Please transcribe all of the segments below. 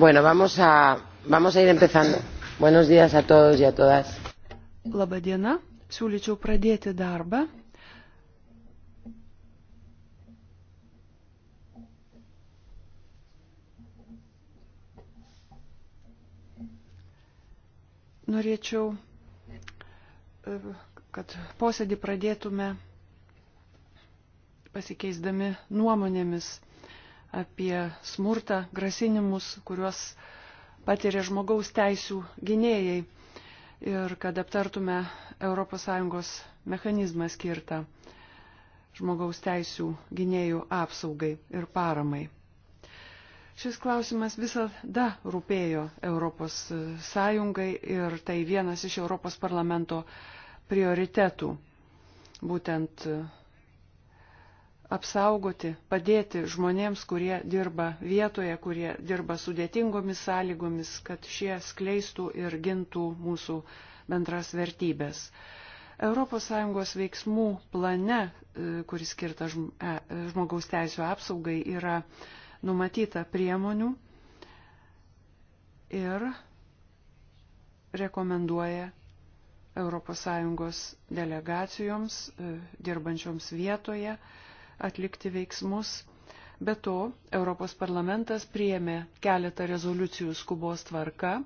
Bueno, vamos a, vamos a ir empezando. Buenos días a todos y a todas. Labadiena, siūlyčiau pradėti darbą. Norėčiau, e, kad posėdį pradėtume pasikeisdami nuomonėmis apie smurtą, grasinimus, kuriuos patiria žmogaus teisų gynėjai ir kad aptartume ES mechanizmą skirtą žmogaus teisų gynėjų apsaugai ir paramai. Šis klausimas visada rūpėjo Europos Sąjungai ir tai vienas iš Europos parlamento prioritetų, būtent apsaugoti, padėti žmonėms, kurie dirba vietoje, kurie dirba sudėtingomis sąlygomis, kad šie skleistų ir gintų mūsų bendras vertybės. ES veiksmų plane, e, kuris skirtas e, žmogaus teisų apsaugai, yra numatyta priemonių ir rekomenduoja ES delegacijoms e, dirbančioms vietoje atlikti veiksmus. Be to, Europos parlamentas priėmė keletą rezoliucijų skubos tvarka, e,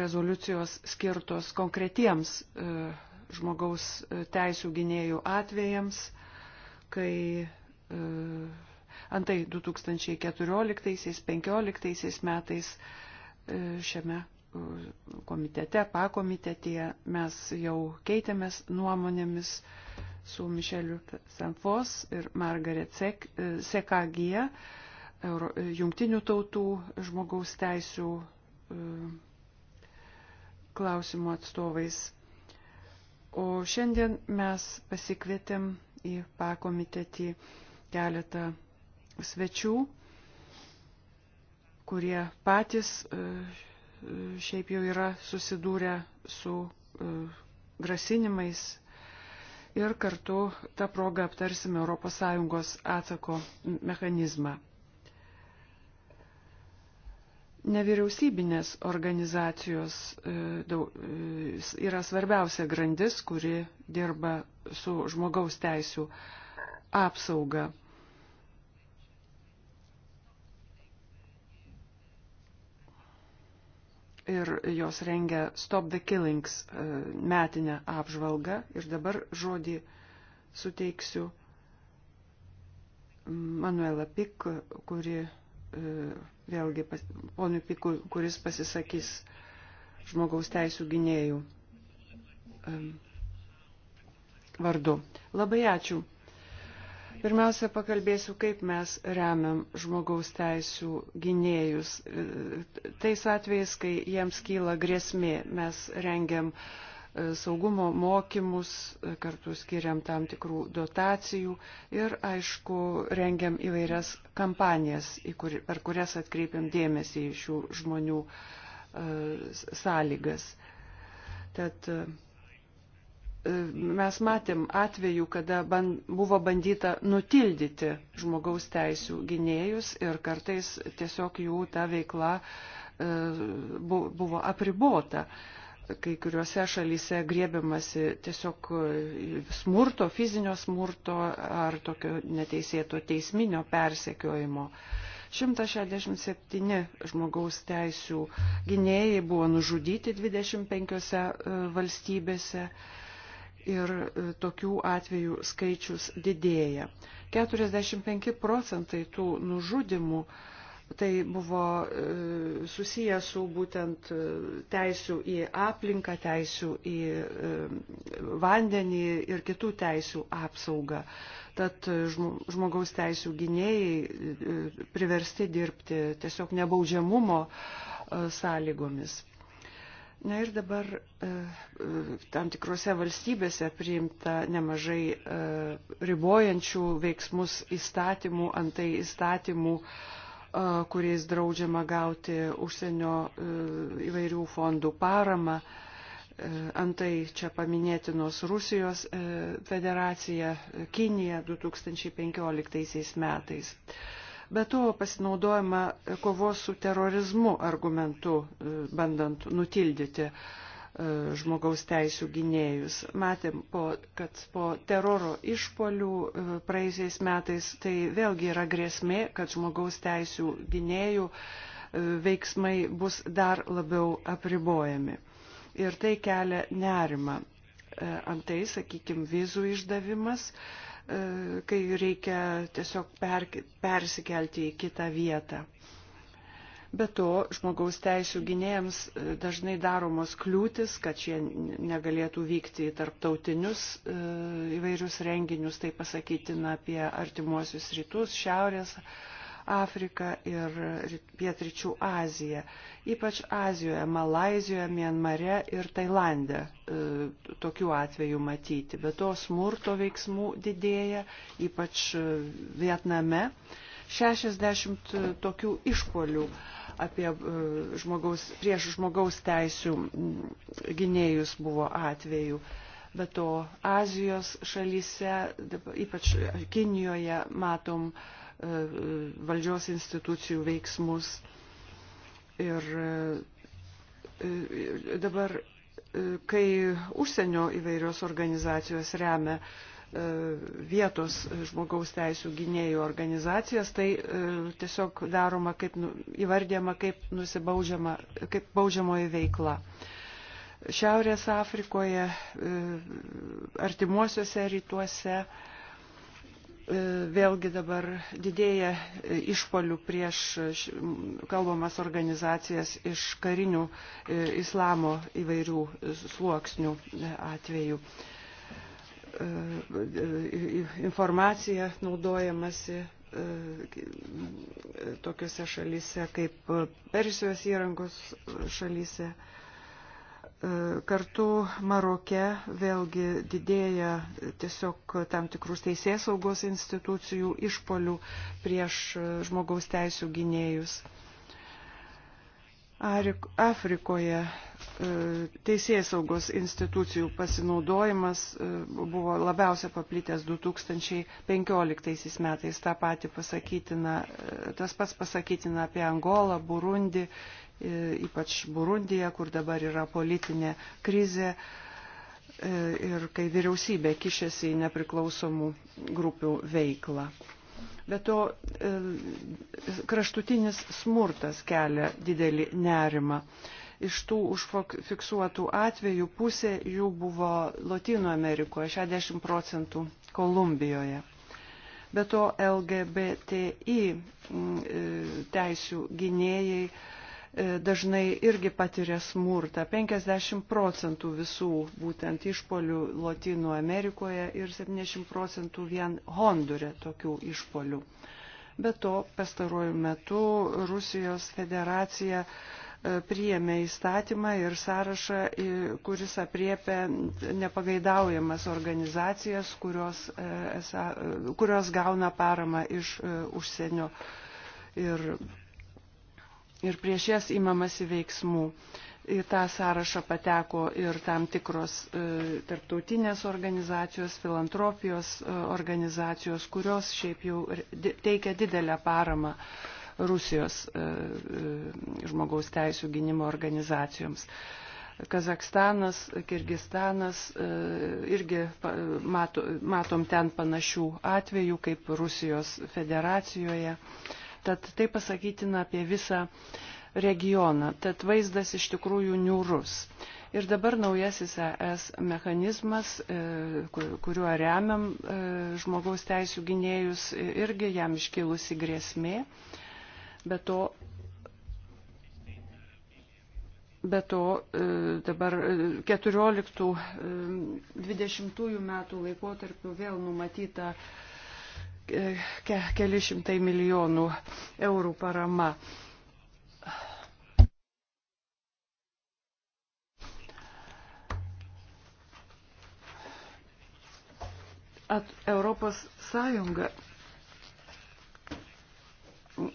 rezoliucijos skirtos konkretiems e, žmogaus e, teisų gynėjų atvejams, kai antai 2014-2015 metais šiame komitete, pakomitetėje mes jau keitėmės nuomonėmis su Mišeliu Sanfos ir Margaret Sek, Sekagija, Euro, jungtinių tautų žmogaus teisų e, klausimų atstovais. O šiandien mes pasikvietėm į pakomitetį keletą svečių, kurie patys e, šiaip jau yra susidūrę su e, grasinimais ir kartu tą progą aptarsime ES atsako mechanizmą. Nevyriausybinės organizacijos e, e, yra svarbiausia grandis, kuri dirba su žmogaus teisų apsauga. ir jos rengia Stop the Killings e, metinę apžvalgą. Ir dabar žodį suteiksiu Manuela Pik, kuri e, vėlgi ponui Pikui, kuris pasisakys žmogaus teisų gynėjų e, vardu. Labai ačiū. Pirmiausia, pakalbėsiu, kaip mes remiam žmogaus teisų gynėjus. Tais atvejais, kai jiems kyla grėsmė, mes rengiam e, saugumo mokymus, e, kartu skiriam tam tikrų dotacijų ir, aišku, rengiam įvairias kampanijas, kur, per kurias atkreipiam dėmesį į šių žmonių e, sąlygas. Tad, uh, mes matėm atvejų, kada ban, buvo bandyta nutildyti žmogaus teisų gynėjus ir kartais tiesiog jų ta veikla e, buvo apribota. Kai kuriuose šalyse griebiamasi tiesiog e, smurto, fizinio smurto ar tokio neteisėto teisminio persekiojimo. 167 žmogaus teisų gynėjai buvo nužudyti 25 e, valstybėse ir e, tokių atvejų skaičius didėja. 45 procentai tų nužudimų tai buvo e, susiję su būtent e, teisų į aplinką, teisų į vandenį ir kitų teisų apsaugą. Tad žmogaus teisų gynėjai priversti dirbti tiesiog nebaudžiamumo sąlygomis. Na ir dabar e, e, tam tikrose valstybėse priimta nemažai e, ribojančių veiksmus įstatymų, antai įstatymų, kuriais draudžiama gauti užsienio įvairių fondų paramą. Antai čia paminėtinos Rusijos federacija, Kinija 2015 metais. Be to pasinaudojama kovos su terorizmu argumentu, e, bandant nutildyti e, žmogaus teisų gynėjus. Matėm, po, kad po teroro išpolių e, praeisiais metais tai vėlgi yra grėsmė, kad žmogaus teisų gynėjų veiksmai bus dar labiau apribojami. Ir tai kelia nerimą. E, antai, sakykime, vizų išdavimas, e, kai reikia tiesiog per, persikelti į kitą vietą. Be to, žmogaus teisų gynėjams e, dažnai daromos kliūtis, kad šie negalėtų vykti į tarptautinius įvairius renginius, tai pasakytina apie artimuosius rytus, šiaurės Afriką ir Pietričių Aziją. Ypač Azijoje, Malazijoje, Mienmare ir Tailandė e, tokių atvejų matyti. Be to smurto veiksmų didėja, ypač e, Vietname. 60 e, tokių išpolių apie žmogaus, prieš žmogaus teisų gynėjus buvo atvejų. Bet to Azijos šalyse, ypač Kinijoje, matom uh, E, valdžios institucijų veiksmus. Ir e, e, dabar, kai užsienio įvairios organizacijos remia vietos žmogaus teisų gynėjų organizacijas, tai tiesiog daroma, kaip, nu, įvardyjama kaip, kaip baudžiamoji veikla. Šiaurės Afrikoje, artimuosiuose rytuose, E, vėlgi dabar didėja e, išpolių prieš kalbamas organizacijas iš karinių e, islamo įvairių sluoksnių atvejų. Informacija naudojamasi tokiuose šalyse kaip Persijos įrangos šalyse E, kartu Maroke vėlgi didėja tiesiog tam tikrus teisės saugos institucijų išpolių prieš žmogaus teisų gynėjus. Afrikoje e, teisės saugos institucijų pasinaudojimas e, buvo labiausia paplitęs 2015 metais. Ta pati pasakytina, tas pats pasakytina apie Angolą, Burundį E, ypač Burundija, kur dabar yra politinė krizė e, ir kai vyriausybė kišėsi į nepriklausomų grupių veiklą. Bet to e, kraštutinis smurtas kelia didelį nerimą. Iš tų užfiksuotų atvejų pusė jų buvo Latino Amerikoje, 60 procentų Kolumbijoje. Be to LGBTI teisių gynėjai E, dažnai irgi patiria smurtą. 50 procentų visų būtent išpolių Latino Amerikoje ir 70 procentų vien Hondure tokių išpolių. Be to, pastaruoju metu Rusijos federacija e, priėmė įstatymą ir sąrašą, kuris apriepia nepageidaujamas organizacijas, kurios, e, kurios gauna paramą iš užsienio. Ir ir prieš jas įmamasi veiksmų. Į tą sąrašą pateko ir tam tikros e, tarptautinės organizacijos, filantropijos e, organizacijos, kurios šiaip jau teikia didelę paramą Rusijos e, e, žmogaus teisų gynimo organizacijoms. Kazakstanas, Kirgistanas, e, irgi matom ten panašių atvejų kaip Rusijos federacijoje. E, Tad tai pasakytina apie visą regioną. Tad vaizdas iš tikrųjų niūrus. Ir dabar naujasis ES mechanizmas, e, kuriuo remiam e, žmogaus teisų gynėjus, irgi jam iškilusi grėsmė. Be to, Be to, e, dabar 14-20 metų laikotarpiu vėl numatyta ke, keli šimtai milijonų eurų parama. At Europos Sąjunga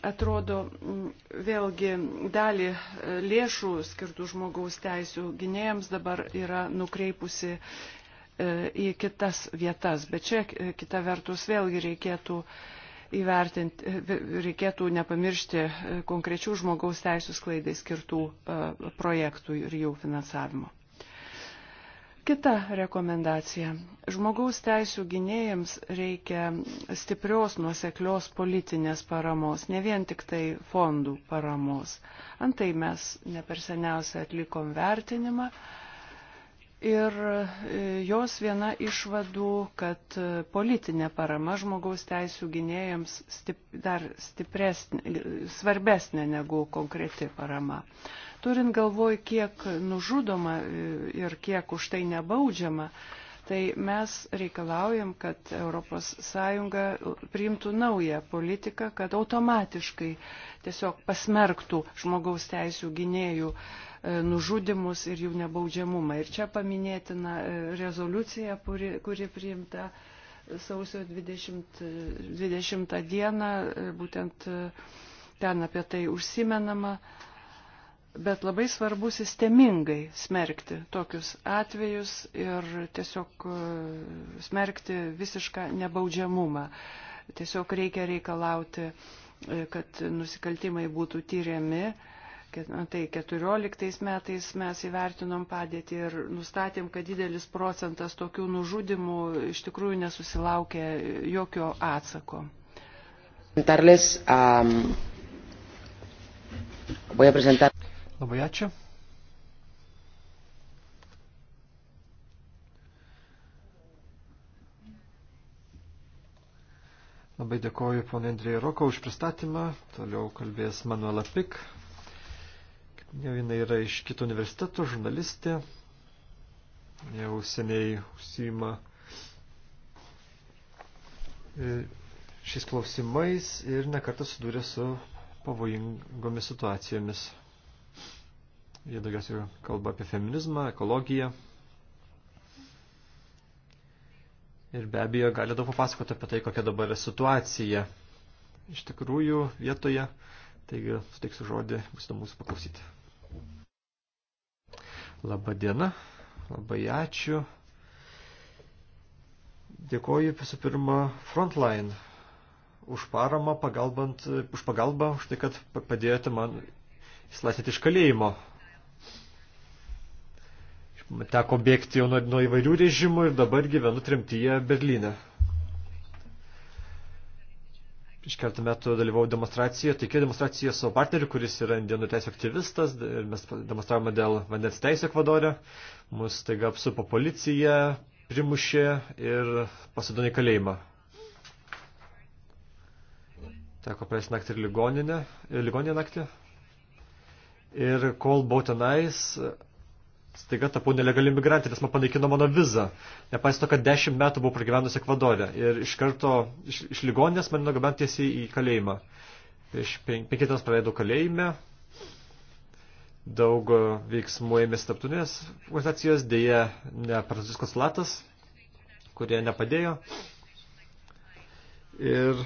atrodo vėlgi dalį e, lėšų skirtų žmogaus teisų gynėjams dabar yra nukreipusi E, į kitas vietas. Bet čia e, kita vertus vėlgi reikėtų įvertinti, e, reikėtų nepamiršti konkrečių žmogaus teisų sklaidai skirtų projektų ir jų finansavimo. Kita rekomendacija. Žmogaus teisų gynėjams reikia stiprios nuoseklios politinės paramos, ne vien tik tai fondų paramos. Antai mes ne per seniausiai atlikom vertinimą Ir e, jos viena išvadų, kad e, politinė parama žmogaus teisų gynėjams stip, dar stipresnė, e, svarbesnė negu konkreti parama. Turint galvoj, kiek nužudoma ir kiek už tai nebaudžiama, tai mes reikalaujam, kad ES priimtų naują politiką, kad automatiškai tiesiog pasmerktų žmogaus teisų gynėjų uh, E, nužudimus ir jų nebaudžiamumą. Ir čia paminėtina e, rezoliucija, kuri, kuri priimta sausio 20, 20 e, dieną, būtent ten apie tai užsimenama. Bet labai svarbu sistemingai smerkti tokius atvejus ir tiesiog smerkti visišką nebaudžiamumą. Tiesiog reikia reikalauti, kad nusikaltimai būtų tyriami Tai 14 metais mes įvertinom padėtį ir nustatėm, kad didelis procentas tokių nužudimų iš tikrųjų nesusilaukė jokio atsako. Labai ačiū. Labai dėkoju ponė Andrėjai Roko už pristatymą. Toliau kalbės Manuela Pik, Jau jinai yra iš kito universiteto, žurnalistė, jau seniai užsima e, šiais klausimais ir nekartą sudūrė su pavojingomis situacijomis. Jie daugiausiai kalba apie feminizmą, ekologiją. Ir be abejo, gali daug papasakoti apie tai, kokia dabar yra situacija. Iš tikrųjų, vietoje. Taigi, suteiksiu žodį, bus įdomu jūsų paklausyti. Labą dieną, labai ačiū. Dėkoju visų pirma Frontline už paramą, už pagalbą, už tai, kad padėjote man įsilaisvinti iš kalėjimo. Teko bėgti jau nuo, nuo įvairių režimų ir dabar gyvenu tremtyje Berlyne prieš keletą metų dalyvau demonstracijoje, taikė demonstracijoje savo partneriu, kuris yra indienų teisų aktyvistas, ir mes demonstravome dėl vandens teisų Ekvadorė, mus taiga apsupo policija, primušė ir pasidonė kalėjimą. Teko praeis naktį ir ligoninę, ligoninę naktį. Ir kol buvau tenais, staiga tapau nelegali migrantė, nes man panaikino mano vizą. Nepaisant to, kad dešimt metų buvau pragyvenusi Ekvadorė. Ir iš karto iš, iš ligoninės mane nugabent tiesiai į kalėjimą. Iš pen, penkias dienas praleidau kalėjime. Daug e, veiksmų ėmėsi taptunės organizacijos, dėja ne prancūzijos konsulatas, kurie nepadėjo. Ir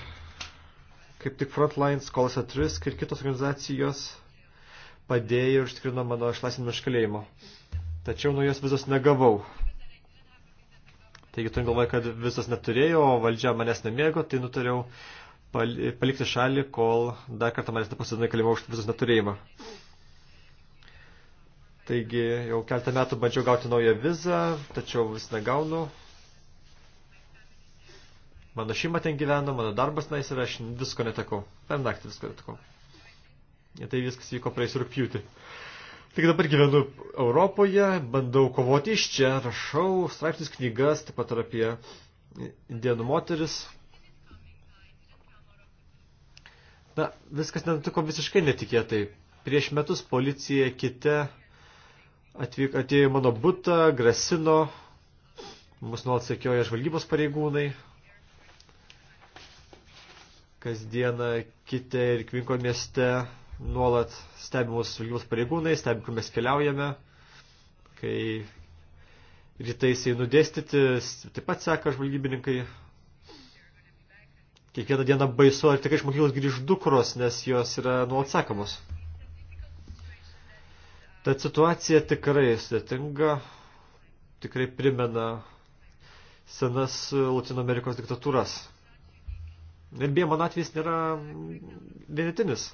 kaip tik Frontline, Scholars at Risk ir kitos organizacijos padėjo ir užtikrino mano išlaisvinimą iš kalėjimo. Mm tačiau nuo jos vizos negavau. Taigi turim galvoje, kad vizos neturėjo, o valdžia manęs nemėgo, tai nutariau palikti šalį, kol dar kartą manęs nepasidina kalimo už vizos neturėjimą. Taigi jau keltą metų bandžiau gauti naują vizą, tačiau vis negaunu. Mano šeima ten gyveno, mano darbas nais ir aš visko netekau. Per naktį visko netekau. Ir tai viskas vyko praeis rūpjūtį. Tik dabar gyvenu Europoje, bandau kovoti iš čia, rašau straipsnis knygas, taip pat ir apie indėnų moteris. Na, viskas netiko visiškai netikėtai. Prieš metus policija kite atvyk, atėjo į mano butą, grasino, mus nuolat sekioja žvalgybos pareigūnai. Kasdieną kite ir Kvinko mieste nuolat stebimus vilgimus pareigūnai, stebim, kur mes keliaujame, kai rytais einu dėstyti, taip pat seka žvalgybininkai. Kiekvieną dieną baisu, ar tikrai iš mokyklos grįž dukros, nes jos yra nuolat sekamos. Tad situacija tikrai sudėtinga, tikrai primena senas Latino Amerikos diktatūras. Ir beje, man atvejs nėra vienetinis.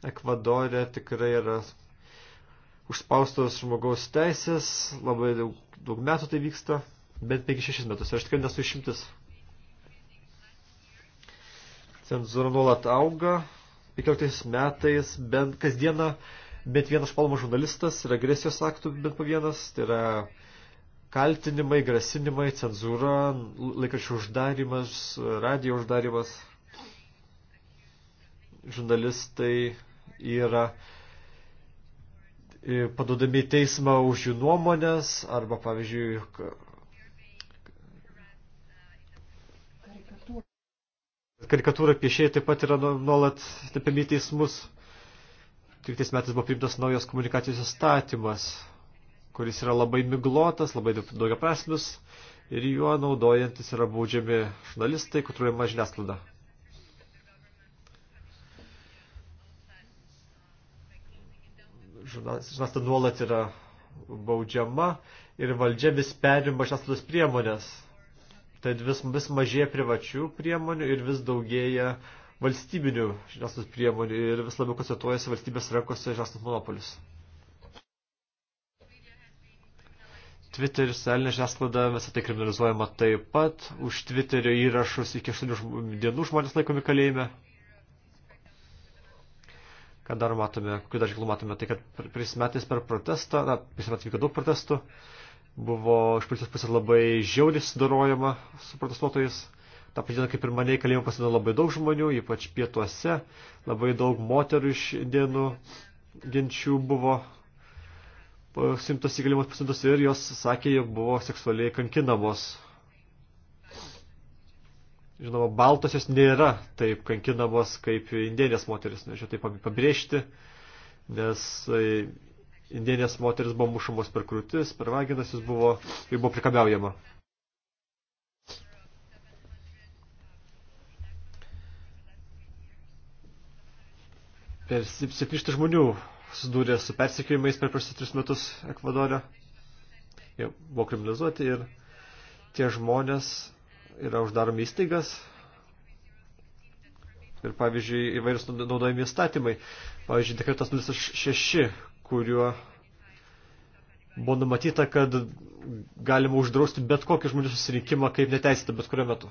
Ekvadorė tikrai yra užspaustos žmogaus teisės, labai daug, daug metų tai vyksta, bent 5-6 metus, aš tikrai nesu išimtis. Cenzūra nuolat auga, 15 metais bent kasdieną bent vienas palmo žurnalistas ir agresijos aktų bent po vienas, tai yra kaltinimai, grasinimai, cenzūra, laikraščių uždarimas, radijo uždarimas, žurnalistai yra e, padodami į teismą už jų nuomonės arba, pavyzdžiui, karikatūra piešėjai taip pat yra nu-, nuolat tepiami į teismus. Tik tais metais buvo priimtas naujas komunikacijos įstatymas, kuris yra labai miglotas, labai daugiaprasmis ir juo naudojantis yra baudžiami žurnalistai, kontroliuojama žiniasklaida. žiniasklaida nuolat yra baudžiama ir valdžia vis perima žiniasklaidos priemonės. Tad vis, vis mažėja privačių priemonių ir vis daugėja valstybinių žiniasklaidos priemonių ir vis labiau koncentruojasi valstybės rankose žiniasklaidos monopolis. Twitter ir socialinė žiniasklaida visą tai kriminalizuojama taip pat. Už Twitterio įrašus iki 8 dienų žmonės laikomi kalėjime ką dar matome, kokiu dar ženklu matome, tai kad prieš metais per protestą, na, prieš metais vyko daug protestų, buvo iš policijos pusės labai žiauriai sudarojama su protestuotojais. Ta pati diena, kaip ir mane, į kalėjimą pasidino labai daug žmonių, ypač pietuose, labai daug moterų iš dienų genčių buvo pasimtos į kalėjimus pasimtos ir jos sakė, jog buvo seksualiai kankinamos Žinoma, baltosios nėra taip kankinamos kaip indienės moteris, norėčiau tai pabrėžti, nes e, indienės moteris buvo mušamos per krūtis, per vaginas, jis buvo, jis buvo prikabiaujama. Per 700 žmonių susidūrė su persikėjimais per prasis tris metus Ekvadorė. Jie buvo kriminalizuoti ir tie žmonės yra uždaromi įstaigas ir, pavyzdžiui, įvairius naudojami įstatymai. Pavyzdžiui, dekretas 06, kuriuo buvo numatyta, kad galima uždrausti bet kokį žmonių susirinkimą kaip neteisėtą bet kuriuo metu.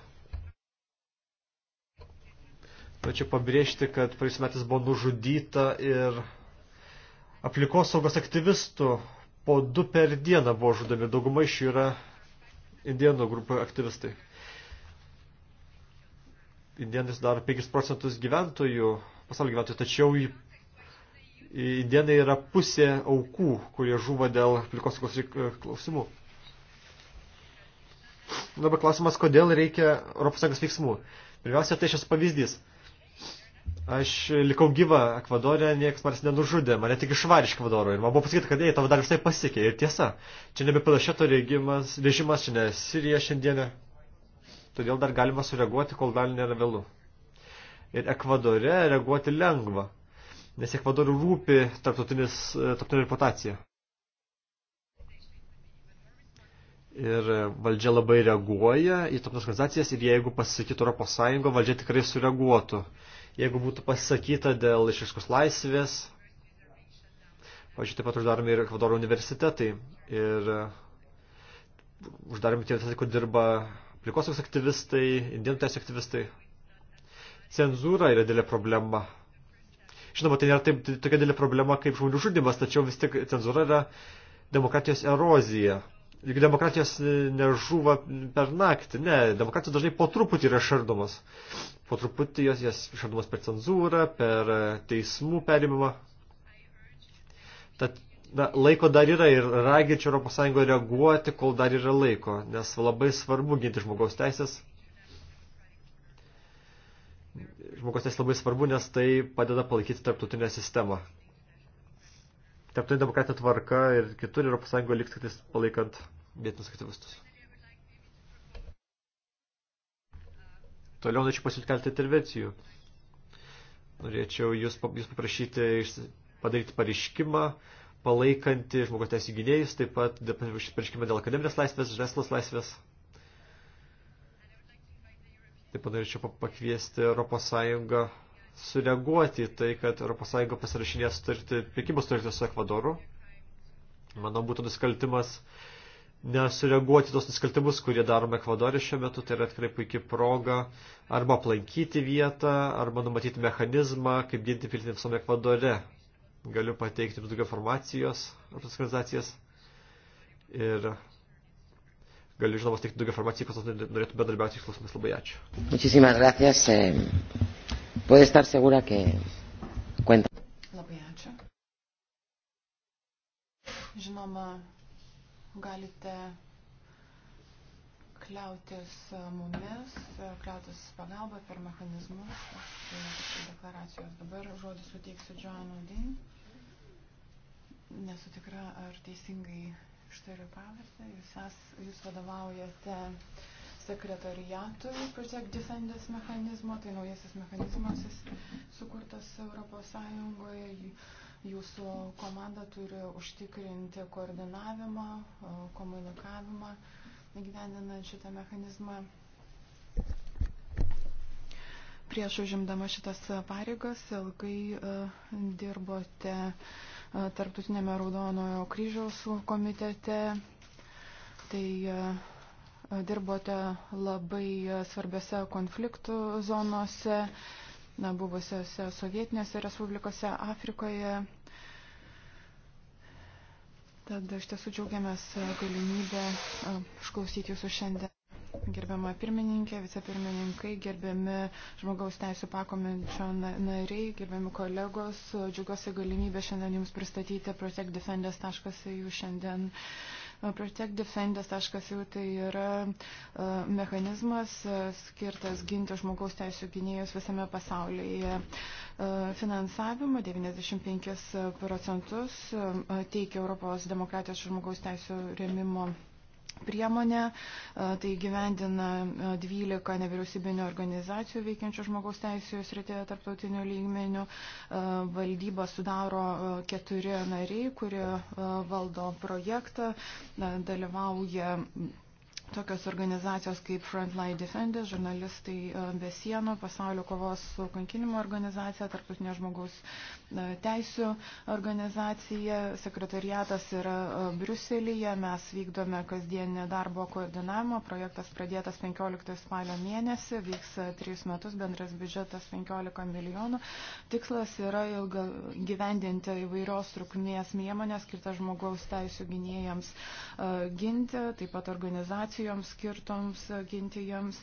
Tačiau pabrėžti, kad praeis metais buvo nužudyta ir aplikosaugos aktyvistų po du per dieną buvo žudomi. Dauguma iš jų yra indienų grupių aktyvistai. Indienai sudaro 5 procentus gyventojų, pasaulio gyventojų, tačiau indienai yra pusė aukų, kurie žuvo dėl aplikosaugos e, klausimų. Dabar klausimas, kodėl reikia ES veiksmų. Pirmiausia, tai šis pavyzdys. Aš likau gyva Ekvadorė, niekas manęs nenužudė, mane tik išvarė iš Ekvadoro ir man buvo pasakyta, kad ei, tavo dar visai pasiekė ir tiesa. Čia nebe Pilašeto režimas, režimas, čia ne Sirija šiandienė, todėl dar galima sureaguoti, kol dar nėra vėlų. Ir Ekvadore reaguoti lengva, nes Ekvadorui rūpi tarptautinis, e, tarptautinė reputacija. Ir valdžia labai reaguoja į tarptautinės organizacijas ir jeigu pasisakytų Europos Sąjungo, valdžia tikrai sureaguotų. Jeigu būtų pasisakyta dėl išiškos laisvės, pažiūrėjau, taip pat uždaromi ir Ekvadoro universitetai. Ir e, uždaromi tie universitetai, kur dirba aplikosaugos aktyvistai, indienų teisų aktyvistai. Cenzūra yra didelė problema. Žinoma, tai nėra taip, tokia didelė problema kaip žmonių žudimas, tačiau vis tik cenzūra yra demokratijos erozija. Juk demokratijos nežuva per naktį, ne, demokratijos dažnai po truputį yra šardomos. Po truputį jos, jos šardomos per cenzūrą, per teismų perimimą. Tad na, laiko dar yra ir raginčiau ES reaguoti, kol dar yra laiko, nes labai svarbu ginti žmogaus teisės. Žmogaus teisės labai svarbu, nes tai padeda palaikyti tarptautinę sistemą. Tarptautinė demokratinė tvarka ir kitur ES liks tik palaikant vietinius aktyvistus. Toliau norėčiau pasiūlyti keletą intervencijų. Norėčiau jūs, jūs paprašyti padaryti pareiškimą, palaikanti žmogaus teisų gynėjus, taip pat pareiškimą dėl akademinės laisvės, žiniasklaidos laisvės. Taip pat norėčiau pakviesti Europos Sąjungą sureaguoti į tai, kad Europos Sąjunga pasirašinė sutartį, prekybos sutartį su Ekvadoru. Manau, būtų nusikaltimas nesureaguoti tos nusikaltimus, kurie darome Ekvadorė šiuo metu, tai yra tikrai puikiai proga arba aplankyti vietą, arba numatyti mechanizmą, kaip ginti pilietinį visuomenę Ekvadore, galiu pateikti daugiau informacijos apie tas organizacijas ir galiu žinomas teikti daugiau informacijos, kas norėtų bendradarbiauti šiais klausimais. Labai ačiū. Muchísimas gracias. Eh. Puede estar segura que cuenta. Labai ačiū. Žinoma, galite kliautis mumis, kliautis pagalba per mechanizmus deklaracijos. Dabar žodį suteiksiu John Odin. Nesu tikra, ar teisingai ištariu pavardę. Jūs, es, jūs vadovaujate sekretariatui Project Defenders mechanizmo, tai naujasis mechanizmas sukurtas Europos Sąjungoje. Jūsų komanda turi užtikrinti koordinavimą, komunikavimą įgyvendinant šitą mechanizmą. Prieš užimdama šitas pareigas ilgai e, dirbote e, Tarptautinėme Raudonojo kryžiaus komitete. Tai e, dirbote labai svarbiose konfliktų zonose, buvusiose sovietinėse respublikose Afrikoje. Tad iš tiesų džiaugiamės e, galimybę e, išklausyti jūsų šiandien. Gerbiama pirmininkė, vicepirmininkai, gerbiami žmogaus teisų pakomenčio nariai, gerbiami kolegos, e, džiugosi galimybę šiandien jums pristatyti protectdefenders.eu šiandien. ProtectDefenders.eu tai yra mechanizmas skirtas ginti žmogaus teisų gynėjus visame pasaulyje finansavimą, 95 procentus e, teikia Europos demokratijos žmogaus teisų rėmimo priemonė, e, tai gyvendina 12 e, nevyriausybinio organizacijų veikiančių žmogaus teisėjų srityje tarptautinių lygmenių. Valdyba sudaro keturi nariai, kurie valdo projektą, dalyvauja Tokios organizacijos kaip Frontline Defenders, žurnalistai e, be sienų, pasaulio kovos su kankinimo organizacija, tarptautinė žmogaus e, teisų organizacija, sekretariatas yra e, Briuselyje, mes vykdome kasdienį darbo koordinavimo, projektas pradėtas 15 spalio mėnesį, vyks 3 metus, bendras biudžetas 15 milijonų. Tikslas yra ilga, gyvendinti įvairios trukmės priemonės skirtas žmogaus teisų gynėjams ginti, taip pat organizacijų organizacijoms skirtoms e, ginti jiems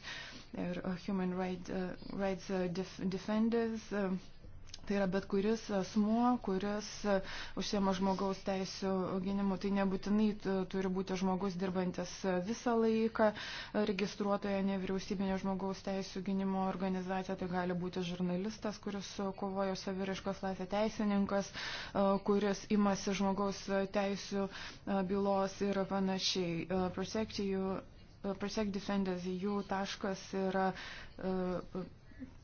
ir e, Human e, Rights Defenders. Uh, Tai yra bet kuris asmuo, kuris užsiema žmogaus teisų gynimu. Tai nebūtinai turi būti žmogus dirbantis visą laiką registruotoje nevyriausybinė žmogaus teisų gynimo organizacija. Tai gali būti žurnalistas, kuris kovojo saviriškos laisvė teisininkas, kuris imasi žmogaus teisų bylos ir panašiai. Protect, you, protect Defenders jų taškas yra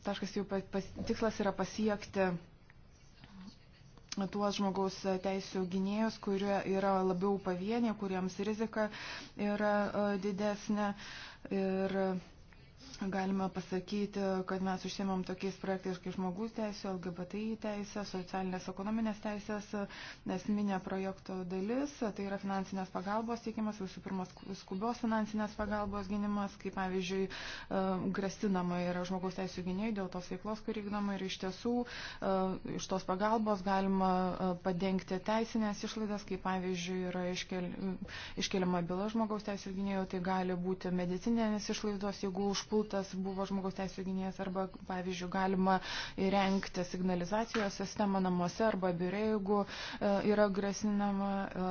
taškas jau pas, tikslas yra pasiekti tuos žmogaus teisų gynėjus, kurie yra labiau pavieniai, kuriems rizika yra e, didesnė. Ir, uh, Galima pasakyti, kad mes užsiemam tokiais projektais kaip žmogus teisė, LGBTI teisė, socialinės ekonominės teisės, esminė projekto dalis, tai yra finansinės pagalbos teikimas, visų pirma skubios finansinės pagalbos gynimas, kaip pavyzdžiui, e, grasinama yra žmogaus teisų gyniai dėl tos veiklos, kur vykdoma ir iš tiesų e, iš tos pagalbos galima e, padengti teisinės išlaidas, kaip pavyzdžiui, yra iškel, iškeliama byla žmogaus teisų gynėjų, tai gali būti medicinės išlaidos, jeigu užpult kitas buvo žmogaus teisų gynėjas arba, pavyzdžiui, galima įrengti signalizacijos sistemą namuose arba biure, jeigu yra grasinama,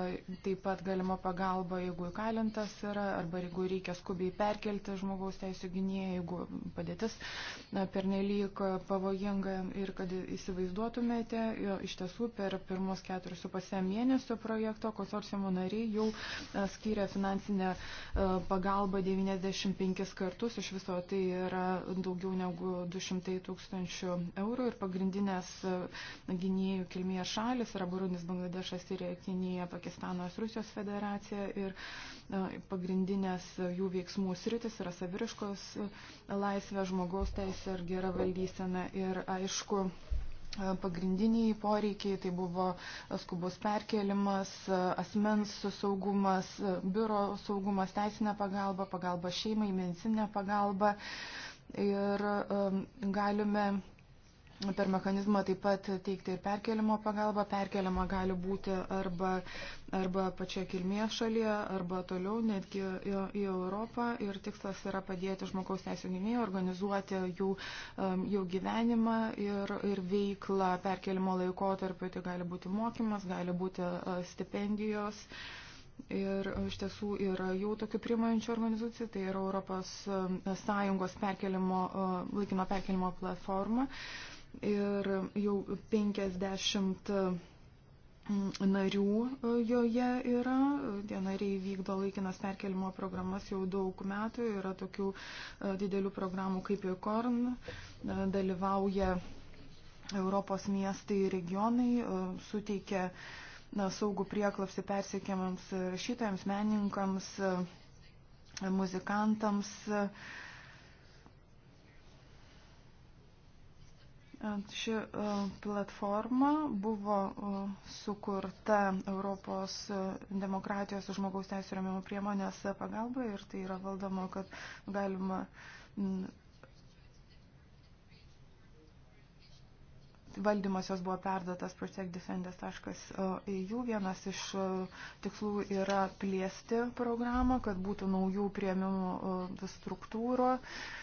e, taip pat galima pagalba, jeigu įkalintas yra arba jeigu reikia skubiai perkelti žmogaus teisų gynėją, jeigu padėtis e, pernelyg pavojinga ir kad įsivaizduotumėte, iš tiesų per pirmus keturis su pasė mėnesio projekto konsorciumo nariai jau e, skyrė finansinę pagalbą 95 kartus, iš viso tai yra daugiau negu 200 tūkstančių eurų ir pagrindinės e, gynėjų kilmės šalis yra Burundis, Bangladešas, Sirija, Kinija, Pakistanas, Rusijos federacija ir e, pagrindinės jų veiksmų sritis yra saviriškos e, laisvė, žmogaus teisė ir gera valdysena ir aišku, E, pagrindiniai poreikiai, tai buvo skubus perkelimas, e, asmens saugumas, e, biuro saugumas, teisinė pagalba, pagalba šeimai, medicinė pagalba. Ir galime per mechanizmą taip pat teikti ir perkelimo pagalbą. Perkeliama gali būti arba, arba pačioje kilmės šalyje, arba toliau netgi į, į Europą. Ir tikslas yra padėti žmogaus teisų gynėjai organizuoti jų, um, jų gyvenimą ir, ir veiklą perkelimo laikotarpiu. Tai gali būti mokymas, gali būti uh, stipendijos. Ir uh, iš tiesų yra jau tokių priimančių organizacijų, tai yra Europos um, Sąjungos perkelimo, uh, laikino perkelimo platforma. Uh, ir jau 50 mm, narių e, joje yra. Tie nariai vykdo laikinas perkelimo programas jau daug metų. Yra tokių e, didelių programų kaip ICORN, e, dalyvauja Europos miestai ir regionai, suteikia na, saugų prieklapsi persiekiamams rašytojams, meninkams, muzikantams. Uh, Ši e, platforma buvo e, sukurta Europos e, demokratijos ir žmogaus teisų rėmimo priemonės pagalba ir tai yra valdoma, kad galima valdymas jos buvo perdotas protectdefenders.eu. Vienas iš tikslų yra plėsti programą, kad būtų naujų prieimimų struktūrų. Uh,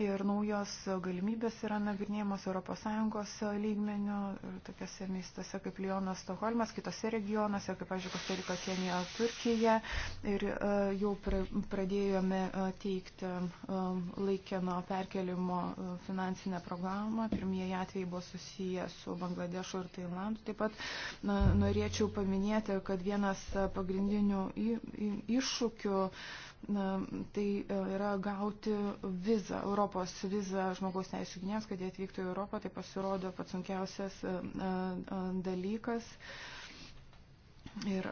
ir naujos galimybės yra nagrinėjamos ES lygmenių, tokiuose miestuose kaip Lyonas, Stokholmas, kitose regionuose, kaip, pavyzdžiui, Kostarika, Kenija, Turkija. Ir e, jau pradėjome e, teikti e, laikino perkelimo finansinę programą. Pirmieji atvejai buvo susiję su Bangladešu ir Tailandu. Taip pat na, norėčiau paminėti, kad vienas pagrindinių iššūkių na, tai e, yra gauti vizą, Europos vizą žmogaus teisų gynėjams, kad jie atvyktų į Europą, tai pasirodo pats sunkiausias e, e, dalykas. Ir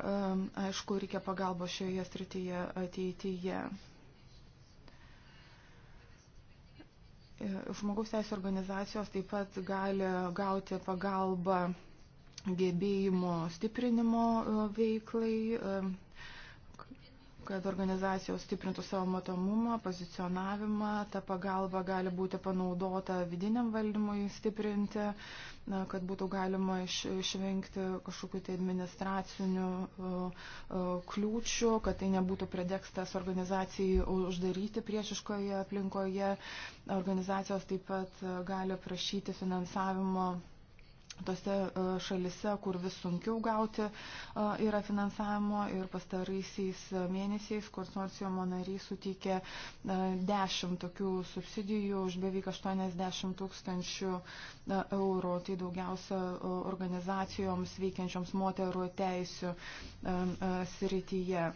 aišku, reikia pagalbo šioje srityje ateityje. Žmogaus teisų organizacijos taip pat gali gauti pagalbą gebėjimo stiprinimo veiklai, kad organizacijos stiprintų savo matomumą, pozicionavimą, ta pagalba gali būti panaudota vidiniam valdymui stiprinti, na, kad būtų galima iš, išvengti kažkokių tai administracinių uh, uh, kliūčių, kad tai nebūtų predekstas organizacijai uždaryti priešiškoje aplinkoje. Organizacijos taip pat gali prašyti finansavimo tose e, šalise, kur vis sunkiau gauti e, yra finansavimo ir pastaraisiais mėnesiais konsorcijomo nariai suteikė 10 e, tokių subsidijų už beveik 80 tūkstančių eurų. Tai daugiausia organizacijoms veikiančioms moterų teisų srityje.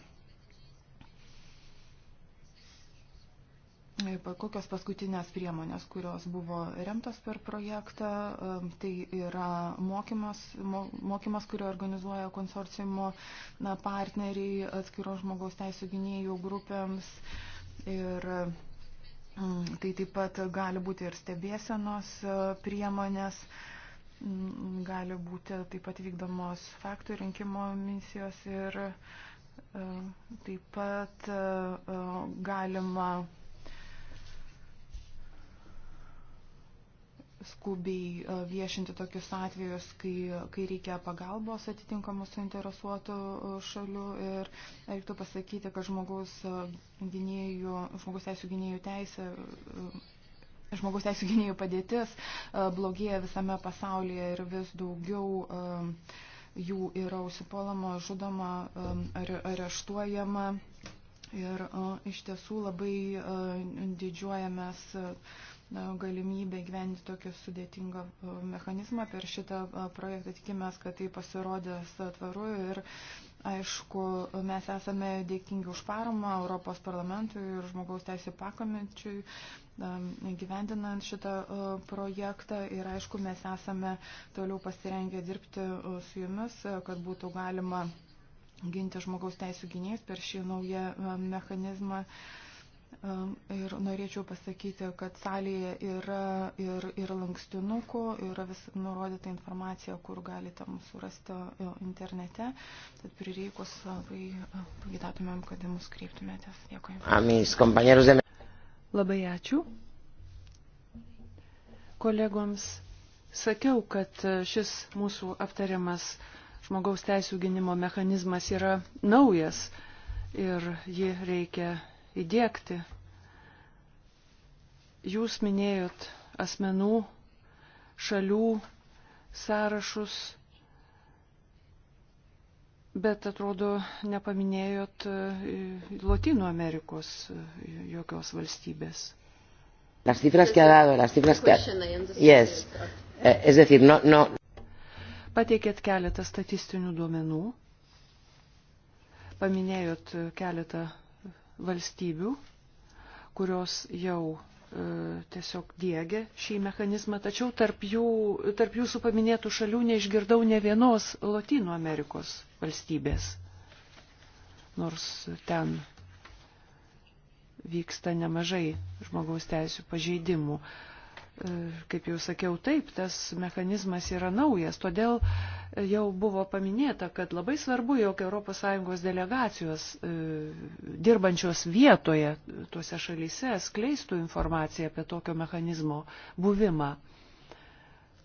Kokios paskutinės priemonės, kurios buvo remtos per projektą, tai yra mokymas, mokymas kurio organizuoja konsorciumo partneriai atskiro žmogaus teisų gynėjų grupėms. Ir tai taip pat gali būti ir stebėsenos e, priemonės, gali būti taip pat vykdomos faktų rinkimo misijos ir e, taip pat e, galima skubiai e, viešinti tokius atvejus, kai, kai reikia pagalbos atitinkamų suinteresuotų e, šalių ir reiktų pasakyti, kad žmogaus, e, gynėjų, žmogaus teisų gynėjų teisė žmogaus teisų gynėjų padėtis blogėja visame pasaulyje ir vis daugiau jų yra užsipuolama, žudoma, areštuojama. Ir iš tiesų labai didžiuojamės galimybę gyventi tokį sudėtingą e, mechanizmą. Per šitą e, projektą tikimės, kad tai pasirodės tvaru ir aišku, mes esame dėkingi už paramą Europos parlamentui ir žmogaus teisė pakomenčiui e, gyvendinant šitą projektą ir aišku, mes esame toliau pasirengę dirbti su jumis, kad būtų galima ginti žmogaus teisų gynėjus per šį naują mechanizmą. Uh, Ir norėčiau pasakyti, kad salėje yra ir, ir lankstinukų, yra vis nurodyta informacija, kur galite mūsų rasti e, internete. Tad prireikus labai e, e, pagėdatumėm, kad mus kreiptumėtės. Dėkui. Labai ačiū. Kolegoms sakiau, kad šis mūsų aptariamas žmogaus teisų gynimo mechanizmas yra naujas ir jį reikia įdėkti. Jūs minėjot asmenų, šalių sąrašus, bet atrodo nepaminėjot e, Latino Amerikos e, jokios valstybės. Las cifras que ha dado, las cifras que ha... Yes. E, es decir, no, no. Pateikėt keletą statistinių duomenų, paminėjot keletą valstybių, kurios jau e, tiesiog dėgia šį mechanizmą, tačiau tarp, jų, tarp jūsų paminėtų šalių neišgirdau ne vienos Latino Amerikos valstybės. Nors ten vyksta nemažai žmogaus teisų pažeidimų. Uh, E, kaip jau sakiau, taip, tas mechanizmas yra naujas, todėl jau buvo paminėta, kad labai svarbu, jog ES delegacijos e, dirbančios vietoje tuose šalyse skleistų informaciją apie tokio mechanizmo buvimą,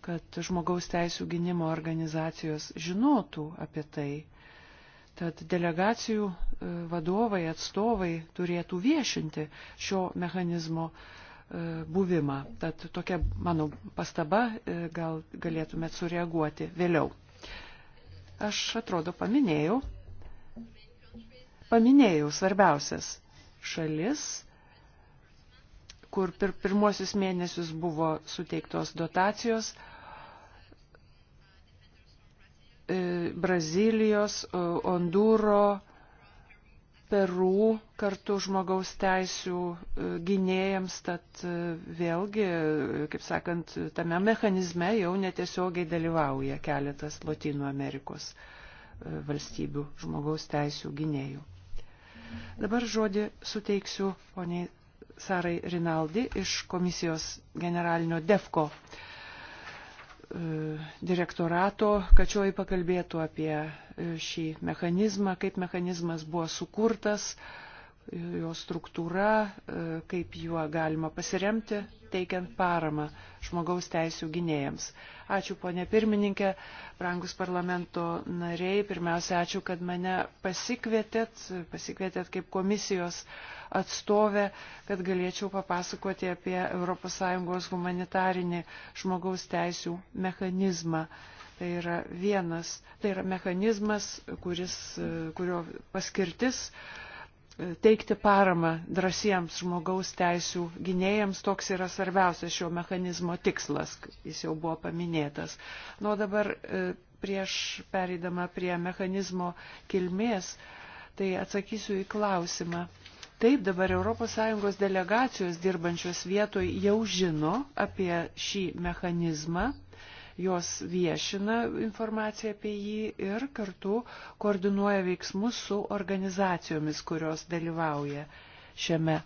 kad žmogaus teisų gynimo organizacijos žinotų apie tai. Tad delegacijų e, vadovai, atstovai turėtų viešinti šio mechanizmo uh, E, buvimą. Tad tokia mano pastaba, e, gal galėtumėt sureaguoti vėliau. Aš atrodo paminėjau, paminėjau svarbiausias šalis, kur per pirmuosius mėnesius buvo suteiktos dotacijos e, Brazilijos, Ondūro, Peru kartu žmogaus teisų e, gynėjams, tad e, vėlgi, e, kaip sakant, tame mechanizme jau netiesiogiai dalyvauja keletas Latino Amerikos valstybių žmogaus teisų gynėjų. Dabar žodį suteiksiu poniai Sarai Rinaldi iš komisijos generalinio DEFCO uh, E, direktorato, kad šioji pakalbėtų apie e, šį mechanizmą, kaip mechanizmas buvo sukurtas, jo struktūra, e, kaip juo galima pasiremti teikiant paramą žmogaus teisų gynėjams. Ačiū, ponė pirmininkė, brangus parlamento nariai. Pirmiausia, ačiū, kad mane pasikvietėt, pasikvietėt kaip komisijos atstovę, kad galėčiau papasakoti apie ES humanitarinį žmogaus teisų mechanizmą. Tai yra vienas, tai yra mechanizmas, kuris, kurio paskirtis teikti paramą drąsiems žmogaus teisų gynėjams, toks yra svarbiausias šio mechanizmo tikslas, jis jau buvo paminėtas. Nuo dabar e, prieš pereidama prie mechanizmo kilmės, tai atsakysiu į klausimą. Taip, dabar ES delegacijos dirbančios vietoj jau žino apie šį mechanizmą jos viešina informaciją apie jį ir kartu koordinuoja veiksmus su organizacijomis, kurios dalyvauja šiame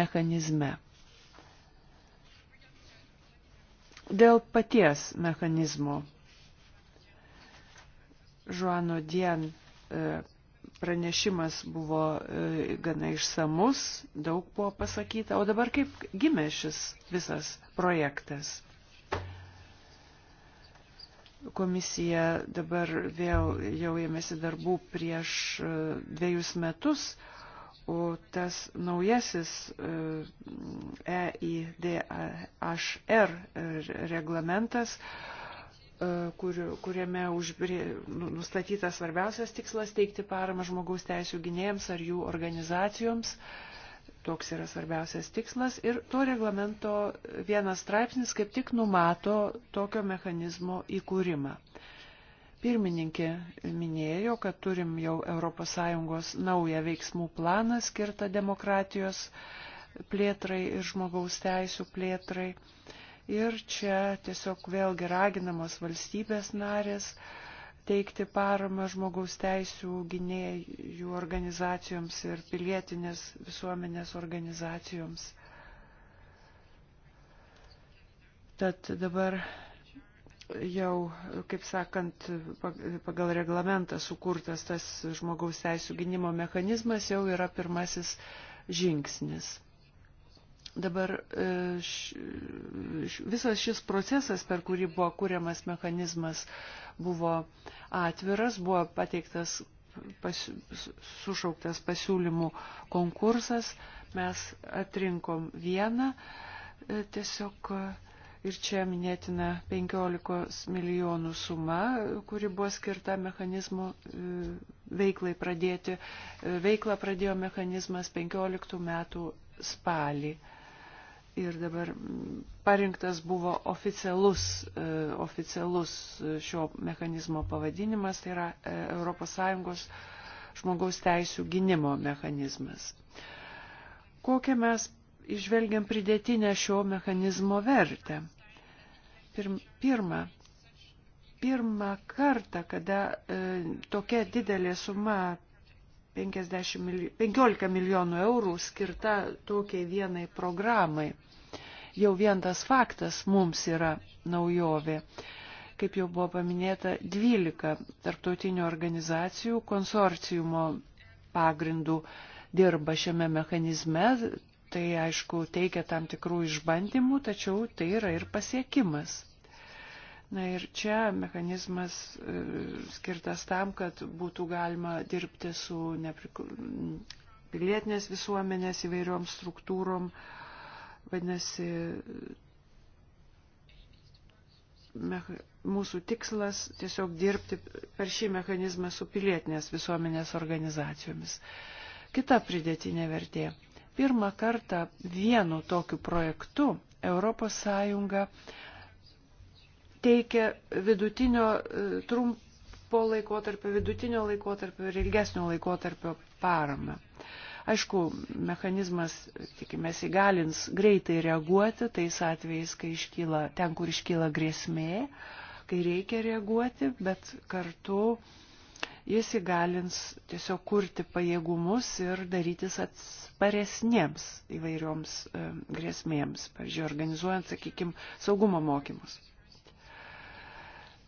mechanizme. Dėl paties mechanizmo Žuano Dien e, pranešimas buvo e, gana išsamus, daug buvo pasakyta, o dabar kaip gimė šis visas projektas. Komisija dabar vėl jau ėmėsi darbų prieš e, dviejus metus, o tas naujasis EIDHR e reglamentas e, kur, kuriame užbrė, nu, nustatytas svarbiausias tikslas teikti paramą žmogaus teisų gynėjams ar jų organizacijoms. Uh, Toks yra svarbiausias tikslas ir to reglamento vienas straipsnis kaip tik numato tokio mechanizmo įkūrimą. Pirmininkė minėjo, kad turim jau ES naują veiksmų planą skirtą demokratijos plėtrai ir žmogaus teisų plėtrai. Ir čia tiesiog vėlgi raginamos valstybės narės uh, teikti paramą žmogaus teisų gynėjų organizacijoms ir pilietinės visuomenės organizacijoms. Tad dabar jau, kaip sakant, pagal reglamentą sukurtas tas žmogaus teisų gynimo mechanizmas jau yra pirmasis žingsnis. Dabar e, š, š, visas šis procesas, per kurį buvo kūriamas mechanizmas, buvo atviras, buvo pateiktas pas, sušauktas pasiūlymų konkursas, mes atrinkom vieną e, tiesiog e, ir čia minėtina 15 milijonų suma, kuri buvo skirta mechanizmų veiklai pradėti. Veiklą pradėjo mechanizmas 15 metų spalį ir dabar parinktas buvo oficialus, e, oficialus šio mechanizmo pavadinimas, tai yra ES žmogaus teisų gynimo mechanizmas. Kokią mes išvelgiam pridėtinę šio mechanizmo vertę? Pirma, pirmą kartą, kada e, tokia didelė suma 15 milijonų eurų skirta tokiai vienai programai. Jau vien tas faktas mums yra naujovė. Kaip jau buvo paminėta, 12 tarptautinių organizacijų konsorciumo pagrindų dirba šiame mechanizme. Tai aišku, teikia tam tikrų išbandymų, tačiau tai yra ir pasiekimas. Na ir čia mechanizmas e, skirtas tam, kad būtų galima dirbti su neprikl... pilietinės visuomenės įvairiom struktūrom. Vadinasi, mecha... mūsų tikslas tiesiog dirbti per šį mechanizmą su pilietinės visuomenės organizacijomis. Kita pridėtinė vertė. Pirmą kartą vienu tokiu projektu ES teikia vidutinio e, trumpo laikotarpio, vidutinio laikotarpio ir ilgesnio laikotarpio paramą. Aišku, mechanizmas, tikimės, įgalins greitai reaguoti tais atvejais, kai iškyla, ten, kur iškyla grėsmė, kai reikia reaguoti, bet kartu jis įgalins tiesiog kurti pajėgumus ir darytis atsparesniems įvairioms e, grėsmėms, pavyzdžiui, organizuojant, sakykime, saugumo mokymus.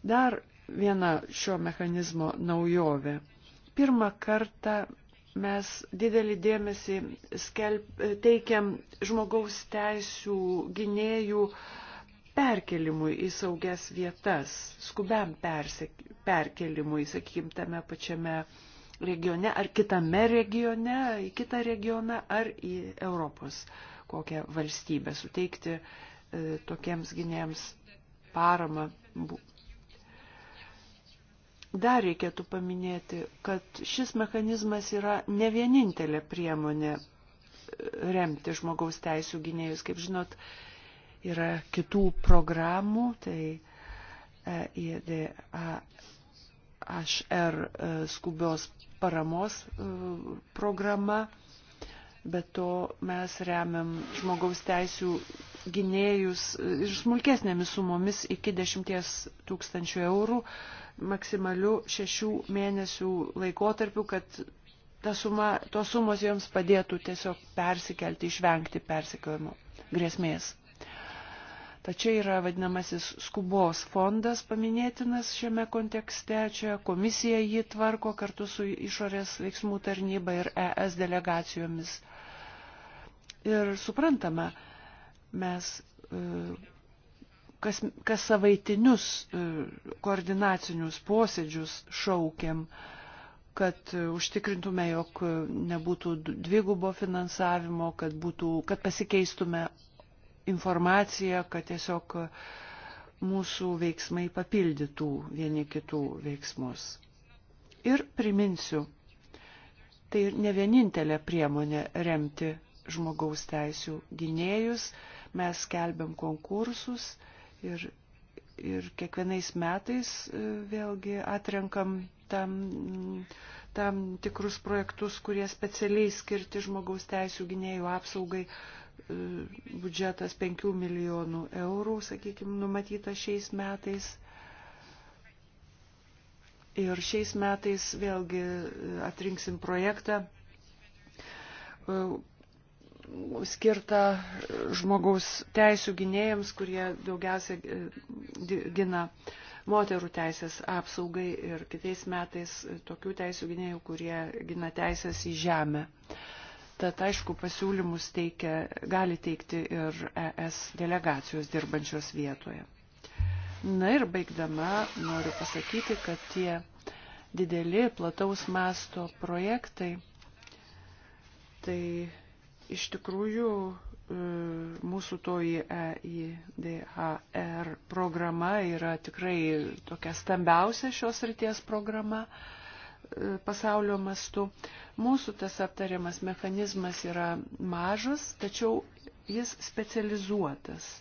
Dar viena šio mechanizmo naujovė. Pirmą kartą mes didelį dėmesį skelb, teikiam žmogaus teisų gynėjų perkelimui į saugias vietas, skubiam persek, perkelimui, sakykim, tame pačiame regione ar kitame regione, į kitą regioną ar į Europos kokią valstybę, suteikti e, tokiems gynėjams paramą, Dar reikėtų paminėti, kad šis mechanizmas yra ne vienintelė priemonė e, remti žmogaus teisų gynėjus. Kaip žinot, yra kitų programų, tai EIDHR e, skubios paramos e, programa, bet to mes remiam žmogaus teisų gynėjus ir smulkesnėmis sumomis iki 10 tūkstančių eurų maksimaliu šešių mėnesių laikotarpiu, kad ta suma, tos sumos joms padėtų tiesiog persikelti, išvengti persikėjimo grėsmės. Tačiau yra vadinamasis skubos fondas paminėtinas šiame kontekste, čia komisija jį tvarko kartu su išorės veiksmų tarnyba ir ES delegacijomis. Ir suprantama, mes e, kas, kas savaitinius e, koordinacinius posėdžius šaukiam, kad e, užtikrintume, jog nebūtų dvigubo finansavimo, kad, būtų, kad pasikeistume informaciją, kad tiesiog mūsų veiksmai papildytų vieni kitų veiksmus. Ir priminsiu, tai ne vienintelė priemonė remti žmogaus teisų gynėjus, Mes skelbiam konkursus ir, ir kiekvienais metais e, vėlgi atrenkam tam, tam tikrus projektus, kurie specialiai skirti žmogaus teisų gynėjų apsaugai e, biudžetas 5 milijonų eurų, sakykime, numatytas šiais metais. Ir šiais metais vėlgi e, atrinksim projektą, skirta žmogaus teisų gynėjams, kurie daugiausia e, gina moterų teisės apsaugai ir kitais metais tokių teisų gynėjų, kurie gina teisės į žemę. Tad aišku, pasiūlymus teikia, gali teikti ir ES delegacijos dirbančios vietoje. Na ir baigdama noriu pasakyti, kad tie dideli plataus masto projektai, tai iš tikrųjų e, mūsų toji EIDHR programa yra tikrai tokia stambiausia šios ryties programa e, pasaulio mastu. Mūsų tas aptariamas mechanizmas yra mažas, tačiau jis specializuotas.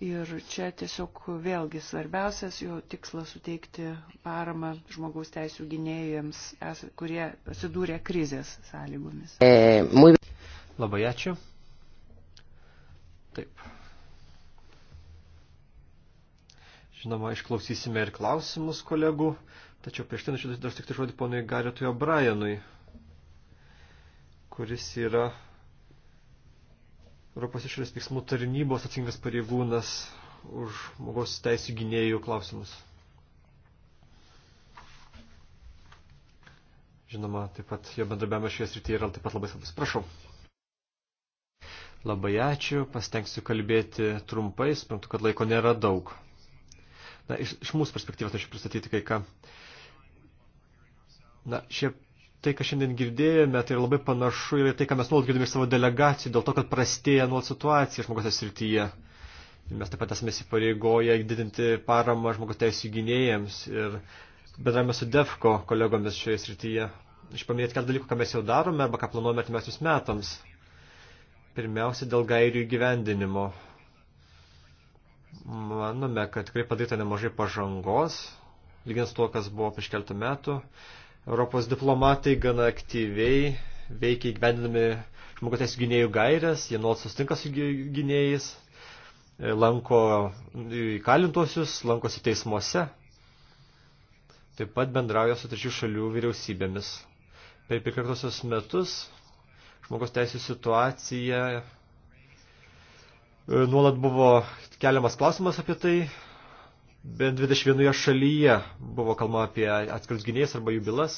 Ir čia tiesiog vėlgi svarbiausias jo tikslas suteikti paramą žmogaus teisų gynėjams, kurie atsidūrė krizės sąlygomis. E, muy... Labai ačiū. Taip. Žinoma, išklausysime ir klausimus kolegų, tačiau prieš tai norėčiau dar tik žodį ponui Garetui O'Brienui, kuris yra Europos išorės veiksmų tarnybos atsingas pareigūnas už žmogaus teisų gynėjų klausimus. Žinoma, taip pat jo bendrabiavimas šioje srityje yra taip pat labai svarbus. Prašau. Labai ačiū, pastengsiu kalbėti trumpai, suprantu, kad laiko nėra daug. Na, iš, iš mūsų perspektyvos aš pristatyti kai ką. Na, šie, tai, ką šiandien girdėjome, tai labai panašu ir tai, ką mes nuolat girdime iš savo delegacijų, dėl to, kad prastėja nuolat situacija žmogaus srityje. Mes taip pat esame įsipareigoję didinti paramą žmogaus teisų gynėjams ir bendravime su DEFCO kolegomis šioje srityje. Iš paminėti keletą dalykų, ką mes jau darome arba ką planuojame artimiausius metams. Pirmiausia, dėl gairių įgyvendinimo. Manome, kad tikrai padaryta nemažai pažangos, lygiant su to, kas buvo prieš keltų metų. Europos diplomatai gana aktyviai veikia įgyvendinami žmogaus teisų gynėjų gairias, jie nuolat sustinka su gynėjais, lanko įkalintuosius, lankosi teismuose, taip pat bendrauja su trečių šalių vyriausybėmis. Per prikartusius metus žmogaus teisų situacija. E, nuolat buvo keliamas klausimas apie tai. Bent 21 šalyje buvo kalba apie atskirus gynėjus arba jų bylas.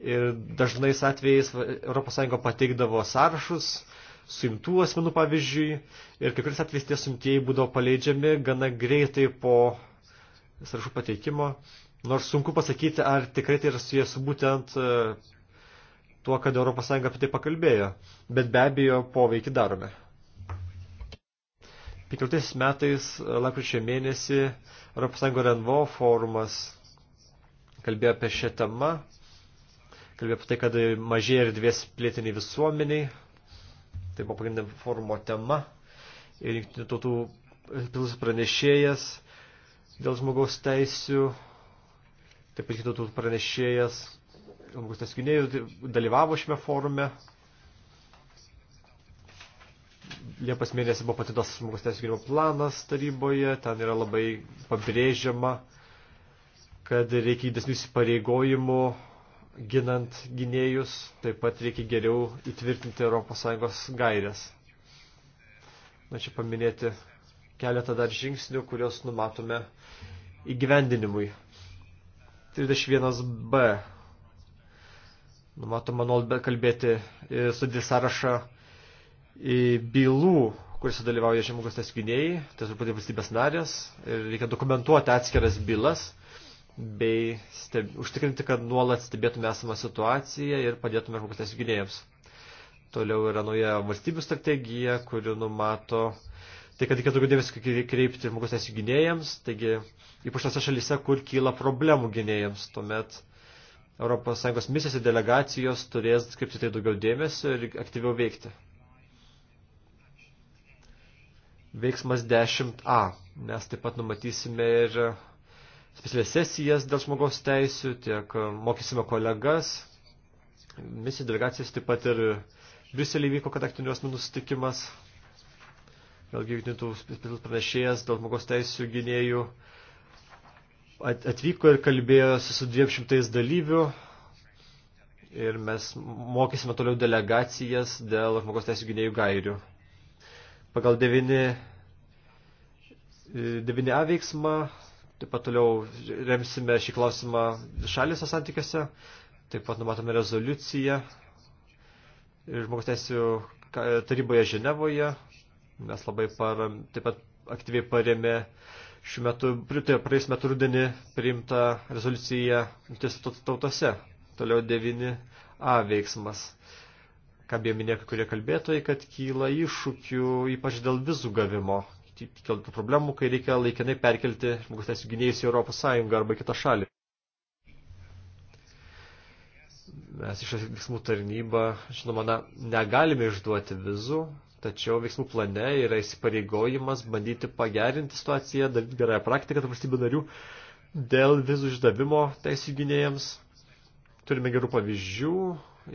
Ir dažnais atvejais ES pateikdavo sąrašus suimtų asmenų pavyzdžiui. Ir kai kuris atvejais tie suimtieji būdavo paleidžiami gana greitai po sąrašų pateikimo. Nors sunku pasakyti, ar tikrai tai yra su jie su būtent e, tuo, kad ES apie tai pakalbėjo, bet be abejo poveikį darome. 15 metais, lakryčio mėnesį, ES Renvo forumas kalbėjo apie šią temą, kalbėjo apie tai, kad mažėja erdvės plėtiniai visuomeniai, tai buvo pagrindinė forumo tema, ir jungtinių tautų pilus pranešėjas dėl žmogaus teisių, taip pat kitų tautų pranešėjas Augustas Gynėjus dalyvavo šiame forume. Liepas mėnesį buvo patintas žmogus teisų gynimo planas taryboje, ten yra labai pabrėžiama, kad reikia didesnių įsipareigojimų ginant gynėjus, taip pat reikia geriau įtvirtinti ES gairias. Na čia paminėti keletą dar žingsnių, kuriuos numatome įgyvendinimui. 31b Numatoma nuolat kalbėti, e, sudė sąrašą e, bylų, kuriuose dalyvauja žmogus tas gynėjai, tai truputį valstybės narės, ir reikia dokumentuoti atskiras bylas, bei steb... užtikrinti, kad nuolat stebėtume esamą situaciją ir padėtume žmogus tas gynėjams. Toliau yra nauja valstybių strategija, kuri numato tai, kad reikia daugiau dėmesio kreipti žmogus teisų gynėjams, taigi ypač tose šalyse, kur kyla problemų gynėjams, tuomet ES misijos ir delegacijos turės skirti tai daugiau dėmesio ir aktyviau veikti. Veiksmas 10a. Mes taip pat numatysime ir specialias sesijas dėl žmogaus teisių, tiek mokysime kolegas. Misijų delegacijos taip pat ir Briuselį vyko kontaktinių asmenų sutikimas. Vėlgi, jungtinių specialus pranešėjas dėl žmogaus teisių gynėjų atvyko ir kalbėjo su 200 dalyvių ir mes mokysime toliau delegacijas dėl žmogaus teisų gynėjų gairių. Pagal 9, 9A veiksmą, taip pat toliau remsime šį klausimą šalėse santykiuose, taip pat numatome rezoliuciją ir žmogaus teisų taryboje Ženevoje. Mes labai param, taip pat aktyviai paremė šiuo metu, praeis metų rudenį priimta rezoliucija tautose. Toliau 9a veiksmas. Ką beje minėjo kai kurie kalbėtojai, kad kyla iššūkių ypač dėl vizų gavimo. Kiltų problemų, kai reikia laikinai perkelti žmogus teisų gynėjus į Europos Sąjungą arba kitą šalį. Mes iš veiksmų tarnybą, žinoma, na, negalime išduoti vizų, tačiau veiksmų plane yra įsipareigojimas bandyti pagerinti situaciją, daryti gerąją praktiką tarp valstybių narių dėl vizų išdavimo teisų gynėjams. Turime gerų pavyzdžių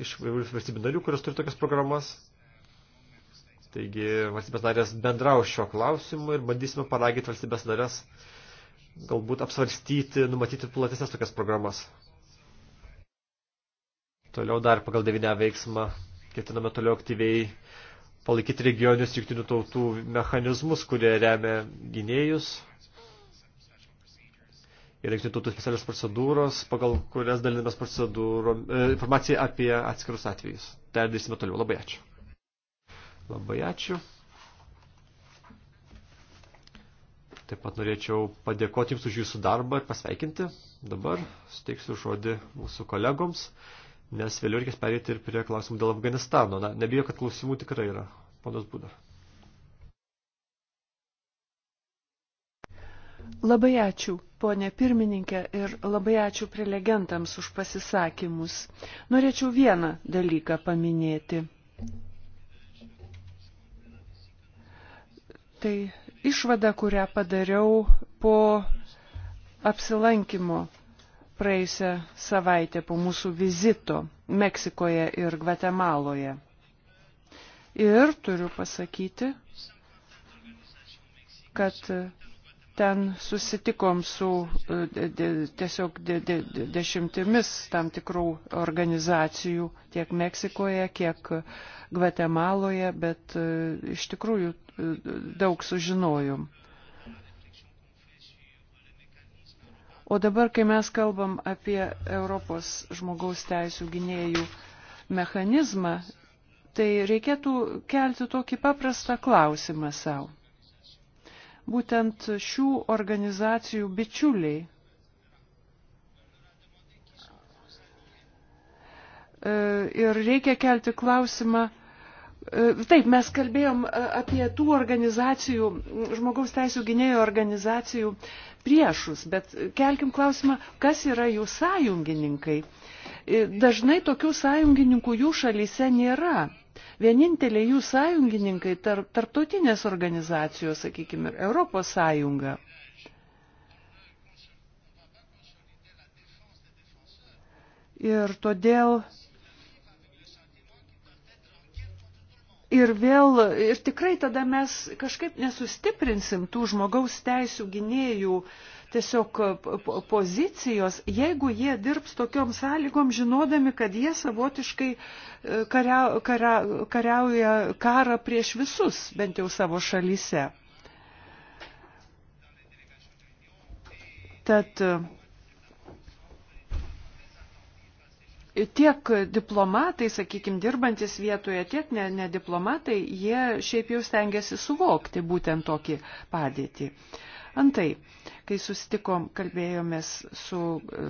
iš valstybių narių, kurios turi tokias programas. Taigi valstybės narės bendrau šio klausimu ir bandysime paraginti valstybės narės galbūt apsvarstyti, numatyti platesnės tokias programas. Toliau dar pagal devinę veiksmą ketiname toliau aktyviai palaikyti regionius jungtinių tautų mechanizmus, kurie remia gynėjus. Yra jungtinių tautų specialios procedūros, pagal kurias dalinamės e, informaciją apie atskirus atvejus. Terdėsime toliau. Labai ačiū. Labai ačiū. Taip pat norėčiau padėkoti Jums už Jūsų darbą ir pasveikinti. Dabar steiksiu žodį mūsų kolegoms nes vėliau reikės perėti ir prie klausimų dėl Afganistano. Na, nebijo, kad klausimų tikrai yra. Ponas Būda. Labai ačiū, ponė pirmininkė, ir labai ačiū prelegentams už pasisakymus. Norėčiau vieną dalyką paminėti. Tai išvada, kurią padariau po apsilankimo praeisę savaitę po mūsų vizito Meksikoje ir Gvatemaloje. Ir turiu pasakyti, kad ten susitikom su e, de, tiesiog de, de, dešimtimis tam tikrų organizacijų tiek Meksikoje, kiek Gvatemaloje, bet e, iš tikrųjų e, daug sužinojom. O dabar, kai mes kalbam apie Europos žmogaus teisų gynėjų mechanizmą, tai reikėtų kelti tokį paprastą klausimą savo. Būtent šių organizacijų bičiuliai e, ir reikia kelti klausimą, E, taip, mes kalbėjom e, apie tų organizacijų, žmogaus teisų gynėjų organizacijų priešus, bet kelkim klausimą, kas yra jų sąjungininkai. E, dažnai tokių sąjungininkų jų šalyse nėra. Vieninteliai jų sąjungininkai tarp, tarptautinės organizacijos, sakykime, Europos sąjunga. Ir todėl ir vėl, ir tikrai tada mes kažkaip nesustiprinsim tų žmogaus teisų gynėjų tiesiog pozicijos, jeigu jie dirbs tokiom sąlygom, žinodami, kad jie savotiškai e, karia, karia, kariauja karą prieš visus, bent jau savo šalyse. Tad tiek diplomatai, sakykime, dirbantis vietoje, tiek nediplomatai, ne, ne jie šiaip jau stengiasi suvokti būtent tokį padėtį. Antai, kai susitikom, kalbėjomės su e,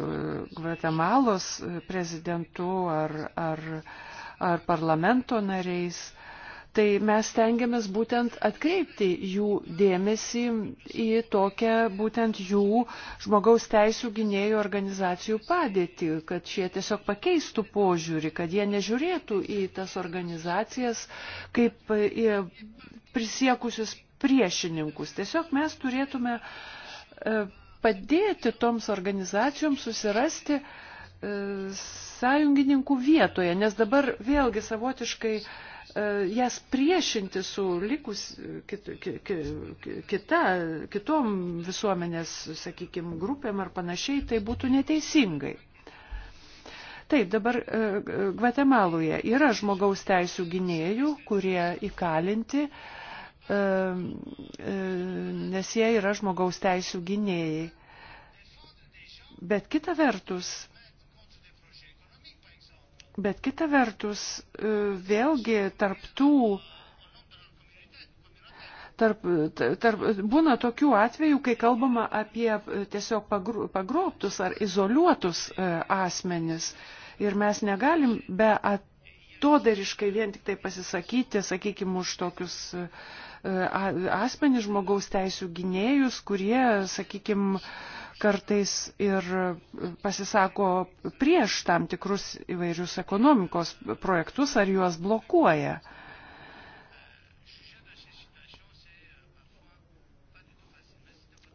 Gvatemalos prezidentu ar, ar, ar parlamento nariais, Tai mes tengiamės būtent atkreipti jų dėmesį į tokią būtent jų žmogaus teisų gynėjų organizacijų padėtį, kad šie tiesiog pakeistų požiūrį, kad jie nežiūrėtų į tas organizacijas kaip į prisiekusius priešininkus. Tiesiog mes turėtume e, padėti toms organizacijoms susirasti e, sąjungininkų vietoje, nes dabar vėlgi savotiškai uh, E, jas priešinti su likus kit, kit, kita, kitom visuomenės, sakykime, grupėm ar panašiai, tai būtų neteisingai. Taip, dabar e, Gvatemaloje yra žmogaus teisų gynėjų, kurie įkalinti, e, nes jie yra žmogaus teisų gynėjai. Bet kita vertus, Bet kita vertus, e, vėlgi tarptų tarp, tarp, būna tokių atvejų, kai kalbama apie e, tiesiog pagrobtus ar izoliuotus e, asmenis. Ir mes negalim be atodariškai vien tik tai pasisakyti, sakykime, už tokius asmenį žmogaus teisų gynėjus, kurie, sakykime, kartais ir pasisako prieš tam tikrus įvairius ekonomikos projektus ar juos blokuoja.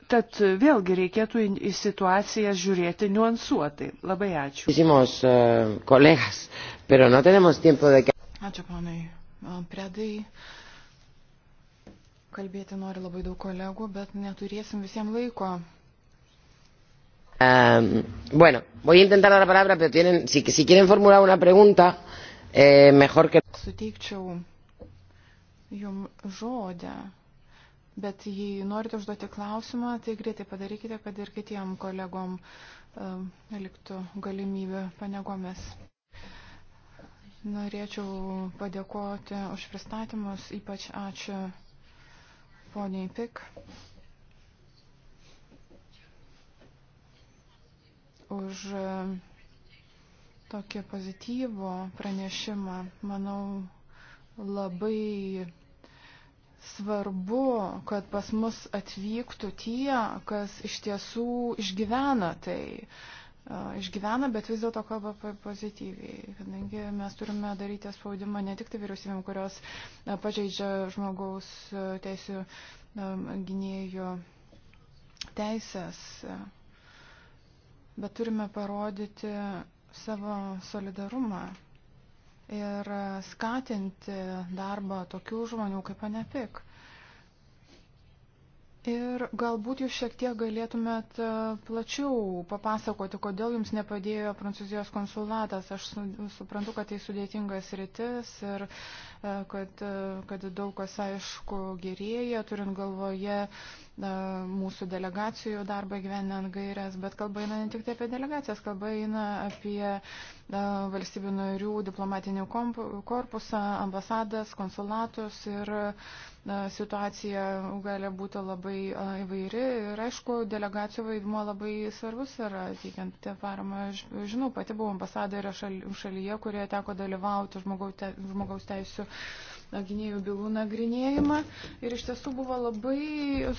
Tad vėlgi reikėtų į situaciją žiūrėti niuansuotai. Labai ačiū. Eh, ačiū, ponai. Predai, Kalbėti nori labai daug kolegų, bet neturėsim visiems laiko. Um, bueno, voy a intentar dar la palabra, pero tienen, si, si quieren formular una pregunta, eh, mejor que. Suteikčiau jum žodę, bet jei norite užduoti klausimą, tai greitai padarykite, kad ir kitiem kolegom um, liktų galimybė panegomis. Norėčiau padėkoti už pristatymus, ypač ačiū poniai Pik už e, tokį pozityvų pranešimą. Manau, labai svarbu, kad pas mus atvyktų tie, kas iš tiesų išgyvena tai. Uh, išgyvena, bet vis dėlto kalba pozityviai, kadangi mes turime daryti spaudimą ne tik tai vyriausybėm, kurios pažeidžia žmogaus teisų gynėjų teisės, bet turime parodyti savo solidarumą ir skatinti darbą tokių žmonių kaip Anepik. Ir galbūt jūs šiek tiek galėtumėt e, plačiau papasakoti, kodėl jums nepadėjo Prancūzijos konsulatas. Aš suprantu, kad tai sudėtingas rytis ir e, kad, e, kad daug kas aišku gerėja, turint galvoje mūsų delegacijų darbą gyvenant gairias, bet kalba eina ne tik tai apie delegacijas, kalba eina apie valstybių narių diplomatinį korpusą, ambasadas, konsulatus ir situacija gali būti labai įvairi ir aišku, delegacijų vaidmuo labai svarbus yra, teikiant paramą. Žinau, pati buvau ambasadorė šalyje, kurioje teko dalyvauti žmogaus teisų gynėjų bylų nagrinėjimą. Ir iš tiesų buvo labai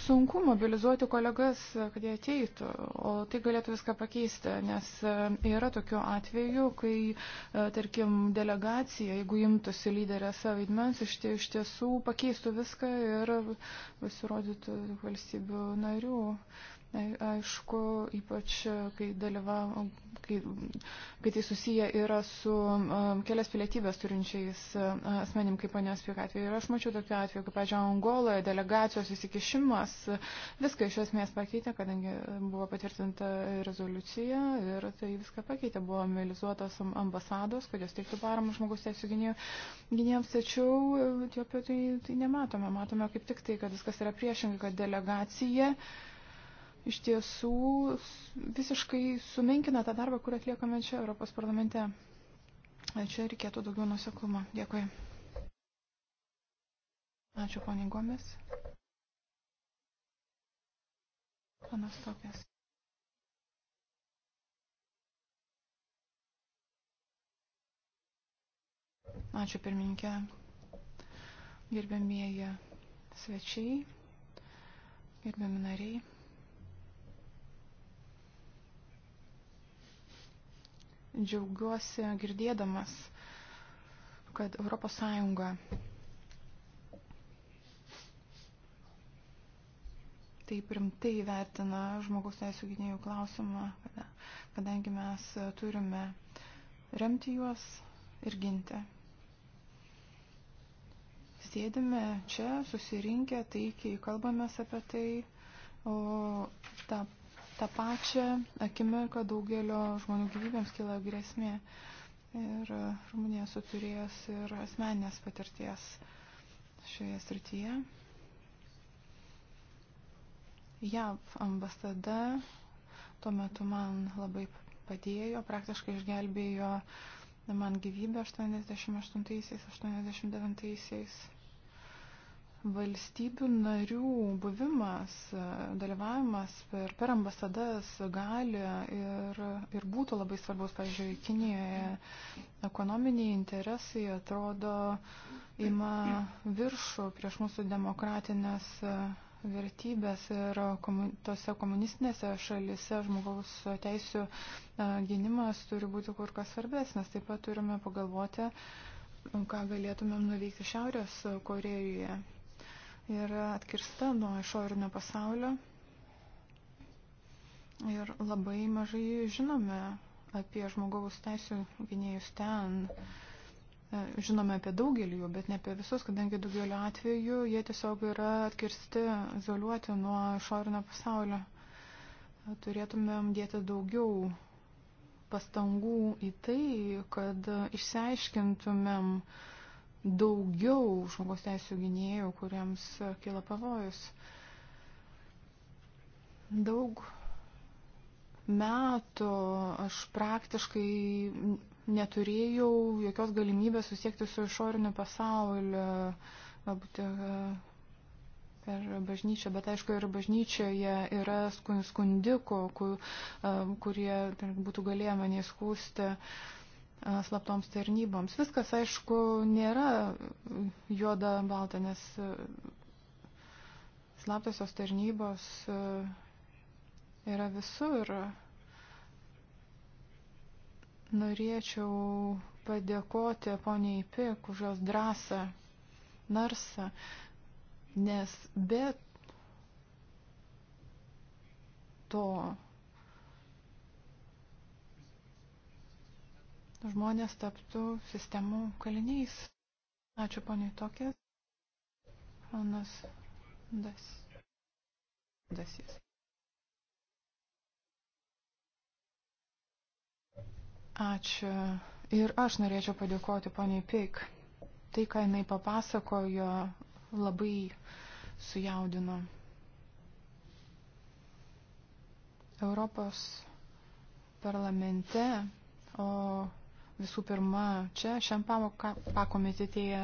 sunku mobilizuoti kolegas, kad jie ateitų. O tai galėtų viską pakeisti, nes e, yra tokių atvejų, kai, e, tarkim, delegacija, jeigu imtųsi lyderės vaidmens, iš, iš tiesų pakeistų viską ir pasirodytų valstybių narių aišku, ypač e, kai dalyva, kai, kai tai susiję yra su um, kelias pilietybės turinčiais uh, asmenim, kaip panios pik atveju. Ir aš mačiau tokiu atveju, kaip, pažiūrėjau, Angoloje delegacijos įsikišimas viską iš esmės pakeitė, kadangi buvo patvirtinta rezoliucija ir tai viską pakeitė. Buvo mobilizuotos ambasados, kad jos teiktų paramą žmogus teisų gynėjams, tačiau Etiopijoje tai, tai nematome. Matome kaip tik tai, kad viskas yra priešingai, kad delegacija. Uh, iš tiesų visiškai sumenkina tą darbą, kurį atliekame čia Europos parlamente. Čia reikėtų daugiau nuseklumo. Dėkui. Ačiū, ponė Gomis. Panas Topės. Ačiū, pirmininkė. Gerbėmieji svečiai, gerbėmi nariai. džiaugiuosi girdėdamas, kad ES taip rimtai vertina žmogaus teisų gynėjų klausimą, kadangi mes turime remti juos ir ginti. Sėdime čia, susirinkę, taikiai kalbamės apie tai, o tą tą pačią akimirką daugelio žmonių gyvybėms kyla grėsmė. Ir Rumunija suturėjęs ir asmeninės patirties šioje srityje. JAV ambasada tuo metu man labai padėjo, praktiškai išgelbėjo man gyvybę 88-89-aisiais valstybių narių buvimas, dalyvavimas per, per ambasadas gali ir, ir būtų labai svarbus, pavyzdžiui, Kinijoje ekonominiai interesai atrodo ima viršų prieš mūsų demokratinės vertybės ir komun, tose komunistinėse šalise žmogaus teisų e, gynimas turi būti kur kas svarbesnis. Taip pat turime pagalvoti, ką galėtumėm nuveikti Šiaurės Korejoje yra atkirsta nuo išorinio pasaulio ir labai mažai žinome apie žmogaus teisų gynėjus ten. E, žinome apie daugelį jų, bet ne apie visus, kadangi daugeliu atveju jie tiesiog yra atkirsti, izoliuoti nuo išorinio pasaulio. E, turėtumėm dėti daugiau pastangų į tai, kad išsiaiškintumėm uh, daugiau žmogaus teisų gynėjų, kuriems kila pavojus. Daug metų aš praktiškai neturėjau jokios galimybės susiekti su išoriniu pasauliu, galbūt e, per bažnyčią, bet aišku ir bažnyčioje yra skundikų, kur, e, kurie būtų galėję mane skūsti. Uh, slaptoms tarnyboms. Viskas, aišku, nėra juoda balta, nes slaptosios tarnybos yra visur. Norėčiau padėkoti poniai Pik už jos drąsą, narsą, nes be to žmonės taptų sistemų kaliniais. Ačiū poniai tokia. Anas Das. Dasys. Ačiū. Ir aš norėčiau padėkoti poniai Pik. Tai, ką jinai papasakojo, labai sujaudino. Europos parlamente, o visų pirma, čia šiam pamoką pakomitetėje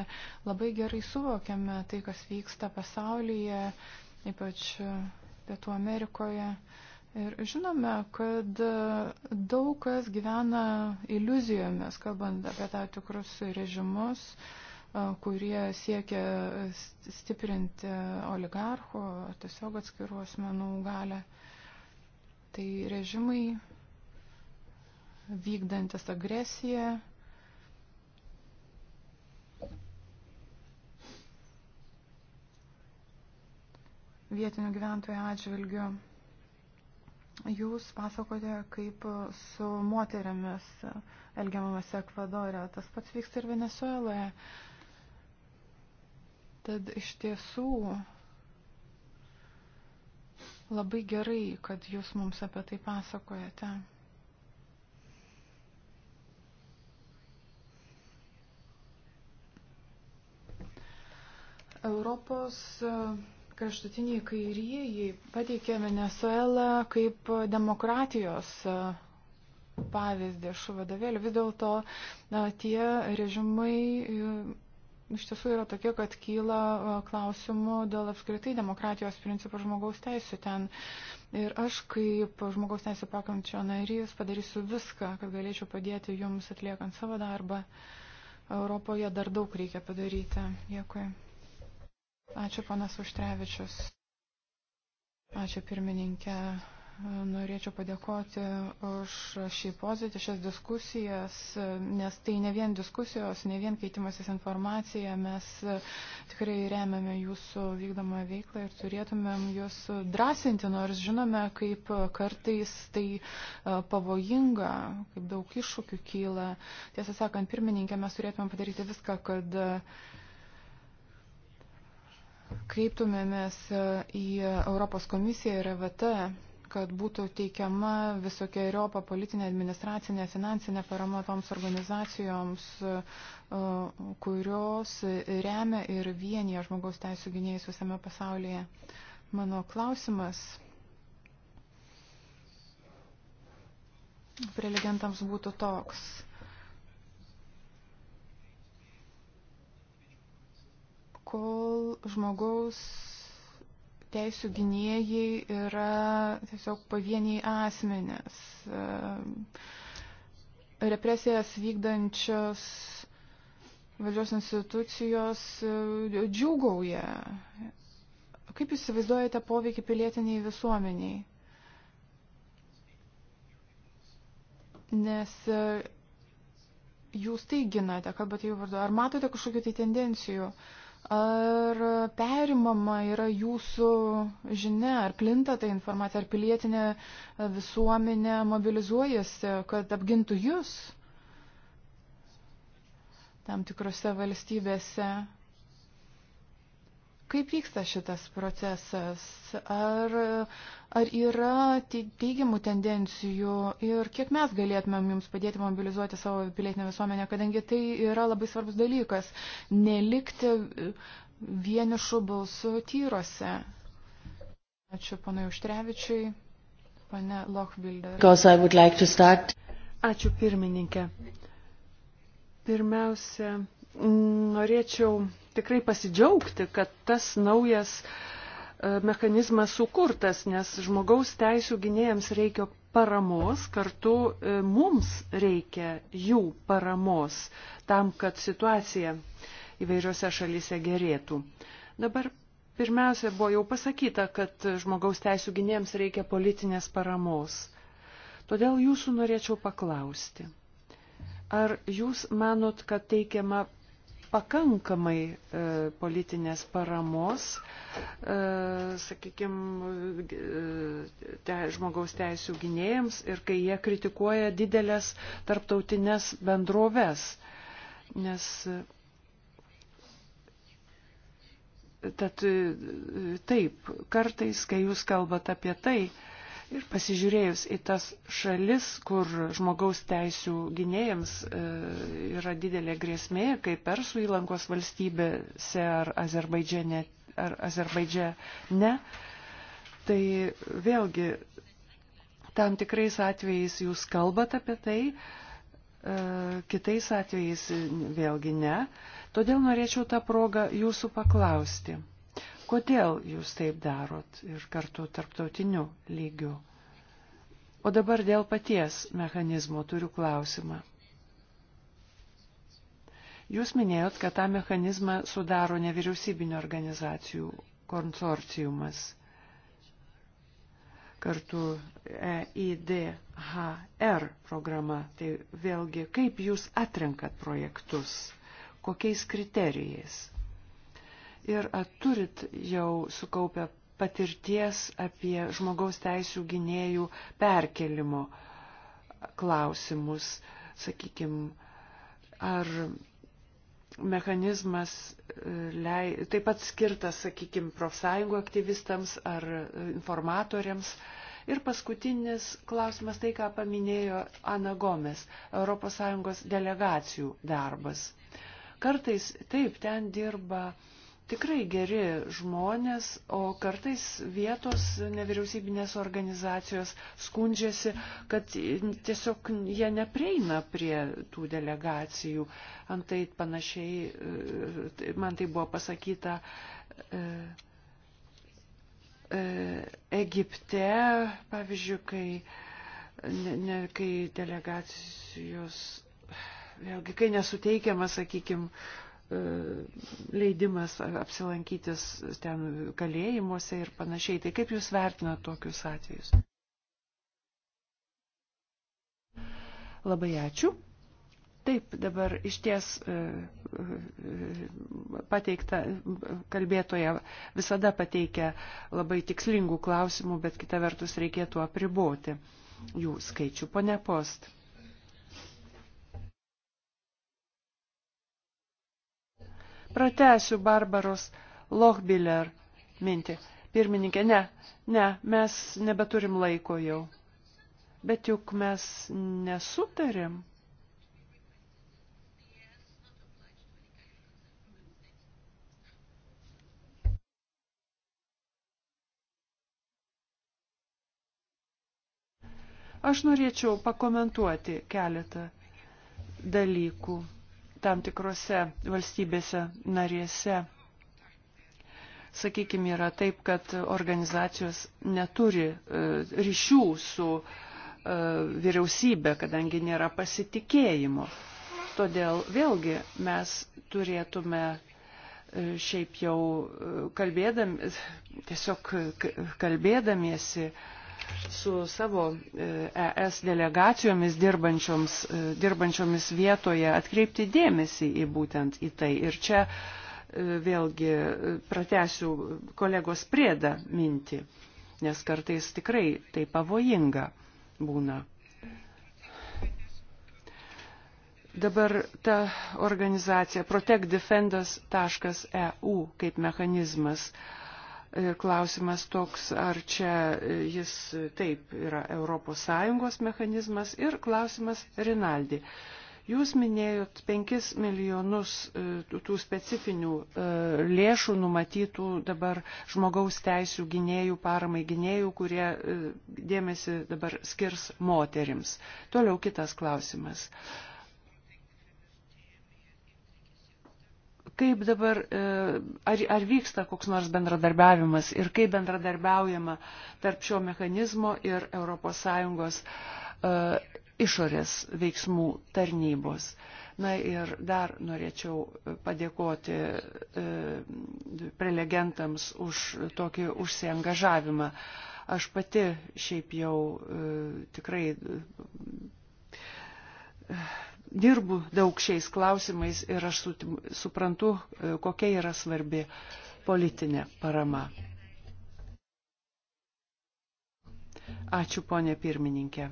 labai gerai suvokiame tai, kas vyksta pasaulyje, ypač Pietų Amerikoje. Ir žinome, kad daug kas gyvena iliuzijomis, kalbant apie tą tikrus režimus, kurie siekia stiprinti oligarchų ar tiesiog atskirų asmenų galę. Tai režimai vykdantis agresiją. vietinių gyventojų atžvilgių. Jūs pasakote, kaip su moteriamis elgiamamas Ekvadorė. Tas pats vyksta ir Venezueloje. Tad iš tiesų labai gerai, kad jūs mums apie tai pasakojate. Europos e, kraštutiniai kairieji pateikė Venezuelą kaip demokratijos e, pavyzdį iš vadovėlių. Vis dėlto e, tie režimai iš tiesų yra tokie, kad kyla klausimų dėl apskritai demokratijos principų žmogaus teisų ten. Ir aš kaip žmogaus teisų pakamčio narys padarysiu viską, kad galėčiau padėti jums atliekant savo darbą. Europoje dar daug reikia padaryti. Dėkui. Ačiū, panas Užtrevičius. Ačiū, pirmininkė. Norėčiau padėkoti už šį pozitį, šias diskusijas, nes tai ne vien diskusijos, ne vien keitimasis informacija, mes tikrai remiame jūsų vykdomą veiklą ir turėtumėm jūs drąsinti, nors žinome, kaip kartais tai e, pavojinga, kaip daug iššūkių kyla. Tiesą sakant, pirmininkė, mes turėtumėm padaryti viską, kad kreiptumėmės e, į Europos komisiją ir EVT, kad būtų teikiama visokiojopa politinė, administracinė, finansinė parama toms organizacijoms, e, e, kurios remia ir vienyje žmogaus teisų gynėjus visame pasaulyje. Mano klausimas prelegentams būtų toks kol žmogaus teisų gynėjai yra tiesiog pavieniai asmenės. E, represijas vykdančios valdžios institucijos e, džiūgauja. Kaip jūs įsivaizduojate poveikį pilietiniai visuomeniai? Nes e, jūs tai ginate, kalbate jų vardu. Ar matote kažkokių tai tendencijų? Uh, Ar perimama yra jūsų žinia, ar plinta ta informacija, ar pilietinė visuomenė mobilizuojasi, kad apgintų jūs tam tikrose valstybėse? Kaip vyksta šitas procesas? Ar, ar yra teigiamų tendencijų ir kiek mes galėtumėm jums padėti mobilizuoti savo pilietinę visuomenę, kadangi tai yra labai svarbus dalykas - nelikti vienišų balsų tyruose. Ačiū panai Užtrevičiui, pane Lochbilder. Like Ačiū pirmininkė. Pirmiausia, norėčiau tikrai pasidžiaugti, kad tas naujas e, mechanizmas sukurtas, nes žmogaus teisų gynėjams reikia paramos, kartu e, mums reikia jų paramos tam, kad situacija įvairiose šalyse gerėtų. Dabar pirmiausia buvo jau pasakyta, kad žmogaus teisų gynėjams reikia politinės paramos. Todėl jūsų norėčiau paklausti. Ar jūs manot, kad teikiama pakankamai e, politinės paramos, e, sakykime, te, žmogaus teisų gynėjams ir kai jie kritikuoja didelės tarptautinės bendroves. Nes e, tad e, taip, kartais, kai jūs kalbate apie tai, e, Ir pasižiūrėjus į tas šalis, kur žmogaus teisų gynėjams e, yra didelė grėsmė, kaip Persų įlankos valstybėse ar Azerbaidžiane, ar Azerbaidžiane tai vėlgi tam tikrais atvejais jūs kalbat apie tai, e, kitais atvejais vėlgi ne. Todėl norėčiau tą progą jūsų paklausti. Kodėl jūs taip darot ir kartu tarptautiniu lygiu? O dabar dėl paties mechanizmo turiu klausimą. Jūs minėjot, kad tą mechanizmą sudaro nevyriausybinio organizacijų konsorciumas kartu EIDHR programa. Tai vėlgi, kaip jūs atrenkat projektus, kokiais kriterijais? ir ar turit jau sukaupę patirties apie žmogaus teisų gynėjų perkelimo klausimus, sakykime, ar mechanizmas e, lei, taip pat skirtas, sakykime, profsąjungų aktyvistams ar e, informatoriams. Ir paskutinis klausimas, tai ką paminėjo Ana Gomes, ES delegacijų darbas. Kartais taip, ten dirba uh, tikrai geri žmonės, o kartais vietos nevyriausybinės organizacijos skundžiasi, kad tiesiog jie neprieina prie tų delegacijų. Antai panašiai, e, man tai buvo pasakyta. E, e, Egipte, pavyzdžiui, kai, ne, ne, kai delegacijos, vėlgi, kai nesuteikiamas, sakykime, E, leidimas apsilankytis ten kalėjimuose ir panašiai. Tai kaip Jūs vertinat tokius atvejus? Labai ačiū. Taip, dabar iš ties e, e, pateikta kalbėtoja visada pateikia labai tikslingų klausimų, bet kita vertus reikėtų apriboti jų skaičių. Pone Post. Pratesiu Barbaros Lochbiller mintį. Pirmininkė, ne, ne, mes nebeturim laiko jau. Bet juk mes nesutarim. Aš norėčiau pakomentuoti keletą dalykų tam tikrose valstybėse narėse. Sakykime, yra taip, kad organizacijos neturi e, ryšių su e, vyriausybė, kadangi nėra pasitikėjimo. Todėl vėlgi mes turėtume e, šiaip jau kalbėdami, tiesiog kalbėdamiesi, su savo ES e delegacijomis dirbančioms, e, dirbančiomis vietoje atkreipti dėmesį į būtent į tai. Ir čia e, vėlgi pratesiu kolegos priedą mintį, nes kartais tikrai tai pavojinga būna. Dabar ta organizacija protectdefenders.eu kaip mechanizmas uh, E, klausimas toks, ar čia e, jis e, taip yra ES mechanizmas ir klausimas Rinaldi. Jūs minėjot 5 milijonus tų specifinių lėšų numatytų dabar žmogaus teisų gynėjų, paramai gynėjų, kurie dėmesį dabar skirs moterims. Toliau kitas klausimas. kaip dabar, e, ar, ar vyksta koks nors bendradarbiavimas ir kaip bendradarbiaujama tarp šio mechanizmo ir ES e, išorės veiksmų tarnybos. Na ir dar norėčiau padėkoti e, prelegentams už tokį užsiengažavimą. Aš pati šiaip jau tikrai dirbu daug šiais klausimais ir aš suprantu, e, kokia yra svarbi politinė parama. Ačiū, ponė pirmininkė.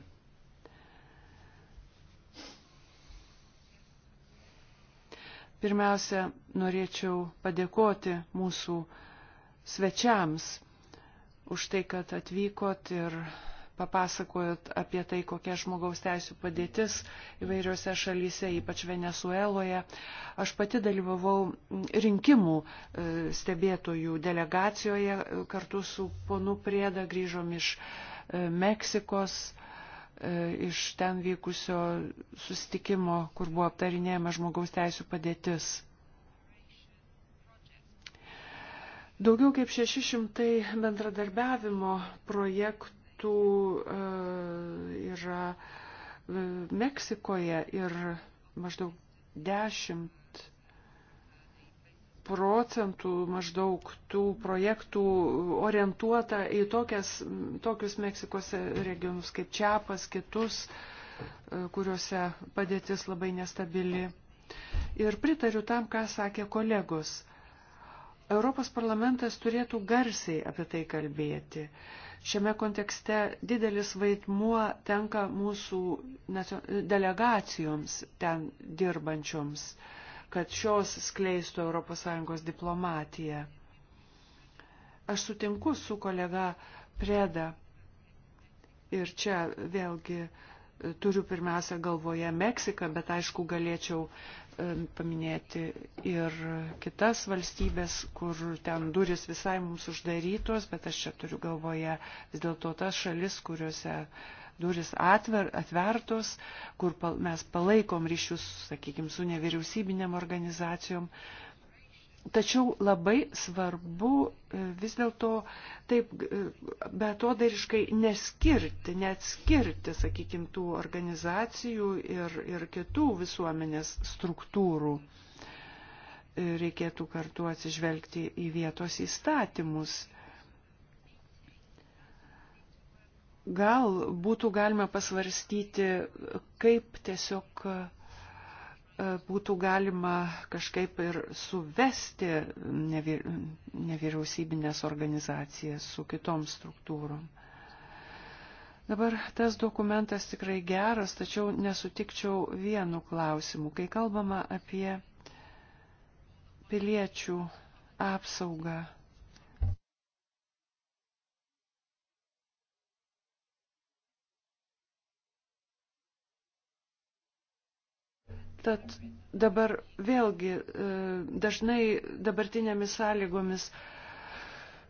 Pirmiausia, norėčiau padėkoti mūsų svečiams už tai, kad atvykot ir papasakojot apie tai, kokia žmogaus teisų padėtis įvairiose šalyse, ypač Venezueloje. Aš pati dalyvavau rinkimų e, stebėtojų delegacijoje e, kartu su ponu Prieda, grįžom iš e, Meksikos iš ten vykusio sustikimo, kur buvo aptarinėjama žmogaus teisų padėtis. Daugiau kaip 600 bendradarbiavimo projektų metų e, yra e, Meksikoje ir maždaug 10 procentų maždaug tų projektų orientuota į tokias, tokius Meksikos regionus kaip Čiapas, kitus, e, kuriuose padėtis labai nestabili. Ir pritariu tam, ką sakė kolegos. Europos parlamentas turėtų garsiai apie tai kalbėti. Šiame kontekste didelis vaidmuo tenka mūsų delegacijoms ten dirbančioms, kad šios skleistų ES diplomatiją. Aš sutinku su kolega Preda ir čia vėlgi uh, turiu pirmiausia galvoje Meksiką, bet aišku galėčiau paminėti ir kitas valstybės, kur ten duris visai mums uždarytos, bet aš čia turiu galvoje vis dėlto tas šalis, kuriuose duris atver, atvertos, kur pal, mes palaikom ryšius, sakykime, su nevyriausybinėm organizacijom. Uh, Tačiau labai svarbu e, vis dėlto taip e, betodariškai neskirti, neatskirti, sakykime, tų organizacijų ir, ir kitų visuomenės struktūrų. E, reikėtų kartu atsižvelgti į vietos įstatymus. Gal būtų galima pasvarstyti, kaip tiesiog E, būtų galima kažkaip ir suvesti nevyr, nevyriausybinės organizacijas su kitom struktūrom. Dabar tas dokumentas tikrai geras, tačiau nesutikčiau vienu klausimu. Kai kalbama apie piliečių apsaugą Tad dabar vėlgi e, dažnai dabartinėmis sąlygomis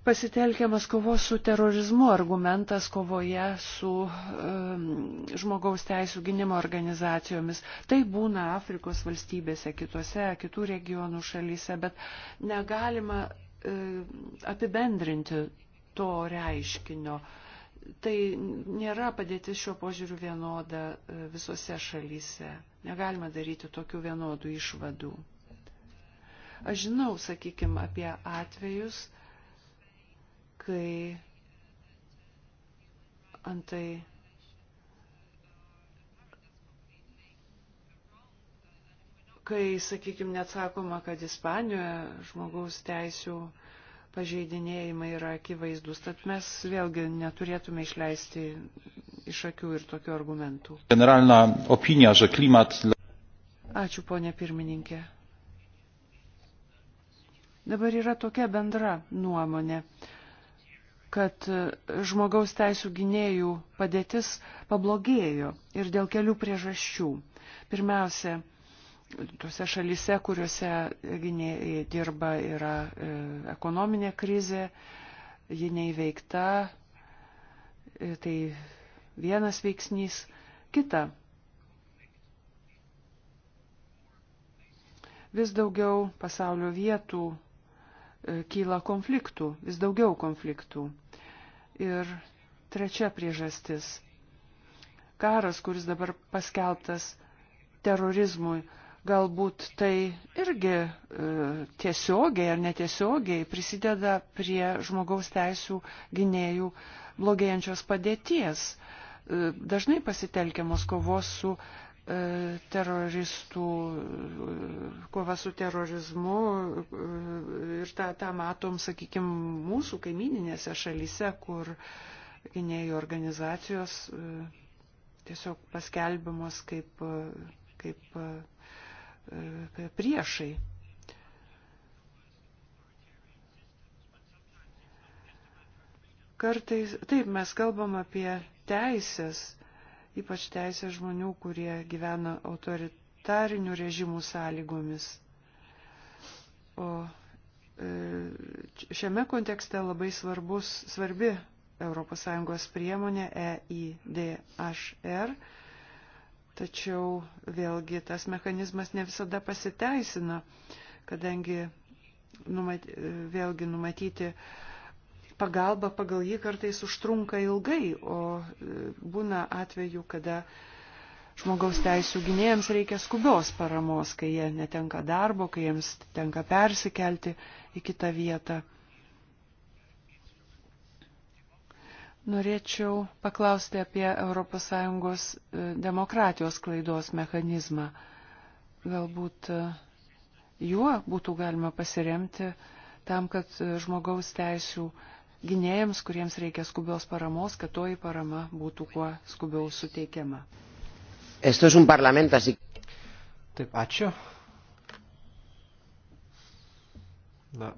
pasitelkiamas kovos su terorizmu argumentas kovoje su um, žmogaus teisų gynimo organizacijomis. Tai būna Afrikos valstybėse, kitose, kitų regionų šalyse, bet negalima um, apibendrinti to reiškinio. Uh, tai nėra padėtis šiuo požiūriu vienoda e, visose šalyse. Negalima daryti tokių vienodų išvadų. Aš žinau, sakykime, apie atvejus, kai antai kai, sakykime, neatsakoma, kad Ispanijoje žmogaus teisų pažeidinėjimai yra akivaizdus, tad mes vėlgi neturėtume išleisti iš akių ir tokių argumentų. Generalna opinija, že klimat. Ačiū, ponė pirmininkė. Dabar yra tokia bendra nuomonė, kad žmogaus teisų gynėjų padėtis pablogėjo ir dėl kelių priežasčių. Pirmiausia, tuose šalise, kuriuose dirba, yra e, ekonominė krizė, ji neįveikta, e, tai vienas veiksnys, kita. Vis daugiau pasaulio vietų e, kyla konfliktų, vis daugiau konfliktų. Ir trečia priežastis. Karas, kuris dabar paskelbtas terorizmui, galbūt tai irgi e, tiesiogiai ar netiesiogiai prisideda prie žmogaus teisų gynėjų blogėjančios padėties. E, dažnai pasitelkiamos kovos su e, teroristų, kova su terorizmu ir tą, tą matom, sakykime, mūsų kaimininėse šalyse, kur gynėjų organizacijos tiesiog paskelbiamos kaip, kaip E, priešai. Kartais, taip, mes kalbam apie teisės, ypač teisės žmonių, kurie gyvena autoritarinių režimų sąlygomis. O e, šiame kontekste labai svarbus, svarbi ES priemonė EIDHR Tačiau vėlgi tas mechanizmas ne visada pasiteisina, kadangi numaty, vėlgi numatyti pagalba pagal jį kartais užtrunka ilgai, o e, būna atveju, kada žmogaus teisų gynėjams reikia skubios paramos, kai jie netenka darbo, kai jiems tenka persikelti į kitą vietą. Norėčiau paklausti apie ES e, demokratijos klaidos mechanizmą. Galbūt e, juo būtų galima pasiremti tam, kad e, žmogaus teisų gynėjams, kuriems reikia skubios paramos, kad toji parama būtų kuo skubiau suteikiama. Taip, ačiū. Na,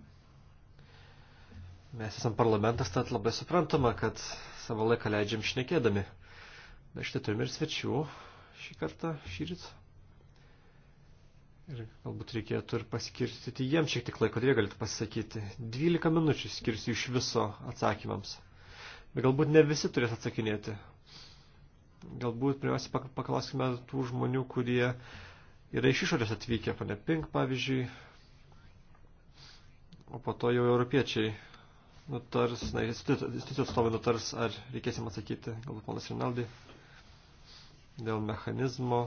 Mes esam parlamentas, tad labai suprantama, kad savo laiką leidžiam šnekėdami. Bet štai turime ir svečių šį kartą, šį rytą. Ir galbūt reikėtų ir paskirstyti jiems šiek tiek laiko, kad tai jie galėtų pasisakyti. 12 minučių skirsiu iš viso atsakymams. Bet galbūt ne visi turės atsakinėti. Galbūt pirmiausia paklauskime tų žmonių, kurie yra iš išorės atvykę, pane Pink pavyzdžiui, o po to jau europiečiai nutars, na, institucijų atstovai nutars, ar reikės jam atsakyti, galbūt ponas Rinaldi, dėl mechanizmo,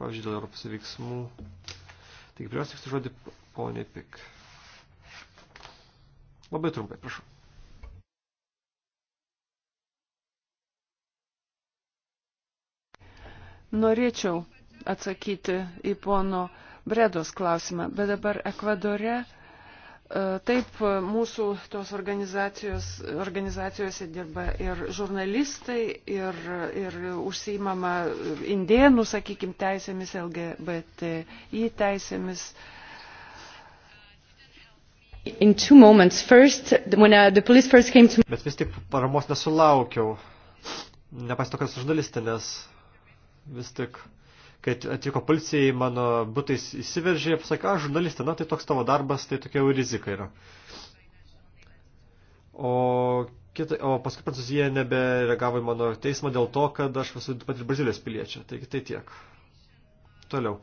pavyzdžiui, dėl Europos veiksmų. Taigi, pirmiausia, tiksiu žodį ponė Pik. Labai trumpai, prašau. Norėčiau atsakyti į pono Bredos klausimą, bet dabar Ekvadore E, taip, e, mūsų tos organizacijos, organizacijose dirba ir žurnalistai, ir, ir užsiimama indėnų, sakykime, teisėmis, LGBTI teisėmis. First, uh, to... Bet vis tik paramos nesulaukiau, nepasitokęs žurnalistė, nes vis tik kad atvyko policija į mano butais įsiveržė, pasakė, a, žurnalistė, na tai toks tavo darbas, tai tokia jau rizika yra. O, kita, o paskui Prancūzija nebereagavo į mano teismą dėl to, kad aš esu pat ir Brazilijos piliečia. Taigi tai tiek. Toliau.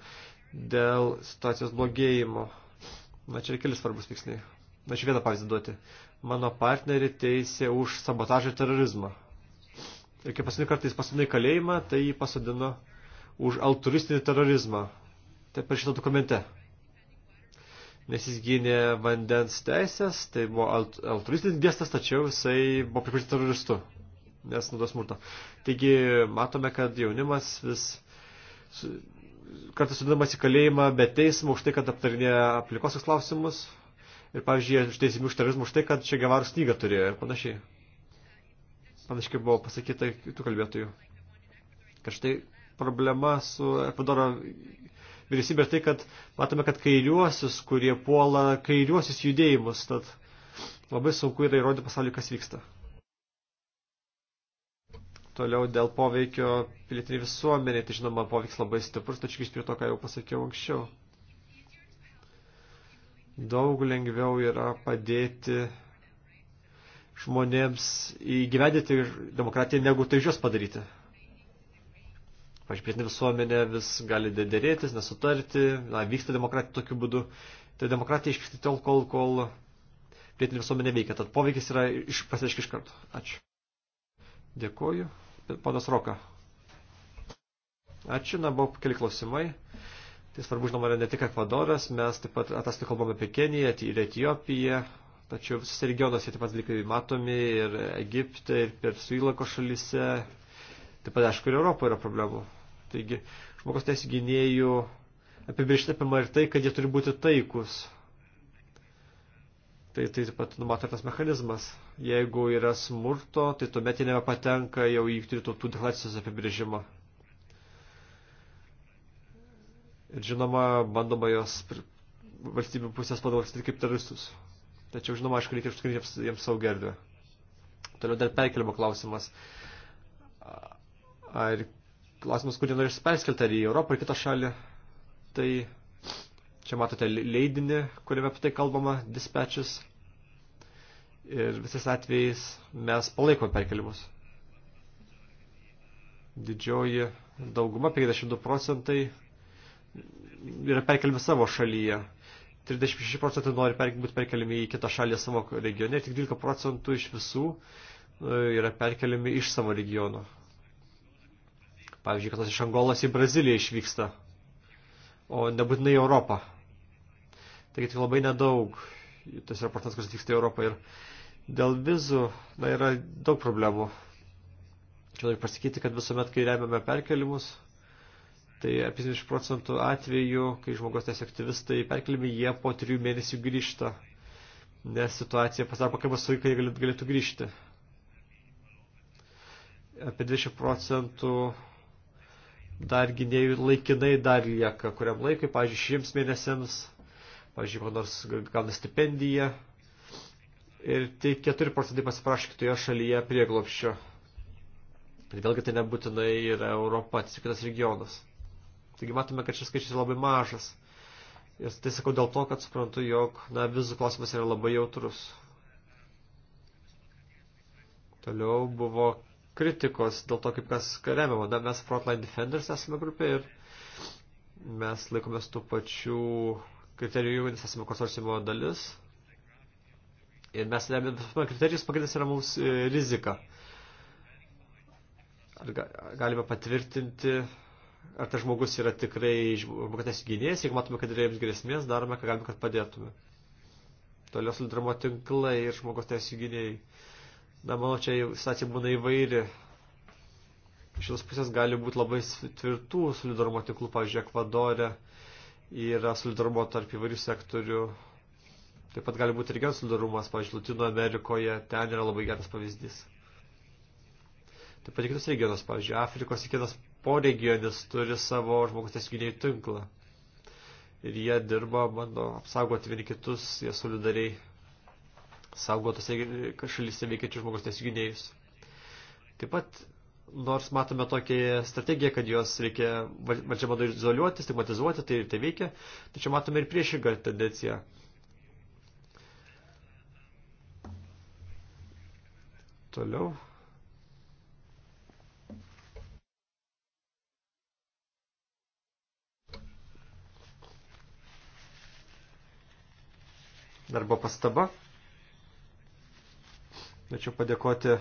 Dėl situacijos blogėjimo. Na čia yra keli svarbus tiksliai. Na čia vieną pavyzdį duoti. Mano partnerį teisė už sabotažą ir terorizmą. Ir kai paskutinį kartą jis pasodino į kalėjimą, tai jį pasodino už altruistinį terorizmą. Taip parašyta dokumente. Nes jis gynė vandens teisės, tai buvo alt, altruistinis gestas, tačiau jisai buvo pripažintas teroristu, nes naudos smurto. Taigi matome, kad jaunimas vis su, kartais sudinamas į kalėjimą be teismo už tai, kad aptarinėja aplikosios klausimus. Ir, pavyzdžiui, jie išteisimi už terorizmą už tai, kad čia Gavaros knygą turėjo ir panašiai. Panašiai buvo pasakyta kitų kalbėtojų. Kad štai problema su Ekvadoro vyriausybė ir tai, kad matome, kad kairiuosius, kurie puola kairiuosius judėjimus, tad labai sunku yra įrodyti pasauliu, kas vyksta. Toliau dėl poveikio pilietiniai visuomeniai, tai žinoma, poveiks labai stiprus, tačiau iš prie to, ką jau pasakiau anksčiau daug lengviau yra padėti žmonėms įgyvendyti demokratiją, negu tai iš jos padaryti pažiūrėtinė visuomenė vis gali dėrėtis, nesutarti, na, vyksta demokratija tokiu būdu. Tai demokratija išvyksta tol, kol, kol pilietinė visuomenė veikia. Tad poveikis yra iš, pasireiškia iš karto. Ačiū. Dėkuoju. Panas Roka. Ačiū, na, buvo keli klausimai. Tai svarbu, žinoma, yra ne tik Ekvadoras, mes taip pat ataskaitą kalbame apie Keniją ir Etijopiją, tačiau visose regionuose taip pat dalykai matomi ir Egipte, ir Persų įlako šalyse, taip pat, aišku, ir Europoje yra problemų. Taigi, žmogaus teisų gynėjų apibriešti apima ir tai, kad jie turi būti taikus. Tai, tai taip pat numatytas mechanizmas. Jeigu yra smurto, tai tuomet jie nebepatenka jau į tautų deklaracijos apibrėžimą. Ir žinoma, bandoma jos valstybių pusės padalstyti kaip teroristus. Tačiau, žinoma, aišku, reikia užtikrinti jiems, jiems saugę erdvę. Toliau dar perkelimo klausimas. Ar klausimus, kurį norės perskelti ar į Europą, ar kitą šalį. Tai čia matote leidinį, kuriame apie tai kalbama, dispatches. Ir visais atvejais mes palaikome perkelimus. Didžioji dauguma, 52 procentai, yra perkelimi savo šalyje. 36 procentai nori per, būti perkeliami į kitą šalį savo regione ir tik 12 procentų iš visų e, yra perkeliami iš savo regiono. Pavyzdžiui, kad tas iš Angolos į Braziliją išvyksta, o nebūtinai į Europą. Taigi tik labai nedaug tas raportas, kuris vyksta į Europą. Ir dėl vizų na, yra daug problemų. Čia noriu pasakyti, kad visuomet, kai remiame perkelimus, tai apie 70 procentų atvejų, kai žmogaus teisų aktyvistai perkeliami, jie po trijų mėnesių grįžta, nes situacija pasaro pakankamai sunkiai, kad jie galėtų grįžti. Apie 20 procentų dar gynėjų laikinai dar lieka kuriam laikui, pavyzdžiui, šiems mėnesiams, pavyzdžiui, man nors gauna stipendiją ir tik 4 procentai pasiprašo kitoje šalyje prieglopščio. Bet vėlgi tai nebūtinai yra Europa, tai kitas regionas. Taigi matome, kad šis skaičius labai mažas. Ir tai sakau dėl to, kad suprantu, jog na, vizų klausimas yra labai jautrus. Toliau buvo kritikos dėl to, kaip mes kariavimo. Na, mes Frontline Defenders esame grupė ir mes laikomės tų pačių kriterijų, nes esame konsorciumo dalis. Ir mes remiamės kriterijus, pagrindas yra mums e, rizika. Ar ga, galime patvirtinti, ar tas žmogus yra tikrai žmogatės gynėjas, jeigu matome, kad yra jiems grėsmės, darome, ką galime, kad padėtume. Toliau solidarumo tinklai ir žmogaus teisų gynėjai. Na, manau, čia situacija būna įvairi. Iš tos pusės gali būti labai tvirtų solidarumo tinklų, pavyzdžiui, Ekvadorė yra solidarumo tarp įvairių sektorių. Taip pat gali būti ir geras solidarumas, pavyzdžiui, Latino Amerikoje, ten yra labai geras pavyzdys. Taip pat kitos regionas, pavyzdžiui, Afrikos kiekvienas poregionis turi savo žmogus tiesioginiai tinklą. Ir jie dirba, bando apsaugoti vieni kitus, jie solidariai saugotose šalyse veikiančių žmogus nesigynėjus. Taip pat, nors matome tokią strategiją, kad juos reikia valdžia bando izoliuoti, stigmatizuoti, tai, tai veikia, tačiau matome ir priešingą tendenciją. Toliau. Dar buvo pastaba. Norėčiau padėkoti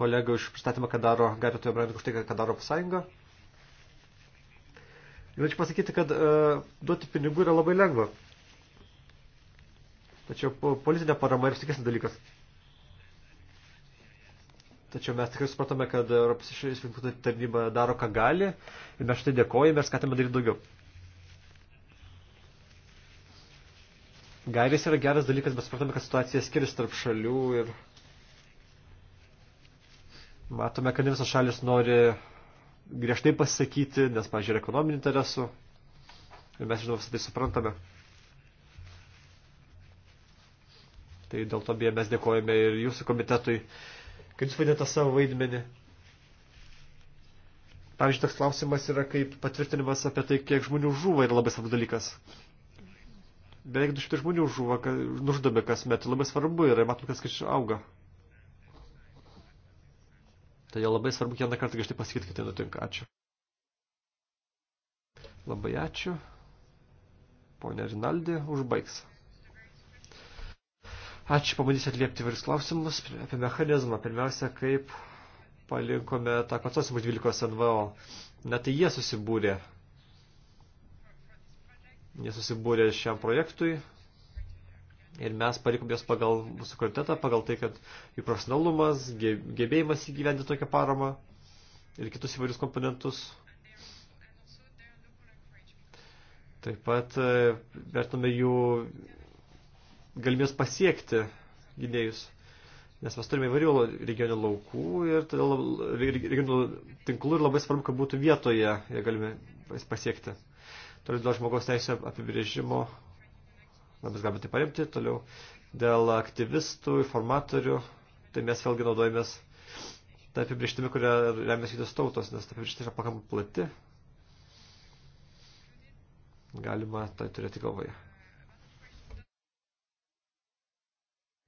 kolegą iš pristatymą, kad daro Garitojo Brandį už tai, kad daro sąjunga. Norėčiau pasakyti, kad e, duoti pinigų yra labai lengva. Tačiau politinė parama yra stikesnis dalykas. Tačiau mes tikrai supratome, kad Europos išrinkimų tarnyba daro, ką gali ir mes štai dėkojame ir skatame daryti daugiau. Gairės yra geras dalykas, bet supratome, kad situacija skiriasi tarp šalių ir matome, kad visos šalis nori griežtai pasisakyti, nes, pažiūrėjau, ekonominių interesų ir mes, žinoma, visą tai suprantame. Tai dėl to beje mes dėkojame ir jūsų komitetui, kad jūs vaidinate savo vaidmenį. Pavyzdžiui, toks klausimas yra kaip patvirtinimas apie tai, kiek žmonių žuvo yra labai svarbus dalykas. Beveik 200 žmonių žuvo, nužudomi kasmet. Labai svarbu yra, matome, kad skaičius auga. Todėl labai svarbu kiekvieną kartą grįžti pasakyti, kad tai nutinka. Ačiū. Labai ačiū. Pone Rinaldi užbaigs. Ačiū, pabandysiu atliepti virs klausimus apie mechanizmą. Pirmiausia, kaip palinkome tą konsorciumą 12 NVO. Net tai jie susibūrė jie susibūrė šiam projektui ir mes parikom jas pagal mūsų kvalitetą, pagal tai, kad jų profesionalumas, gebėjimas įgyvendinti tokią paramą ir kitus įvairius komponentus. Taip pat e, vertiname jų galimės pasiekti gynėjus. Nes mes turime įvairių regionių laukų ir todėl regionų tinklų ir labai svarbu, kad būtų vietoje jie galime pasiekti. Toliau dėl žmogaus teisų apibrėžimo, na, mes galime tai paremti. Toliau dėl aktyvistų, informatorių, tai mes vėlgi naudojamės tą apibrėžtimį, kurią remiasi kitos tautos, nes ta apibrėžtis yra pakankamai plati. Galima tai turėti galvoje.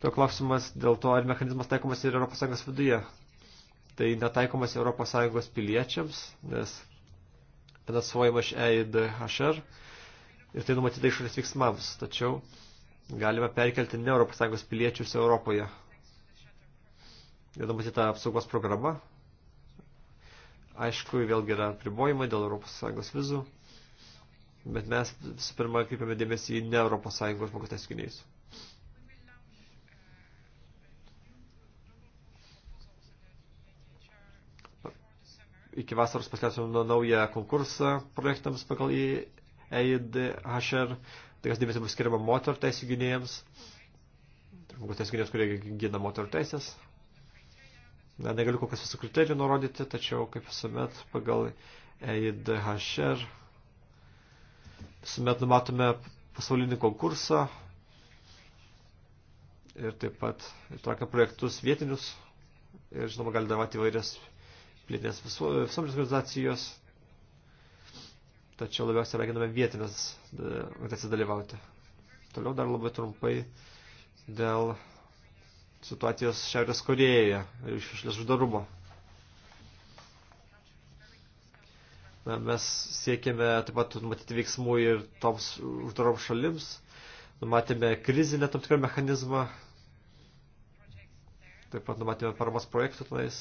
To klausimas dėl to, ar mechanizmas taikomas ir ES viduje. Tai netaikomas ES piliečiams, nes finansuojama iš EIDHR ir tai numatyta išorės veiksmams, tačiau galime perkelti ne Europos Sąjungos piliečius Europoje. Ir numatyta apsaugos programa. Aišku, vėlgi yra pribojimai dėl Europos Sąjungos vizų, bet mes visų pirma kreipiame dėmesį į ne Europos Sąjungos žmogus teisų gynėjus. iki vasaros paskelbsime naują konkursą projektams pagal į EIDHR. Tai kas dėmesį bus skiriama moterų teisų gynėjams. Tai žmogus teisų gynėjams, kurie gina moterų teisės. Na, negaliu kol kas visų kriterijų nurodyti, tačiau kaip visuomet pagal EIDHR visuomet numatome pasaulinį konkursą ir taip pat įtraukia projektus vietinius ir žinoma gali davati įvairias plėtinės visuomenės organizacijos, tačiau labiausiai raginame vietinės organizacijas dalyvauti. Toliau dar labai trumpai dėl situacijos Šiaurės Korėjoje ir išlės uždarumo. Na, mes siekėme taip pat matyti veiksmų ir toms uždarom šalims, numatėme krizinę tam tikrą mechanizmą, taip pat numatėme paramos projektų tenais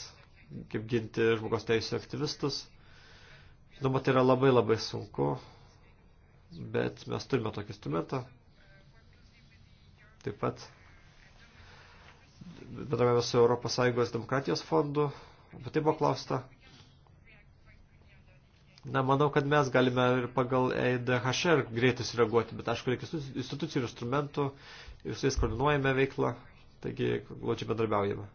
kaip ginti žmogaus teisų aktyvistus. Žinoma, tai yra labai labai sunku, bet mes turime tokį instrumentą. Taip pat bendravėme su Europos Sąjungos demokratijos fondu, apie tai buvo klausta. Na, manau, kad mes galime ir pagal EIDHR greitai sureaguoti, bet aišku, reikia institucijų ir instrumentų, ir su jais koordinuojame veiklą, taigi glaudžiai bendarbiaujame.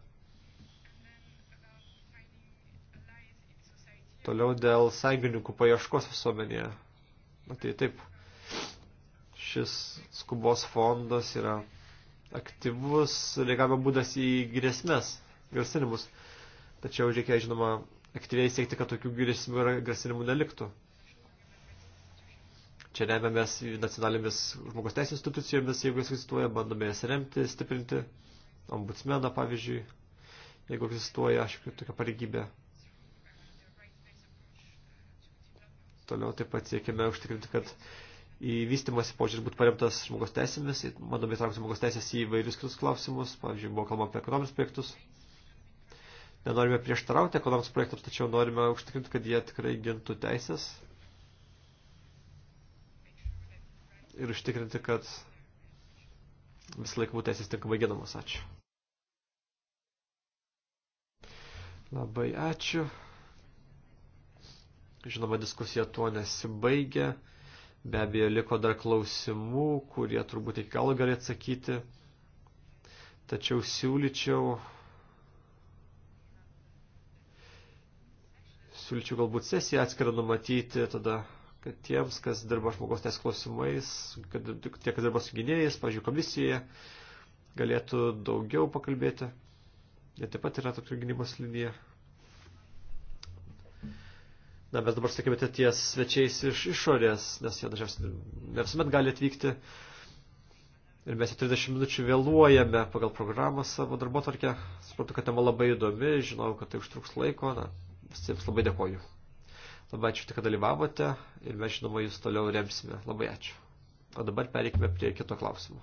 Toliau dėl sąjungininkų paieškos visuomenėje. Na tai taip, šis skubos fondas yra aktyvus reagavimo būdas į grėsmės, grasinimus. Tačiau reikia, žinoma, aktyviai siekti, kad tokių grėsmių ir grasinimų neliktų. Čia remiamės nacionalinėmis žmogus teisės institucijomis, jeigu jis egzistuoja, bandome jas remti, stiprinti, ombudsmeną pavyzdžiui, jeigu egzistuoja, aš tokia pareigybė. Toliau taip pat siekime užtikrinti, kad į vystimąsi požiūrį būtų paremtas žmogaus teisėmis, bandome įtraukti žmogaus teisės į vairius kitus klausimus, pavyzdžiui, buvo kalbama apie ekonominius projektus. Nenorime prieštarauti ekonominius projektams, tačiau norime užtikrinti, kad jie tikrai gintų teisės ir užtikrinti, kad visą laiką būtų teisės tinkamai ginamos. Ačiū. Labai ačiū. Žinoma, diskusija tuo nesibaigia. Be abejo, liko dar klausimų, kurie turbūt iki galo gali atsakyti. Tačiau siūlyčiau. Siūlyčiau galbūt sesiją atskirą numatyti tada, kad tiems, kas dirba žmogaus teisų klausimais, kad tie, kas dirba su gynėjais, pažiūrėjau, komisijoje, galėtų daugiau pakalbėti. Ir taip pat yra tokia gynybos linija. Na, mes dabar sakėmėte ties svečiais iš išorės, nes jie dažniausiai ne visuomet gali atvykti. Ir mes 30 minučių vėluojame pagal programą savo darbo tvarkę. Supratau, kad tema labai įdomi, žinau, kad tai užtruks laiko. Na, visiems labai dėkoju. Labai ačiū, kad dalyvavote ir mes, žinoma, jūs toliau remsime. Labai ačiū. O dabar pereikime prie kito klausimo.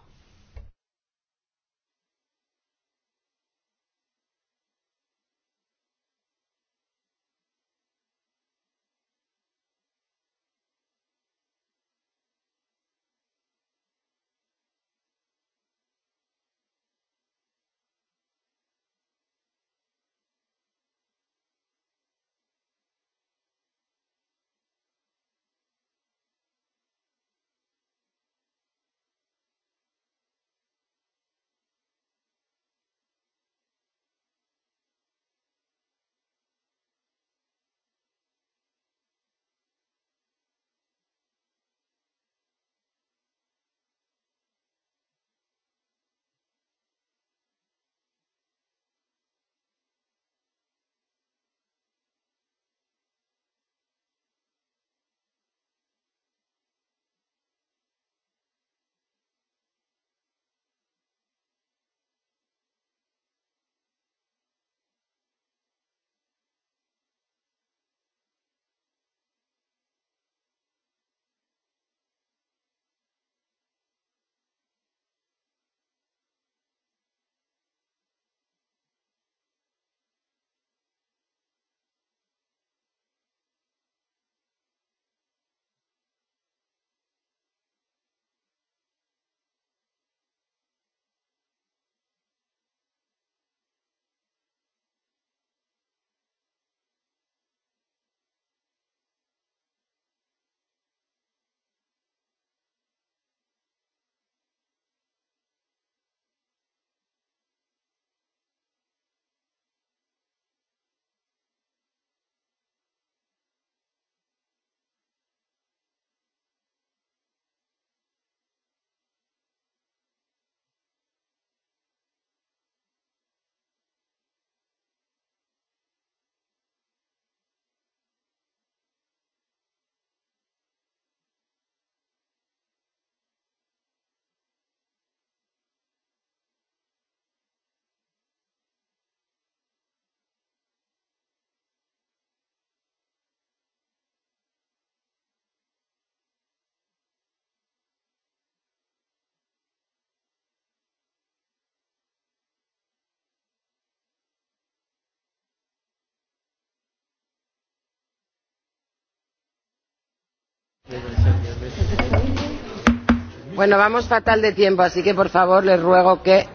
Bueno, vamos fatal de tiempo, así que por favor les ruego que.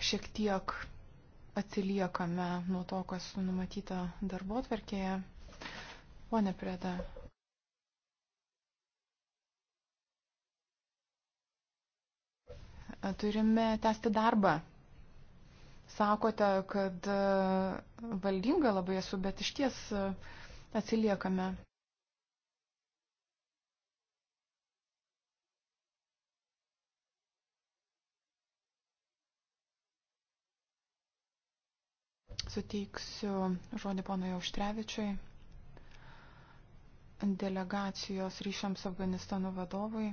Šiek tiek atsiliekame nuo to, kas numatyta darbo atverkėje. Pone Preda. Turime tęsti darbą. Sakote, kad e, valdinga labai esu, bet iš ties e, atsiliekame. Suteiksiu žodį ponui Auštrevičiui, delegacijos ryšiams Afganistano vadovui.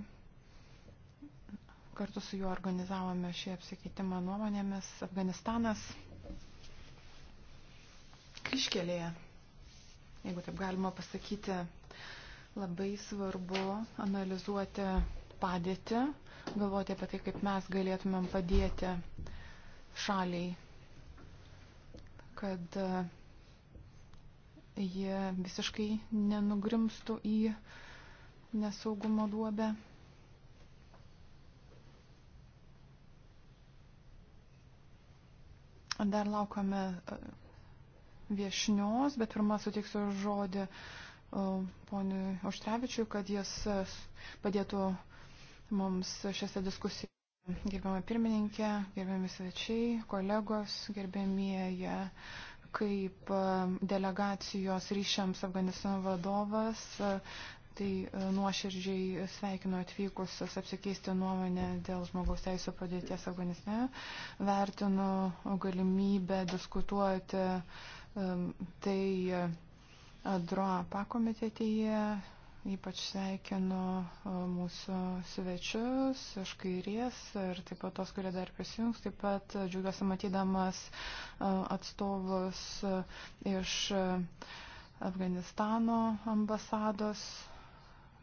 Kartu su juo organizavome šį apsikeitimą nuomonėmis. Afganistanas kryškelėje, jeigu taip galima pasakyti, labai svarbu analizuoti padėtį, galvoti apie tai, kaip mes galėtumėm padėti šaliai kad e, jie visiškai nenugrimstų į nesaugumo duobę. Dar laukame e, viešnios, bet pirmą suteiksiu žodį e, poniui Oštrevičiui, kad jis padėtų mums šiose diskusijose. Gerbiama pirmininkė, gerbiami svečiai, kolegos, gerbėmieji, kaip e, delegacijos ryšiams Afganistano vadovas, e, tai e, nuoširdžiai sveikinu atvykusius apsikeisti nuomonę dėl žmogaus teisų padėties Afganistane, vertinu galimybę diskutuoti tai DROA pakomitetėje Ypač sveikinu e, mūsų svečius iš kairės ir taip pat tos, kurie dar prisijungs. Taip pat džiugiuosi matydamas e, atstovus e, iš Afganistano ambasados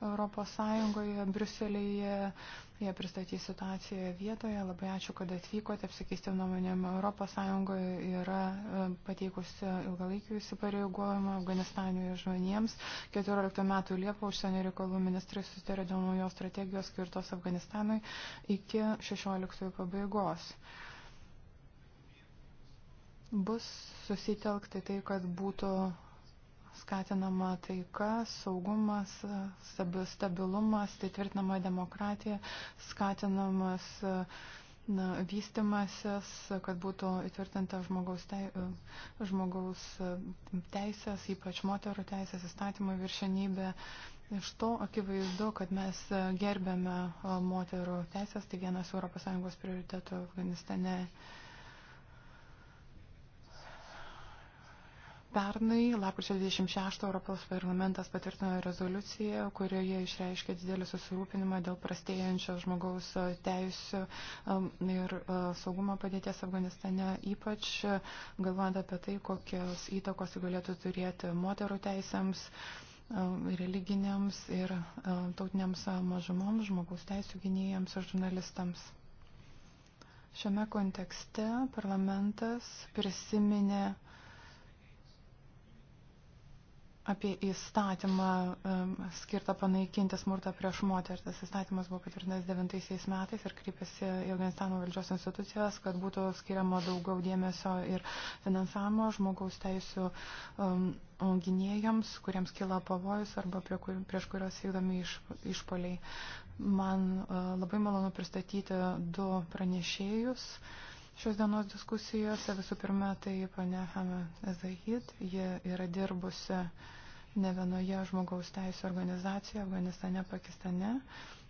Europos Sąjungoje, Briuselėje Jie pristatys situaciją vietoje. Labai ačiū, kad atvykote. Apsikeisti nuomonėm ES yra e, pateikusi ilgalaikių įsipareigojimų Afganistanijos žmonėms. 14 metų Liepo užsienio reikalų ministrai susitarė dėl naujos strategijos skirtos Afganistanui iki 16 pabaigos bus susitelkti tai, kad būtų skatinama taika, saugumas, stabilumas, tai tvirtinama demokratija, skatinamas na, vystimasis, kad būtų įtvirtinta žmogaus, tei, žmogaus teisės, ypač moterų teisės įstatymų viršenybė. Iš to akivaizdu, kad mes gerbėme moterų teisės, tai vienas ES prioritetų Afganistane. Pernai, lapkričio 26, Europos parlamentas patvirtino rezoliuciją, kurioje išreiškė didelį susirūpinimą dėl prastėjančio žmogaus e, teisų ir e, saugumo padėties Afganistane, ypač e, galvojant apie tai, kokios įtakos galėtų turėti moterų teisėms religiniams ir tautiniams mažumoms, žmogaus teisų gynėjams ir žurnalistams. Šiame kontekste parlamentas prisiminė uh, apie įstatymą skirtą panaikinti smurtą prieš moterį. Tas įstatymas buvo patvirtintas 9 metais ir kreipėsi į Afganistano valdžios institucijas, kad būtų skiriama daugiau dėmesio ir finansavimo žmogaus teisų um, gynėjams, kuriems kila pavojus arba prie kur, prieš kurios vykdomi iš, išpoliai. Man uh, labai malonu pristatyti du pranešėjus. Uh, šios dienos diskusijose. Visų pirma, tai pane Hame Zahid, ji yra dirbusi ne vienoje žmogaus teisų organizacijoje Afganistane, Pakistane,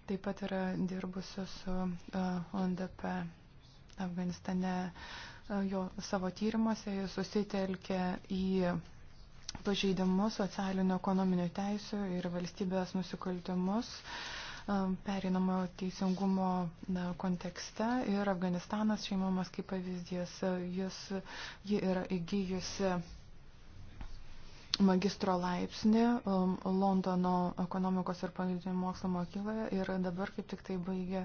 taip pat yra dirbusi su UNDP e, Afganistane. E, jo savo tyrimuose jis susitelkė į pažeidimus socialinio ekonominio teisų ir valstybės nusikaltimus. Uh, Um, perinamojo teisingumo kontekste ir Afganistanas šeimomas kaip pavyzdys. Jis, ji yra įgyjusi magistro laipsnį um, Londono ekonomikos ir politinių mokslo mokykloje ir dabar kaip tik tai baigė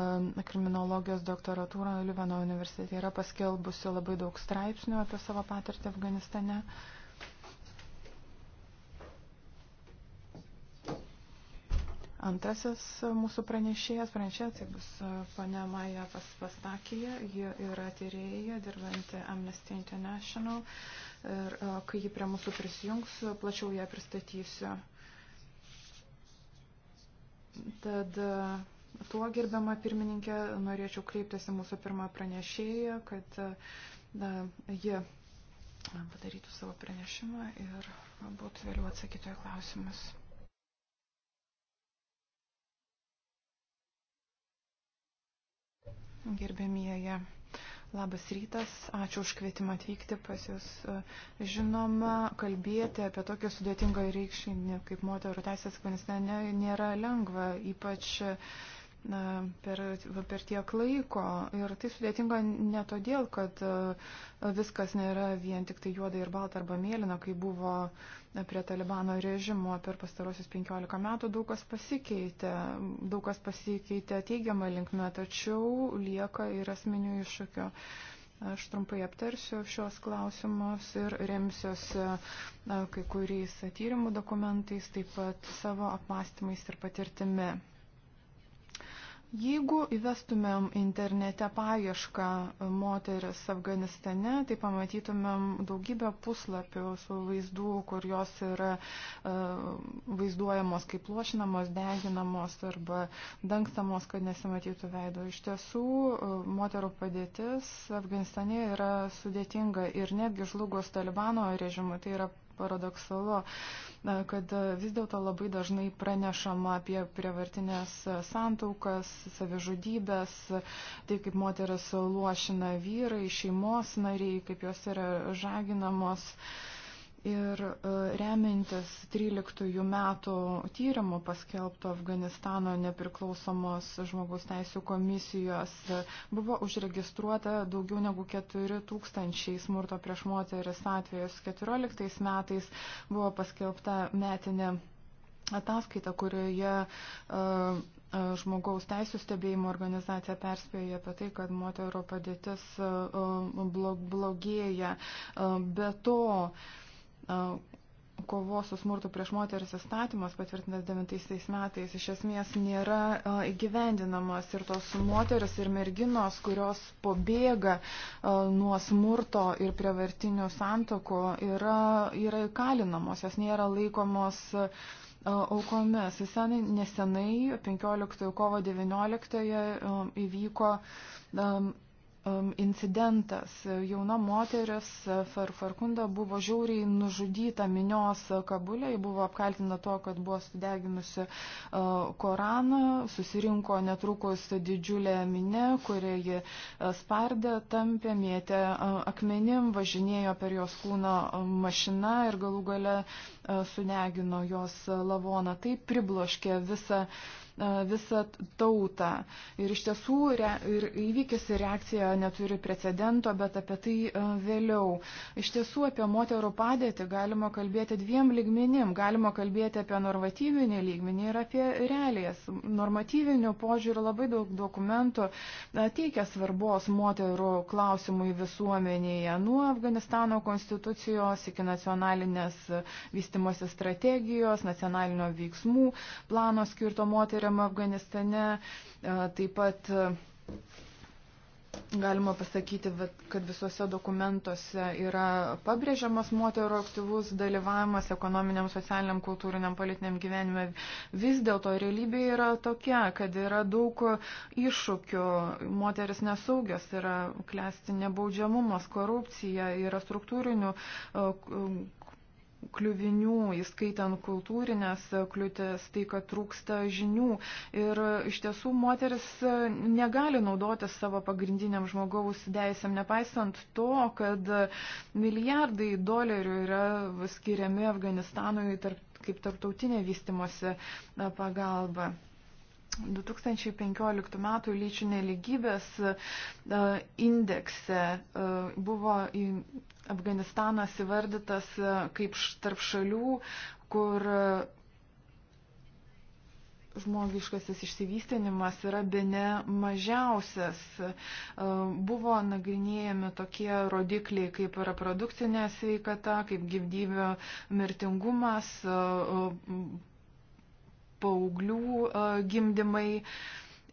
um, kriminologijos doktoratūrą Liuveno universitete. Yra paskelbusi labai daug straipsnių apie savo patirtį Afganistane. Uh, Antrasis e, mūsų pranešėjas, pranešėjas, tai bus pane Maja pas, Pastakija, ji yra tyrėja, dirbanti Amnesty International ir e, kai ji prie mūsų prisijungs, plačiau ją pristatysiu. Tad e, tuo gerbiama pirmininkė norėčiau kreiptis į mūsų pirmą pranešėją, kad na, ji padarytų savo pranešimą ir galbūt vėliau atsakytų į klausimus. gerbėmieji. Labas rytas, ačiū už kvietimą atvykti pas Jūs. Žinoma, kalbėti apie tokią sudėtingą reikšinį kaip moterų teisės Afganistane nėra lengva, ypač uh, na, per, per tiek laiko. Ir tai sudėtinga ne todėl, kad e, viskas nėra vien tik tai juoda ir balta arba mėlyna, kai buvo e, prie Talibano režimo per pastarosius 15 metų daug kas pasikeitė, daug kas pasikeitė teigiamą linkmę, tačiau lieka ir asmeninių iššūkių. Aš trumpai aptarsiu šios klausimus ir remsiuosi e, kai kuriais tyrimų dokumentais, taip pat savo apmąstymais ir patirtimi. Jeigu įvestumėm internete paiešką e, moteris Afganistane, tai pamatytumėm daugybę puslapių su vaizdų, kur jos yra e, vaizduojamos kaip lošinamos, deginamos arba dangstamos, kad nesimatytų veido. Iš tiesų, e, moterų padėtis Afganistane yra sudėtinga ir netgi žlugus Talibano režimu, tai yra paradoksalu, kad vis dėlto labai dažnai pranešama apie prievartinės santaukas, savižudybės, tai kaip moteris luošina vyrai, šeimos nariai, kaip jos yra žaginamos. Uh, Ir e, remintis 13 metų tyrimų paskelbto Afganistano nepriklausomos žmogaus teisų komisijos buvo užregistruota daugiau negu 4 tūkstančiai smurto prieš moteris atvejus. 14 metais buvo paskelbta metinė ataskaita, kurioje uh, Žmogaus teisų stebėjimo organizacija perspėja apie tai, kad moterų padėtis blogėja. Be to, kovos su smurtu prieš moteris įstatymas patvirtintas 9 metais iš esmės nėra įgyvendinamas ir tos moteris ir merginos, kurios pabėga nuo smurto ir prievartinių santokų, yra, yra įkalinamos, jos nėra laikomos aukomis. Senai, nesenai, 15 kovo 19 įvyko Um, incidentas. Jauna moteris uh, Farfarkunda buvo žiauriai nužudyta minios kabulė, ji buvo apkaltina to, kad buvo sudeginusi uh, Koraną, susirinko netrukus didžiulė minė, kurią ji uh, spardė, tampė, mėtė akmenim, važinėjo per jos kūną um, mašina ir galų gale sudegino jos lavoną. Tai pribloškė visą E, visą tautą. Ir iš tiesų re, ir įvykis ir reakcija neturi precedento, bet apie tai e, vėliau. Iš tiesų apie moterų padėtį galima kalbėti dviem lygmenim. Galima kalbėti apie normatyvinį lygmenį ir apie realijas. Normatyvinių požiūrių labai daug dokumentų e, teikia svarbos moterų klausimui visuomenėje. Nuo Afganistano konstitucijos iki nacionalinės vystimosi strategijos, nacionalinio veiksmų plano skirto moteriams patiriama Afganistane, e, taip pat e, galima pasakyti, kad visuose dokumentuose yra pabrėžiamas moterų aktyvus dalyvavimas ekonominiam, socialiniam, kultūriniam, politiniam gyvenime. Vis dėlto realybė yra tokia, kad yra daug iššūkių, moteris nesaugios, yra klesti nebaudžiamumas, korupcija, yra struktūrinių e, kliuvinių, įskaitant kultūrinės kliūtis, tai, kad trūksta žinių. Ir iš tiesų moteris negali naudotis savo pagrindiniam žmogaus teisėm, nepaisant to, kad milijardai dolerių yra skiriami Afganistanui tarp, kaip tarptautinė vystimosi pagalba. 2015 m. lyčių neligybės indekse e, buvo Afganistanas įvardytas e, kaip tarp šalių, kur e, žmogiškasis išsivystinimas yra bene mažiausias. E, buvo nagrinėjami tokie rodikliai kaip reprodukcinė sveikata, kaip gyvdybių mirtingumas, paauglių gimdymai.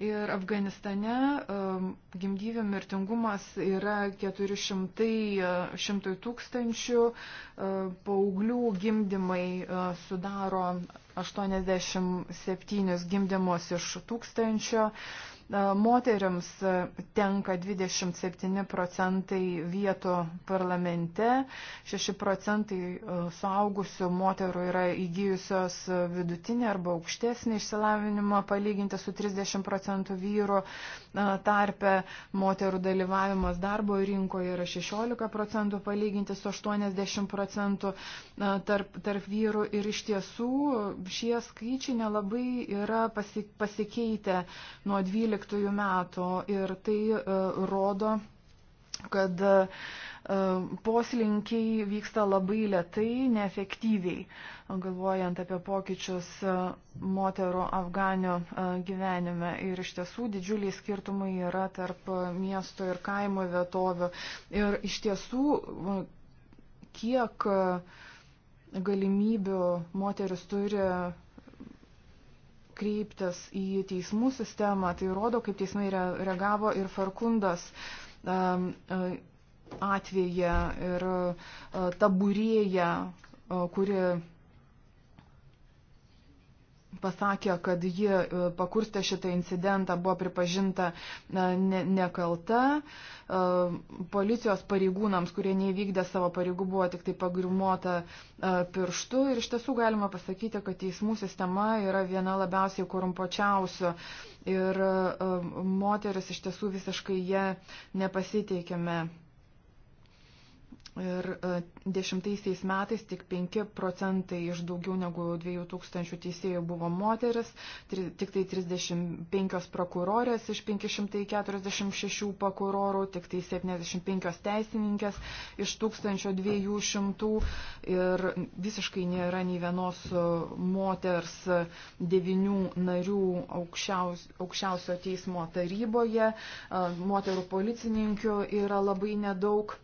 Ir Afganistane um, gimdyvių mirtingumas yra 400 e, šimtui tūkstančių, uh, paauglių gimdymai uh, sudaro 87 gimdymus iš tūkstančio. Uh, E, moteriams tenka 27 procentai vietų parlamente, 6 procentai e, suaugusių moterų yra įgyjusios vidutinį arba aukštesnį išsilavinimą palyginti su 30 procentų vyrų e, tarpe. Moterų dalyvavimas darbo rinkoje yra 16 procentų palyginti su 80 procentų tarp, tarp vyrų. Ir iš tiesų šie skaičiai nelabai yra pasikeitę nuo 12 2013 metų ir tai e, rodo, kad e, poslinkiai vyksta labai lietai, neefektyviai, galvojant apie pokyčius e, moterų afganių gyvenime. Ir iš tiesų didžiuliai skirtumai yra tarp miesto ir kaimo vietovių. Ir iš tiesų, kiek galimybių moteris turi kreiptis į teismų sistemą. Tai rodo, kaip teismai reagavo ir Farkundas um, e, atveju ir e, ta būrėja, e, kuri pasakė, kad ji e, pakurstė šitą incidentą, buvo pripažinta e, nekalta. E, policijos pareigūnams, kurie neįvykdė savo pareigų, buvo tik tai pagrimuota pirštu. Ir iš tiesų galima pasakyti, kad teismų sistema yra viena labiausiai korumpočiausių. Ir moteris iš tiesų visiškai jie nepasiteikėme. Ir e, dešimtaisiais metais tik 5 procentai iš daugiau negu 2000 teisėjų buvo moteris, tik tai 35 prokurorės iš 546 prokurorų, tik tai 75 teisininkės iš 1200 ir visiškai nėra nei vienos moters devinių narių aukščiaus, aukščiausio teismo taryboje, e, moterų policininkių yra labai nedaug.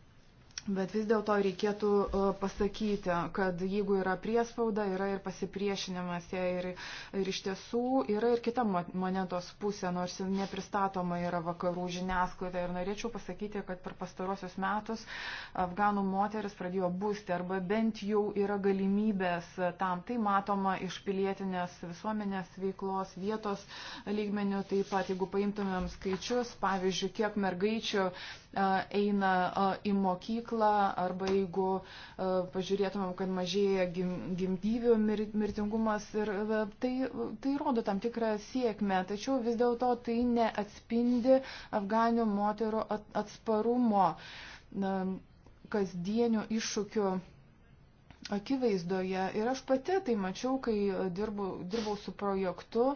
Bet vis dėlto reikėtų e, pasakyti, kad jeigu yra priespauda, yra ir pasipriešinimas, ir, ir iš tiesų yra ir kita monetos pusė, nors ir nepristatoma yra vakarų žiniasklaida. Ir norėčiau pasakyti, kad per pastarosius metus afganų moteris pradėjo būsti arba bent jau yra galimybės tam. Tai matoma iš pilietinės visuomenės veiklos vietos lygmenių. Taip pat, jeigu paimtumėm skaičius, pavyzdžiui, kiek mergaičių eina į mokyklą arba jeigu pažiūrėtumėm, kad mažėja gimdyvių mirtingumas ir tai, tai rodo tam tikrą sėkmę, tačiau vis dėlto tai neatspindi afganių moterų atsparumo kasdienių iššūkių akivaizdoje. Ir aš pati tai mačiau, kai dirbau, dirbau su projektu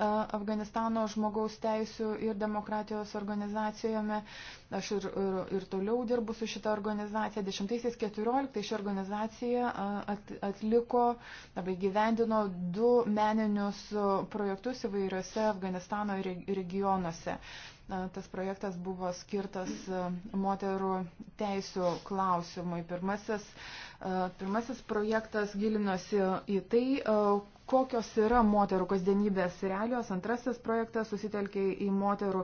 Afganistano žmogaus teisų ir demokratijos organizacijoje. Aš ir, ir, ir toliau dirbu su šita organizacija. 10.14 ši organizacija at, atliko arba gyvendino du meninius projektus įvairiose Afganistano regionuose tas projektas buvo skirtas e, moterų teisų klausimui. Pirmasis, e, pirmasis projektas gilinosi į tai, e, kokios yra moterų kasdienybės realijos. Antrasis projektas susitelkė į moterų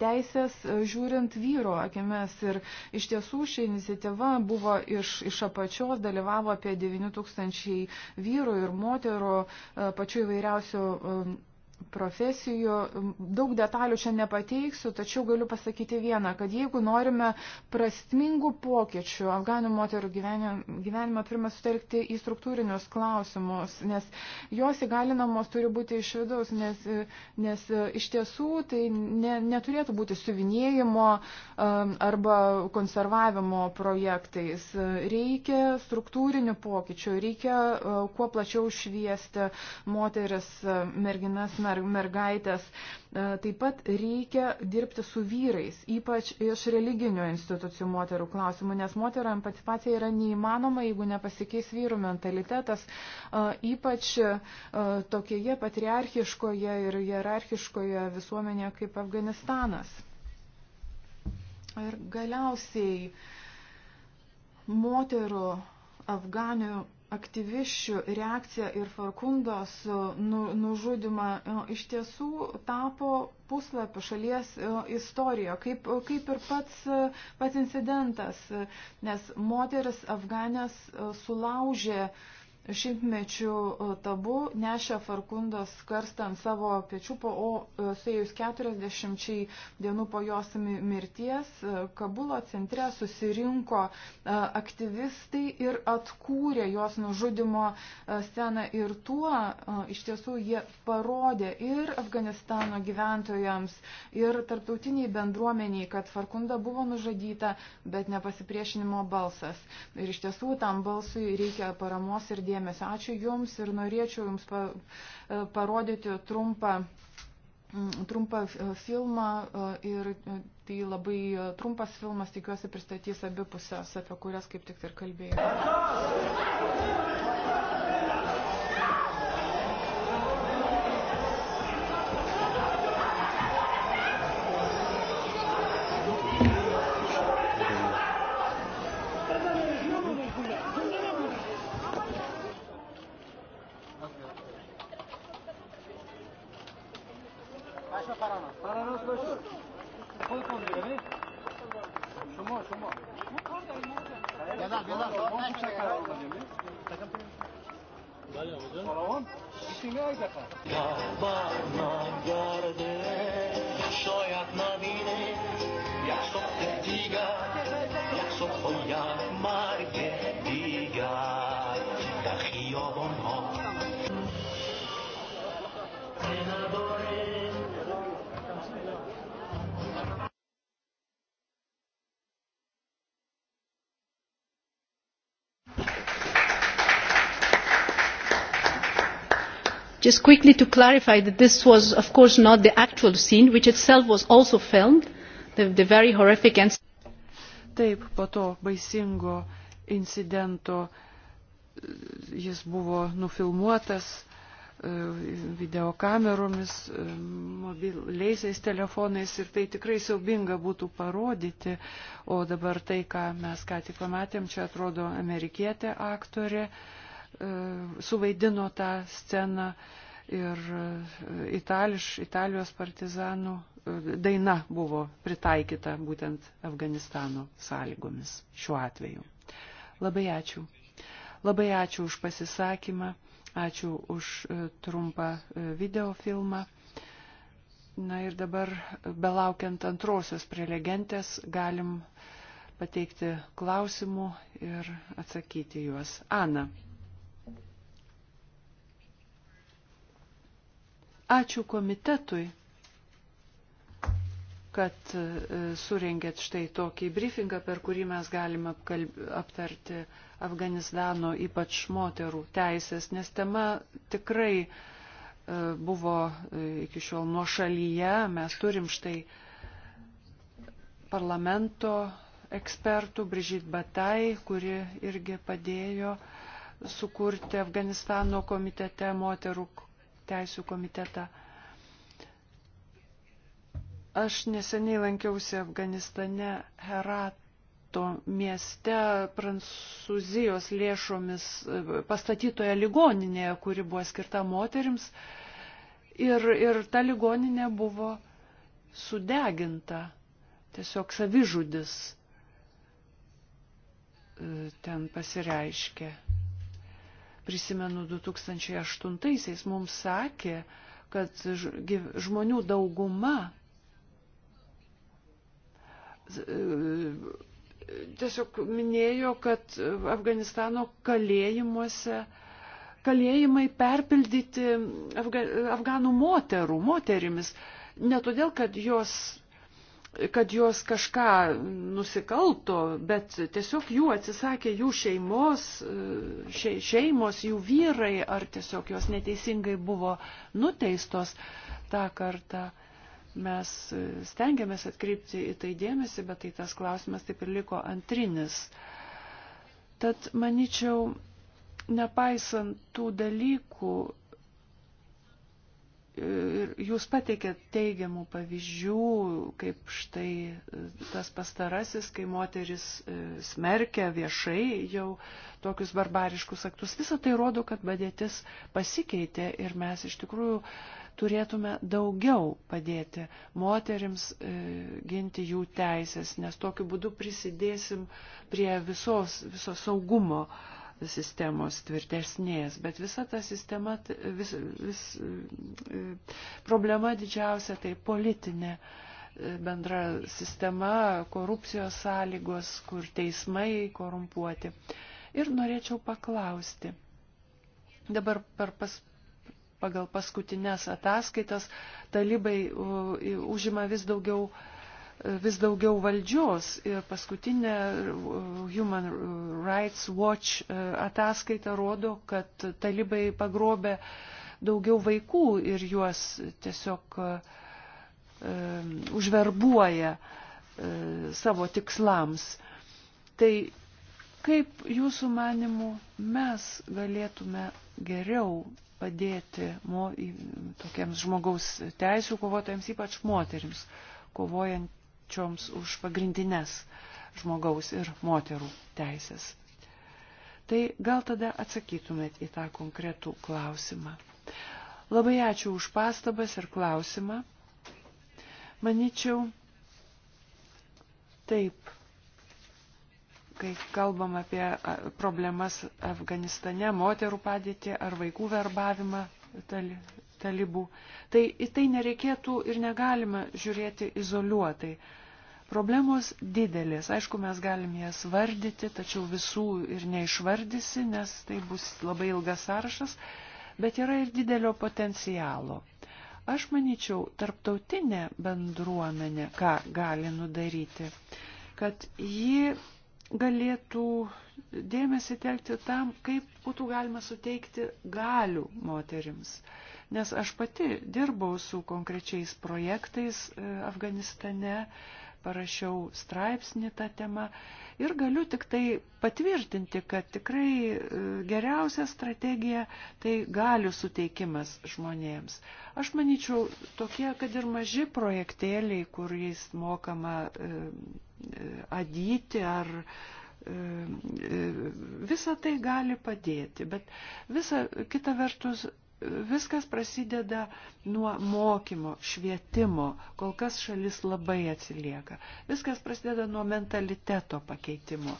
teisės, žiūrint vyro akimis. Ir iš tiesų ši iniciatyva buvo iš, iš apačios, dalyvavo apie 9000 vyrų ir moterų pačių įvairiausių profesijų. Daug detalių čia nepateiksiu, tačiau galiu pasakyti vieną, kad jeigu norime prasmingų pokyčių afganų moterų gyvenime, gyvenime turime sutelkti į struktūrinius klausimus, nes jos įgalinamos turi būti iš vidaus, nes, nes iš tiesų tai ne, neturėtų būti suvinėjimo um, arba konservavimo projektais. Reikia struktūrinių pokyčių, reikia uh, kuo plačiau šviesti moteris, uh, merginas, merginas mer mergaitės. E, taip pat reikia dirbti su vyrais, ypač iš religinių institucijų moterų klausimų, nes moterų empatipacija yra neįmanoma, jeigu nepasikeis vyrų mentalitetas, e, ypač e, tokioje patriarchiškoje ir hierarchiškoje visuomenėje kaip Afganistanas. Ir galiausiai moterų afganių aktyviščių reakcija ir Farkundos e, nu, nužudimą e, iš tiesų tapo puslapį šalies e, istorijoje, kaip, kaip ir pats, pats incidentas, nes moteris Afganės sulaužė uh, šimtmečių e, tabu nešė Farkundas karstą ant savo pečių, po, o e, suėjus 40 dienų po jos mirties e, Kabulo centre susirinko aktyvistai ir atkūrė jos nužudimo sceną ir tuo iš tiesų jie parodė ir Afganistano gyventojams, ir tarptautiniai bendruomeniai, kad Farkunda buvo nužudyta, bet nepasipriešinimo balsas. Ir iš tiesų tam balsui reikia paramos ir dėmesio dėmesį. Ačiū Jums ir norėčiau Jums pa, e, parodyti trumpą, trumpą e, filmą e, ir tai labai trumpas filmas, tikiuosi, pristatys abipusės, apie kurias kaip tik ir kalbėjau. just quickly to clarify that this was of course not the actual scene which itself was also filmed the, the very horrific and Taip, po to baisingo incidento e, jis buvo nufilmuotas e, videokameromis, e, mobiliaisiais telefonais ir tai tikrai siaubinga būtų parodyti. O dabar tai, ką mes ką tik pamatėm, čia atrodo amerikietė aktorė, E, suvaidino tą sceną ir e, itališ, Italijos partizanų e, daina buvo pritaikyta būtent Afganistano sąlygomis šiuo atveju. Labai ačiū. Labai ačiū už pasisakymą, ačiū už trumpą videofilmą. Na ir dabar, belaukiant antrosios prelegentės, galim pateikti klausimų ir atsakyti juos. Ana. Ačiū komitetui, kad e, surengėt štai tokį briefingą, per kurį mes galime aptarti Afganistano ypač moterų teisės, nes tema tikrai e, buvo e, iki šiol nuo šalyje. Mes turim štai parlamento ekspertų, Brigitte Batai, kuri irgi padėjo sukurti Afganistano komitete moterų teisų komitetą. Aš neseniai lankiausi Afganistane Herato mieste Prancūzijos lėšomis pastatytoje ligoninėje, kuri buvo skirta moterims. Ir, ir ta ligoninė buvo sudeginta, tiesiog savižudis e, ten pasireiškė prisimenu 2008-aisiais mums sakė, kad žmonių dauguma e, tiesiog minėjo, kad Afganistano kalėjimuose kalėjimai perpildyti afganų moterų, moterimis. Ne todėl, kad jos kad jos kažką nusikalto, bet tiesiog jų atsisakė jų šeimos, e, še, šeimos, jų vyrai, ar tiesiog jos neteisingai buvo nuteistos tą kartą. Mes e, stengiamės atkreipti į tai dėmesį, bet tai tas klausimas taip ir liko antrinis. Tad, manyčiau, nepaisant tų dalykų, ir jūs pateikėt teigiamų pavyzdžių, kaip štai e, tas pastarasis, kai moteris e, smerkia viešai jau tokius barbariškus aktus. Visą tai rodo, kad padėtis pasikeitė ir mes iš tikrųjų turėtume daugiau padėti moterims e, ginti jų teisės, nes tokiu būdu prisidėsim prie visos, viso saugumo uh, sistemos tvirtesnės, bet visa ta sistema, vis, vis, e, problema didžiausia tai politinė e, bendra sistema, korupcijos sąlygos, kur teismai korumpuoti. Ir norėčiau paklausti. Dabar per pas, pagal paskutinės ataskaitas talibai užima vis daugiau uh, vis daugiau valdžios ir paskutinė uh, Human Rights Watch uh, ataskaita rodo, kad talibai pagrobė daugiau vaikų ir juos tiesiog uh, um, užverbuoja savo tikslams. Tai kaip jūsų manimų mes galėtume geriau padėti mo, tokiems žmogaus teisų kovotojams, ypač moteriams, kovojant kovojančioms už pagrindinės žmogaus ir moterų teisės. Tai gal tada atsakytumėt į tą konkretų klausimą. Labai ačiū už pastabas ir klausimą. Maničiau, taip, kai kalbam apie problemas Afganistane, moterų padėtį ar vaikų verbavimą, talibų. Tai į tai nereikėtų ir negalime žiūrėti izoliuotai. Problemos didelės, aišku, mes galim jas vardyti, tačiau visų ir neišvardysi, nes tai bus labai ilgas sąrašas, bet yra ir didelio potencialo. Aš manyčiau, tarptautinė bendruomenė, ką gali nudaryti, kad ji galėtų dėmesį telkti tam, kaip būtų galima suteikti galių moterims. Uh, nes aš pati dirbau su konkrečiais projektais e, Afganistane, parašiau straipsnį tą temą ir galiu tik tai patvirtinti, kad tikrai e, geriausia strategija tai galių suteikimas žmonėms. Aš manyčiau, tokie, kad ir maži projektėliai, kuriais mokama e, adyti ar visą tai gali padėti, bet visa kita vertus viskas prasideda nuo mokymo, švietimo, kol kas šalis labai atsilieka. Viskas prasideda nuo mentaliteto pakeitimo,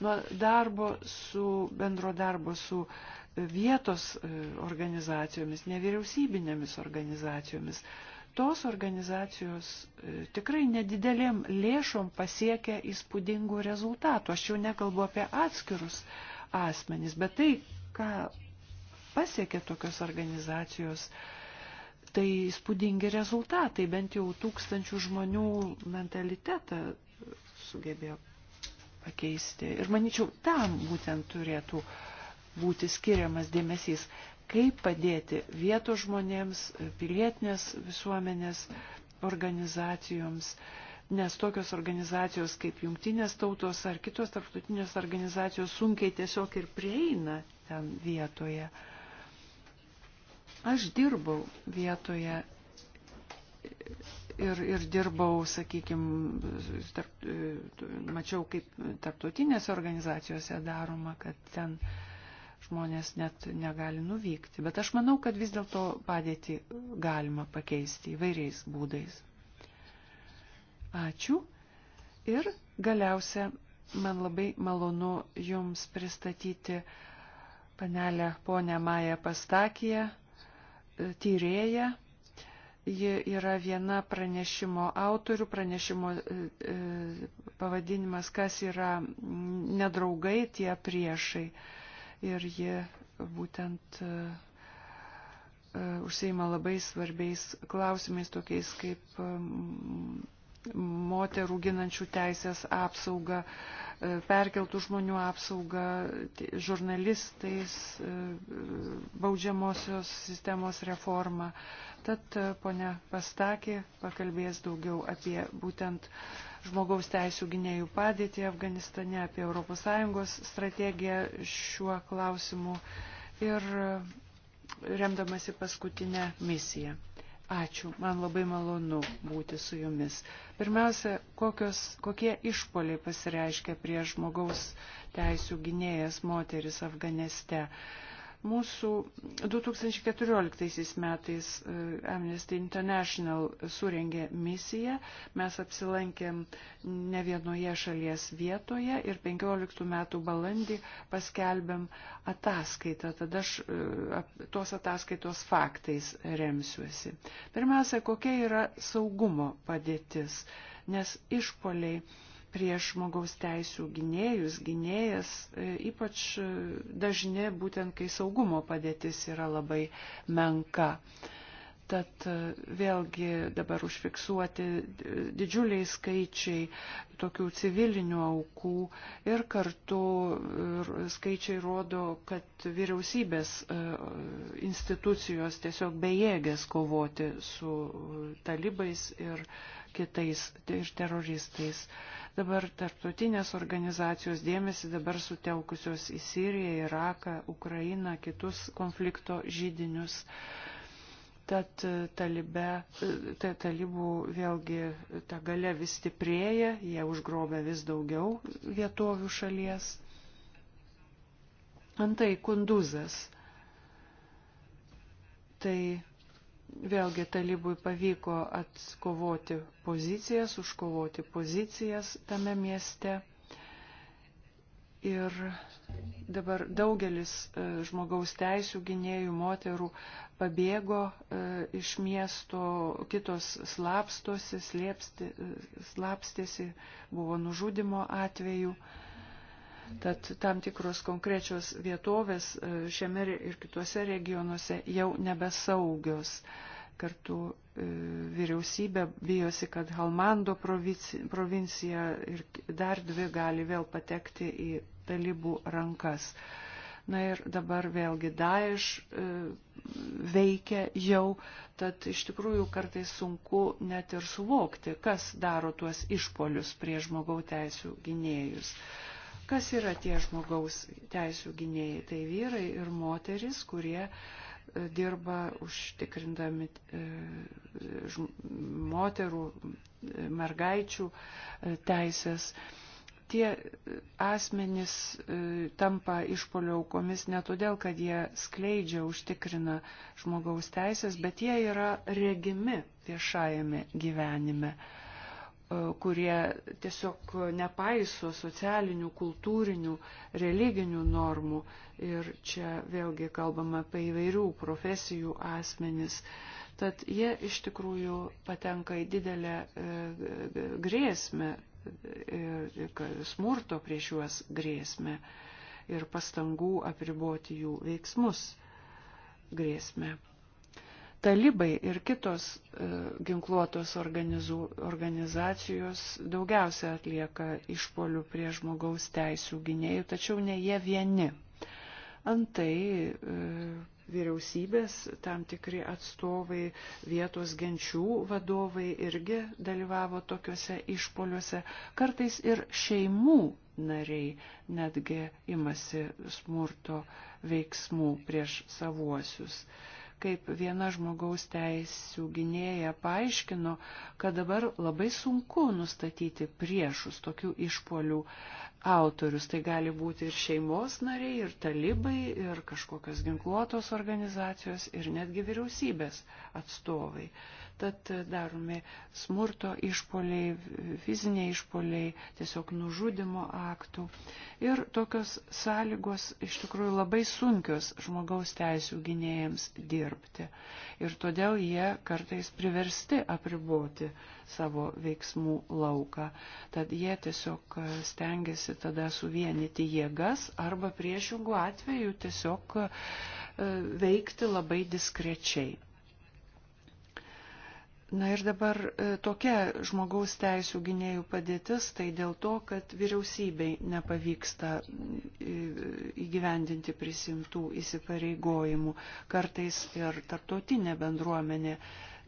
nuo darbo su, bendro darbo su vietos e, organizacijomis, nevyriausybinėmis organizacijomis. Tos organizacijos e, tikrai nedidelėm lėšom pasiekia įspūdingų rezultatų. Aš jau nekalbu apie atskirus asmenys, bet tai, ką pasiekė tokios organizacijos, tai įspūdingi rezultatai, bent jau tūkstančių žmonių mentalitetą sugebėjo pakeisti. Ir manyčiau, tam būtent turėtų būti skiriamas dėmesys, kaip padėti vietos žmonėms, pilietinės visuomenės organizacijoms, nes tokios organizacijos kaip jungtinės tautos ar kitos tarptautinės organizacijos sunkiai tiesiog ir prieina ten vietoje. Uh, Aš dirbau vietoje ir, ir dirbau, sakykime, tarp, mačiau, kaip tarptautinėse organizacijose daroma, kad ten žmonės net negali nuvykti. Bet aš manau, kad vis dėlto padėtį galima pakeisti įvairiais būdais. Ačiū. Ir galiausia, man labai malonu Jums pristatyti panelę ponę Mają Pastakiją, tyrėja. Ji yra viena pranešimo autorių, pranešimo e, e, pavadinimas, kas yra nedraugai, tie priešai. Ir ji būtent e, užseima labai svarbiais klausimais, tokiais kaip moterų ginančių teisės apsaugą, E, perkeltų žmonių apsaugą, žurnalistais, e, baudžiamosios sistemos reformą. Tad e, ponia Pastakė pakalbės daugiau apie būtent žmogaus teisų gynėjų padėtį Afganistane, apie ES strategiją šiuo klausimu ir remdamasi paskutinę misiją. Ačiū, man labai malonu būti su jumis. Pirmiausia, kokios, kokie išpoliai pasireiškia prieš žmogaus teisų gynėjas moteris Afganiste. Uh, Mūsų 2014 metais e, Amnesty International surengė misiją, mes apsilankėm ne vienoje šalies vietoje ir 15 metų balandį paskelbėm ataskaitą, tada aš e, tos ataskaitos faktais remsiuosi. Pirmiausia, kokia yra saugumo padėtis, nes išpoliai prieš žmogaus teisų gynėjus, gynėjas, e, ypač e, dažni būtent, kai saugumo padėtis yra labai menka. Tad e, vėlgi dabar užfiksuoti didžiuliai skaičiai tokių civilinių aukų ir kartu skaičiai rodo, kad vyriausybės institucijos tiesiog bejėgės kovoti su talibais ir kitais ir teroristais dabar tarptautinės organizacijos dėmesį dabar sutelkusios į Siriją, Iraką, Ukrainą, kitus konflikto žydinius. Tad e, talibe, e, ta, talibų vėlgi e, ta gale vis stiprėja, jie užgrobia vis daugiau vietovių šalies. Antai kunduzas. Tai Vėlgi talibui pavyko atskovoti pozicijas, užkovoti pozicijas tame mieste. Ir dabar daugelis e, žmogaus teisų gynėjų moterų pabėgo e, iš miesto, kitos slapstosi, slėpsti, e, slapstėsi, buvo nužudimo atveju. Tad tam tikros konkrečios vietovės e, šiame ir kituose regionuose jau nebesaugios. Kartu e, vyriausybė bijosi, kad Halmando provincija ir dar dvi gali vėl patekti į talibų rankas. Na ir dabar vėlgi Daesh e, veikia jau, tad iš tikrųjų kartais sunku net ir suvokti, kas daro tuos išpolius prie žmogaus teisų gynėjus. Kas yra tie žmogaus teisų gynėjai? Tai vyrai ir moteris, kurie e, dirba užtikrindami e, moterų, e, mergaičių teisės. Tie asmenys tampa išpolio aukomis ne todėl, kad jie skleidžia, užtikrina žmogaus teisės, bet jie yra regimi viešajame gyvenime. Uh, E, kurie tiesiog nepaiso socialinių, kultūrinių, religinių normų. Ir čia vėlgi kalbama apie įvairių profesijų asmenis. Tad jie iš tikrųjų patenka į didelę e, grėsmę, e, smurto prieš juos grėsmę ir pastangų apriboti jų veiksmus grėsmę talibai ir kitos e, ginkluotos organizu, organizacijos daugiausia atlieka išpolių prie žmogaus teisų gynėjų, tačiau ne jie vieni. Antai e, vyriausybės, tam tikri atstovai, vietos genčių vadovai irgi dalyvavo tokiuose išpoliuose, kartais ir šeimų nariai netgi imasi smurto veiksmų prieš savuosius. Uh, kaip viena žmogaus teisų gynėja paaiškino, kad dabar labai sunku nustatyti priešus tokių išpolių autorius. Tai gali būti ir šeimos nariai, ir talibai, ir kažkokios ginkluotos organizacijos, ir netgi vyriausybės atstovai. Tad e, daromi smurto išpoliai, fiziniai išpoliai, tiesiog nužudimo aktų. Ir tokios sąlygos iš tikrųjų labai sunkios žmogaus teisų gynėjams dirbti. Ir todėl jie kartais priversti apriboti savo veiksmų lauką. Tad jie tiesiog stengiasi tada suvienyti jėgas arba priešingų atveju tiesiog e, veikti labai diskrečiai. Na ir dabar e, tokia žmogaus teisų gynėjų padėtis, tai dėl to, kad vyriausybei nepavyksta e, įgyvendinti prisimtų įsipareigojimų. Kartais ir tarptautinė bendruomenė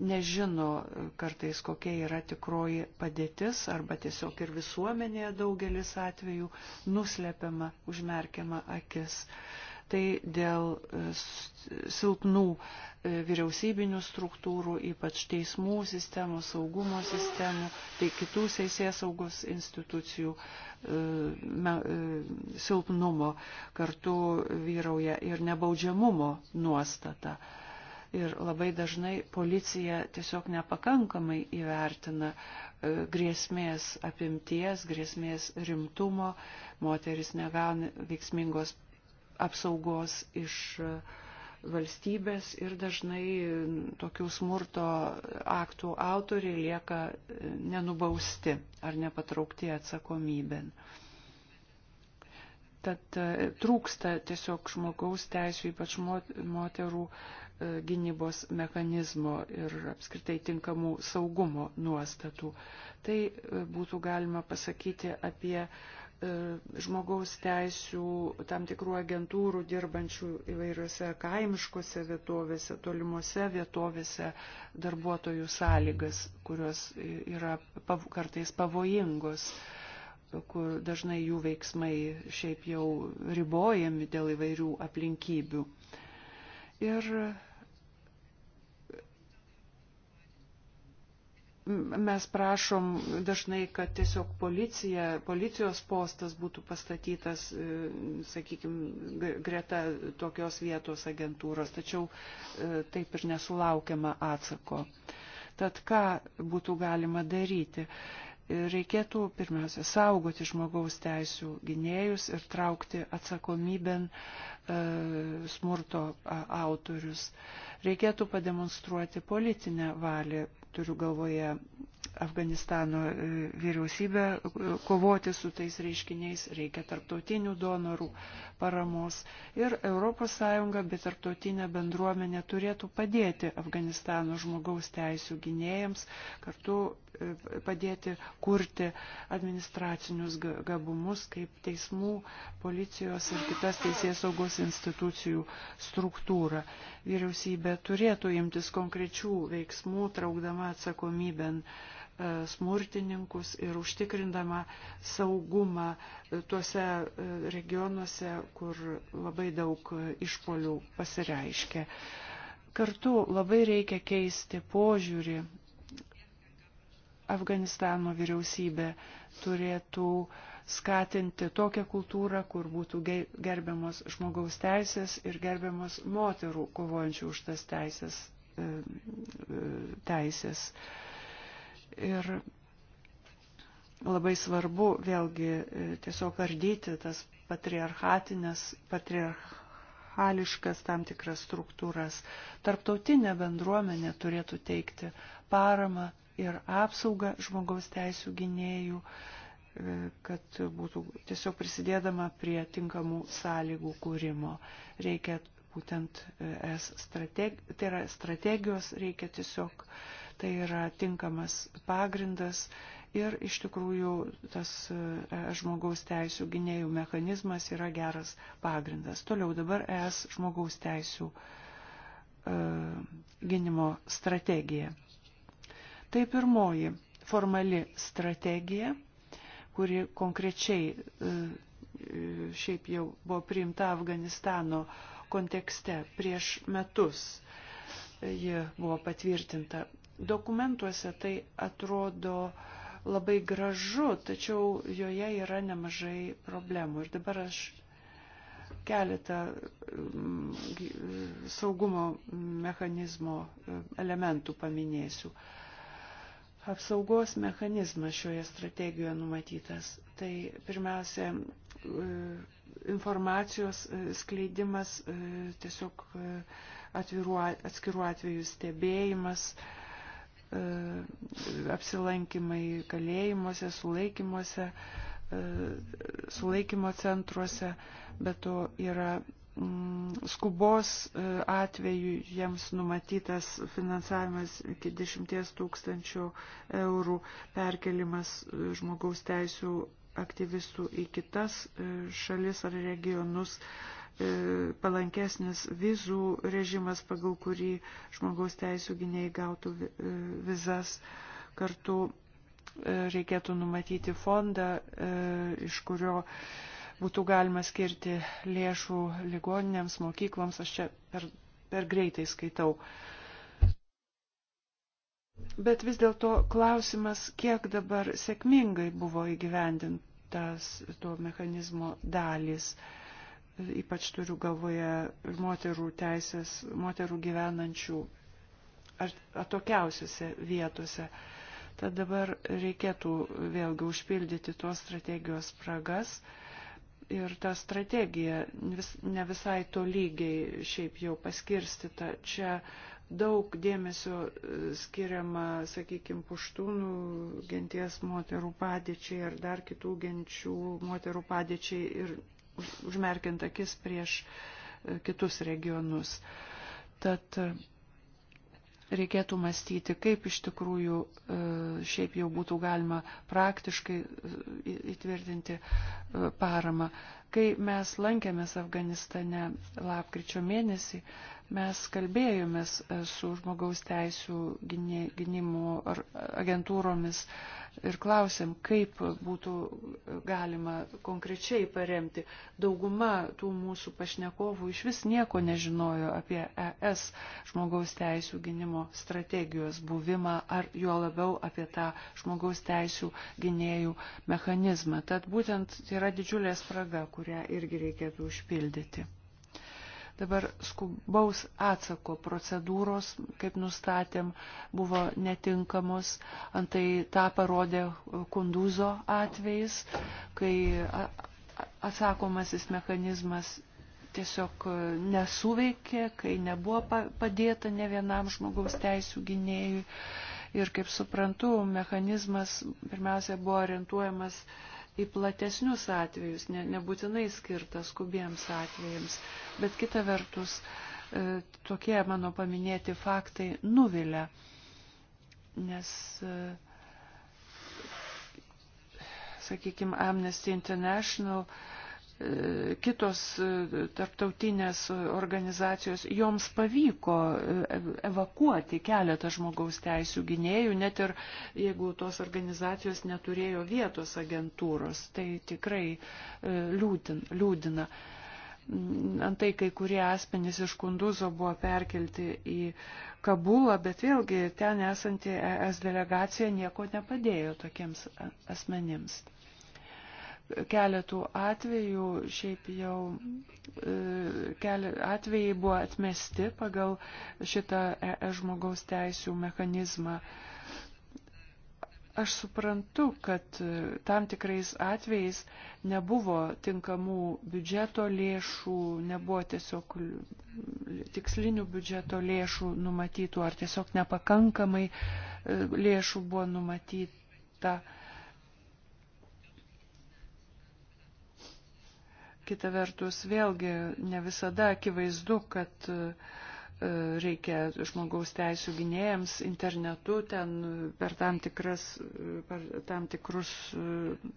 nežino kartais, kokia yra tikroji padėtis arba tiesiog ir visuomenėje daugelis atvejų nuslepiama, užmerkiama akis. Tai dėl e, silpnų e, vyriausybinių struktūrų, ypač teismų sistemų, saugumo sistemų, tai kitų seisės saugos institucijų e, silpnumo kartu vyrauja ir nebaudžiamumo nuostata ir labai dažnai policija tiesiog nepakankamai įvertina e, grėsmės apimties, grėsmės rimtumo, moteris negauna veiksmingos apsaugos iš e, valstybės ir dažnai e, tokių smurto aktų autoriai lieka nenubausti ar nepatraukti atsakomybėn. Tad trūksta tiesiog žmogaus teisų, ypač moterų E, gynybos mechanizmo ir apskritai tinkamų saugumo nuostatų. Tai e, būtų galima pasakyti apie e, žmogaus teisų tam tikrų agentūrų dirbančių įvairiose kaimiškose vietovėse, tolimuose vietovėse darbuotojų sąlygas, kurios yra kartais pavojingos, kur dažnai jų veiksmai šiaip jau ribojami dėl įvairių aplinkybių. Ir mes prašom dažnai, kad tiesiog policija, policijos postas būtų pastatytas, e, sakykime, greta tokios vietos agentūros, tačiau e, taip ir nesulaukiama atsako. Tad ką būtų galima daryti? Reikėtų pirmiausia saugoti žmogaus teisų gynėjus ir traukti atsakomybėn e, smurto autorius. Reikėtų pademonstruoti politinę valią turiu galvoje Afganistano e, vyriausybę, e, kovoti su tais reiškiniais, reikia tarptautinių donorų paramos ir ES bei tarptautinė bendruomenė turėtų padėti Afganistano žmogaus teisų gynėjams kartu padėti kurti administracinius gabumus kaip teismų, policijos ir kitas teisės saugos institucijų struktūra. Vyriausybė turėtų imtis konkrečių veiksmų, traukdama atsakomybę e, smurtininkus ir užtikrindama saugumą e, tuose e, regionuose, kur labai daug išpolių pasireiškia. Kartu labai reikia keisti požiūrį Afganistano vyriausybė turėtų skatinti tokią kultūrą, kur būtų gerbiamos žmogaus teisės ir gerbiamos moterų kovojančių už tas teisės. E, e, teisės. Ir labai svarbu vėlgi e, tiesiog ardyti tas patriarchatinės, patriarch, hališkas tam tikras struktūras. Tarptautinė bendruomenė turėtų teikti paramą, ir apsaugą žmogaus teisų gynėjų, e, kad būtų tiesiog prisidėdama prie tinkamų sąlygų kūrimo. Reikia būtent e, es strateg, tai yra strategijos, reikia tiesiog, tai yra tinkamas pagrindas ir iš tikrųjų tas e, žmogaus teisų gynėjų mechanizmas yra geras pagrindas. Toliau dabar es žmogaus teisų gynimo strategija. Tai pirmoji formali strategija, kuri konkrečiai e, e, šiaip jau buvo priimta Afganistano kontekste prieš metus. Ji buvo patvirtinta. Dokumentuose tai atrodo labai gražu, tačiau joje yra nemažai problemų. Ir dabar aš keletą mm, saugumo mechanizmo e, elementų paminėsiu apsaugos mechanizmas šioje strategijoje numatytas. Tai pirmiausia, e, informacijos e, skleidimas, e, tiesiog atvirų, atskirų atvejų stebėjimas, apsilankimai kalėjimuose, sulaikimuose, sulaikimo centruose, bet to yra Mm, skubos e, atveju jiems numatytas finansavimas iki 10 tūkstančių eurų perkelimas e, žmogaus teisų aktyvistų į kitas e, šalis ar regionus palankesnis vizų režimas, pagal kurį žmogaus teisų gyniai gautų vizas. Kartu reikėtų numatyti fondą, iš kurio būtų galima skirti lėšų ligoninėms, mokykloms, aš čia per, per greitai skaitau. Bet vis dėlto klausimas, kiek dabar sėkmingai buvo įgyvendintas to mechanizmo dalis ypač turiu galvoje moterų teisės, moterų gyvenančių atokiausiose vietose. Tad dabar reikėtų vėlgi užpildyti tuos strategijos spragas ir ta strategija vis, ne visai to lygiai šiaip jau paskirstita. Čia daug dėmesio e, skiriama, sakykime, puštūnų genties moterų padėčiai ar dar kitų genčių moterų padėčiai ir užmerkiant akis prieš e, kitus regionus. Tad reikėtų mąstyti, kaip iš tikrųjų e, šiaip jau būtų galima praktiškai e, įtvirtinti e, paramą. Kai mes lankėmės Afganistane lapkričio mėnesį, mes kalbėjomės su žmogaus teisų gynimo agentūromis ir klausėm, kaip būtų galima konkrečiai paremti. Dauguma tų mūsų pašnekovų iš vis nieko nežinojo apie ES žmogaus teisų gynimo strategijos buvimą ar juo labiau apie tą žmogaus teisų gynėjų mechanizmą. Tad būtent yra didžiulė spraga, kurią irgi reikėtų užpildyti. Dabar skubaus atsako procedūros, kaip nustatėm, buvo netinkamos. Antai tą parodė Kunduzo atvejais, kai atsakomasis mechanizmas tiesiog nesuveikė, kai nebuvo padėta ne vienam žmogaus teisų gynėjui. Ir kaip suprantu, mechanizmas pirmiausia buvo orientuojamas uh, į platesnius atvejus, ne, nebūtinai skirtas skubiems atvejams. Bet kita vertus, e, tokie mano paminėti faktai nuvilia, nes, e, sakykime, Amnesty International kitos e, tarptautinės organizacijos, joms pavyko e, evakuoti keletą žmogaus teisų gynėjų, net ir jeigu tos organizacijos neturėjo vietos agentūros. Tai tikrai e, liūdin, liūdina. Mm, antai kai kurie asmenys iš Kunduzo buvo perkelti į Kabulą, bet vėlgi ten esanti ES delegacija nieko nepadėjo tokiems asmenims keletų atvejų, šiaip jau e, atvejai buvo atmesti pagal šitą ES e žmogaus teisų mechanizmą. Aš suprantu, kad e, tam tikrais atvejais nebuvo tinkamų biudžeto lėšų, nebuvo tiesiog tikslinių biudžeto lėšų numatytų ar tiesiog nepakankamai lėšų buvo numatyta. Uh, kita vertus, vėlgi ne visada akivaizdu, kad e, reikia žmogaus teisų gynėjams internetu ten per tam, tikras, per tam tikrus e,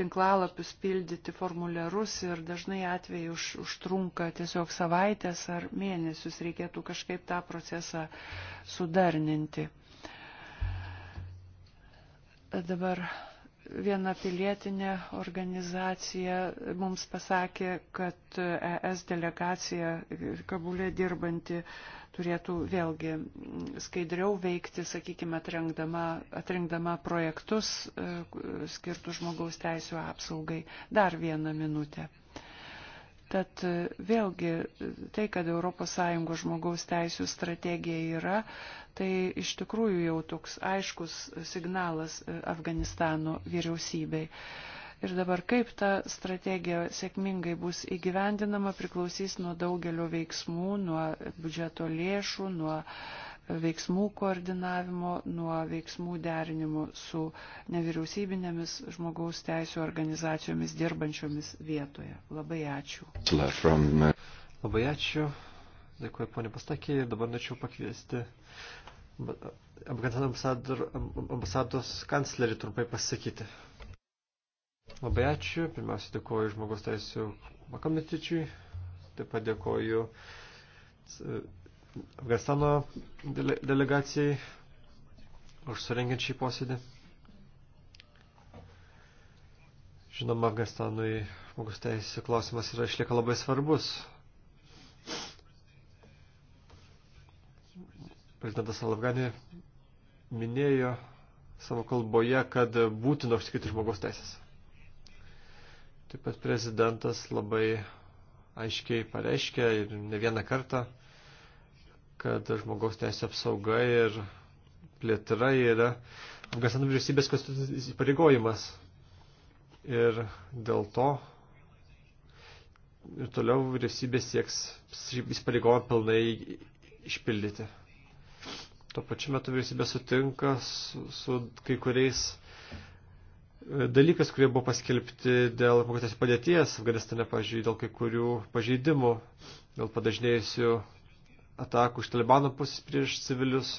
tinklalapius pildyti formuliarus ir dažnai atvejai už, užtrunka tiesiog savaitės ar mėnesius, reikėtų kažkaip tą procesą sudarninti. Dabar viena pilietinė organizacija mums pasakė, kad ES delegacija Kabulė dirbanti turėtų vėlgi skaidriau veikti, sakykime, atrinkdama, atrinkdama projektus e, skirtus žmogaus teisų apsaugai. Dar vieną minutę. Tad e, vėlgi e, tai, kad ES žmogaus teisų strategija yra, tai iš tikrųjų jau toks aiškus signalas e, Afganistano vyriausybei. Ir dabar kaip ta strategija sėkmingai bus įgyvendinama priklausys nuo daugelio veiksmų, nuo biudžeto lėšų, nuo uh, veiksmų koordinavimo, nuo veiksmų derinimo su nevyriausybinėmis žmogaus teisų organizacijomis dirbančiomis vietoje. Labai ačiū. Uh, Labai ačiū. Dėkuoju, ponė Pastakė. Dabar norėčiau pakviesti Afganistano ambasados kanclerį trumpai pasakyti. Labai ačiū. Pirmiausia, dėkuoju žmogaus teisų komitečiui. Taip pat dėkuoju Afganistano dele delegacijai už surengiant šį posėdį. Žinoma, Afganistanui žmogus teisų klausimas yra išlieka labai svarbus. Prezidentas Alafgani minėjo savo kalboje, kad būtina užtikrinti žmogaus teisės. Taip pat prezidentas labai aiškiai pareiškė ir ne vieną kartą, kad žmogaus teisė apsauga ir plėtra yra Afganistano vyriausybės konstitucinis įpareigojimas. Ir dėl to ir toliau vyriausybė sieks įsipareigojimą pilnai išpildyti. Tuo pačiu metu vyriausybė sutinka su, su kai kuriais e, dalykas, kurie buvo paskelbti dėl žmogaus padėties Afganistane, pažiūrėjau, dėl kai kurių pažeidimų, dėl padažnėjusių atakų iš Talibano pusės prieš civilius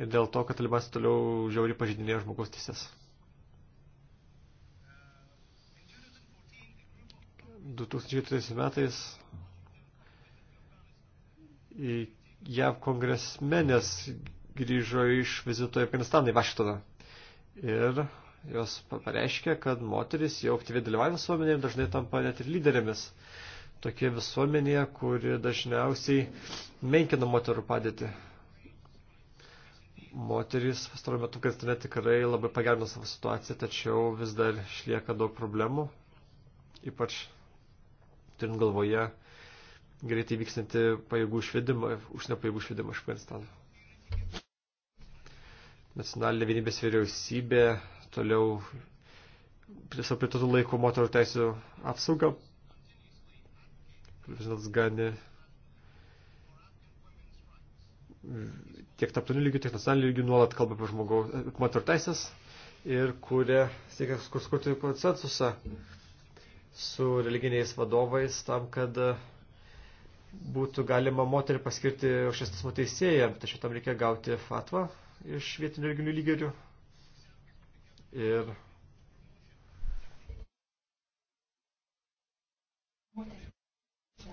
ir dėl to, kad Talibanas toliau žiauriai pažydinėjo žmogaus teises. 2014 metais į JAV kongresmenės grįžo iš vizito į Afganistaną, į Vašingtoną. Ir jos pareiškė, kad moteris jau aktyviai dalyvauja visuomenėje ir dažnai tampa net ir lyderėmis tokie visuomenėje, kuri dažniausiai menkina moterų padėtį. Moterys pastaruoju metu kasdienė tikrai labai pagerino savo situaciją, tačiau vis dar išlieka daug problemų, ypač turint galvoje greitai vykstantį pajėgų išvedimą, užsienio pajėgų išvedimą iš Afganistano. Nacionalinė vienybės vyriausybė toliau prie savo laiko moterų teisų apsaugą profesionalas gali tiek taptonių lygių, tiek nacionalinių lygių nuolat kalba apie žmogaus, apie moterų teisės ir kuria, siekia skurti konsensusą su religiniais vadovais tam, kad būtų galima moterį paskirti aukštesnės teisėją, tačiau tam reikia gauti fatvą iš vietinių religinių lygerių. Ir Moteris.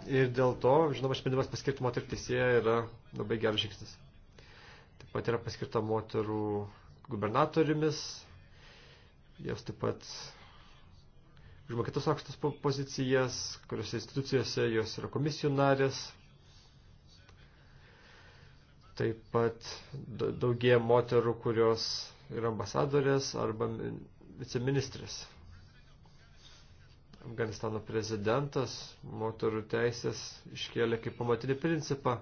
Ir dėl to, žinoma, sprendimas paskirti moterį teisėje yra labai geras žingsnis. Taip pat yra paskirta moterų gubernatorimis, jos taip pat užima kitas aukštas pozicijas, kuriuose institucijose jos yra komisijų narės. Taip pat daugėja moterų, kurios yra ambasadorės arba viceministrės. Afganistano prezidentas moterų teisės iškėlė kaip pamatinį principą.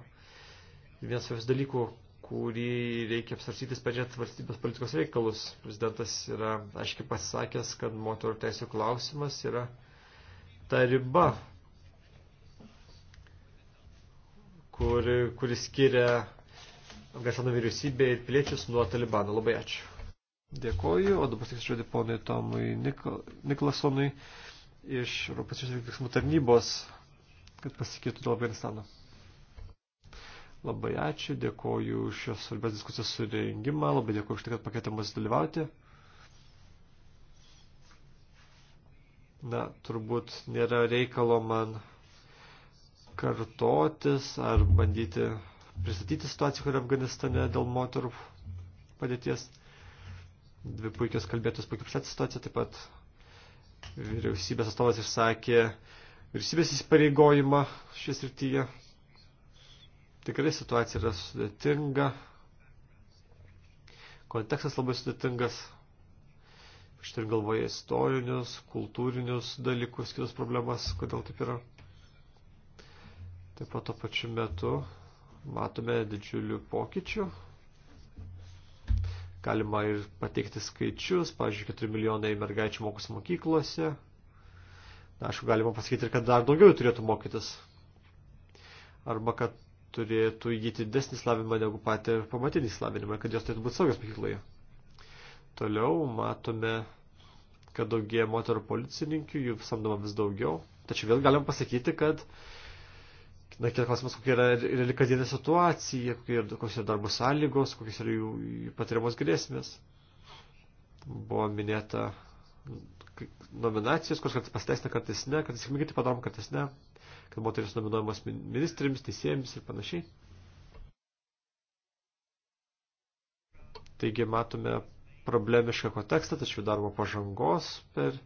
Vienas svarbus dalykų, kurį reikia apsvarstyti sprendžiant valstybės politikos reikalus. Prezidentas yra aiškiai pasisakęs, kad moterų teisų klausimas yra ta riba, kuri, kuri skiria Afganistano vyriausybė ir piliečius nuo Talibano. Labai ačiū. Dėkoju, o dabar tik žodį ponui Tomui Nikol, Niklasonui. Nikol iš Europos išorės veiksmų tarnybos, kad pasikėtų dėl Afganistano. Labai ačiū, dėkoju už šios svarbias diskusijos surengimą, labai dėkoju už tai, kad pakvietė mus dalyvauti. Na, turbūt nėra reikalo man kartotis ar bandyti pristatyti situaciją, kurią Afganistane dėl moterų padėties. Dvi puikios kalbėtos puikiai pristatė situaciją, taip pat Vyriausybės atstovas išsakė vyriausybės įsipareigojimą šis rytyje. Tikrai situacija yra sudėtinga. Kontekstas labai sudėtingas. Aš turiu galvoje istorinius, kultūrinius dalykus, kitas problemas, kodėl taip yra. Taip pat tuo pačiu metu matome didžiulių pokyčių Galima ir pateikti skaičius, pavyzdžiui, 4 milijonai mergaičių mokosi mokyklose. Na, aišku, galima pasakyti ir, kad dar daugiau turėtų mokytis. Arba, kad turėtų įgyti desnį slavinimą negu patį pamatinį slavinimą, kad jos turėtų būti saugios mokykloje. Toliau matome, kad daugėja moterų policininkių, jų samdoma vis daugiau. Tačiau vėl galim pasakyti, kad uh, Tada kitas klausimas, kokia yra reali kasdienė situacija, kokios yra darbo sąlygos, kokios yra jų, jų patiriamos grėsmės. Buvo minėta nominacijos, kurios kartais pasiteisina, kartais ne, kartais sėkmingai tai padarom, kartais ne, kad moteris nominuojamos ministrėms, teisėjams ir panašiai. Taigi matome problemišką kontekstą, tačiau darbo pažangos per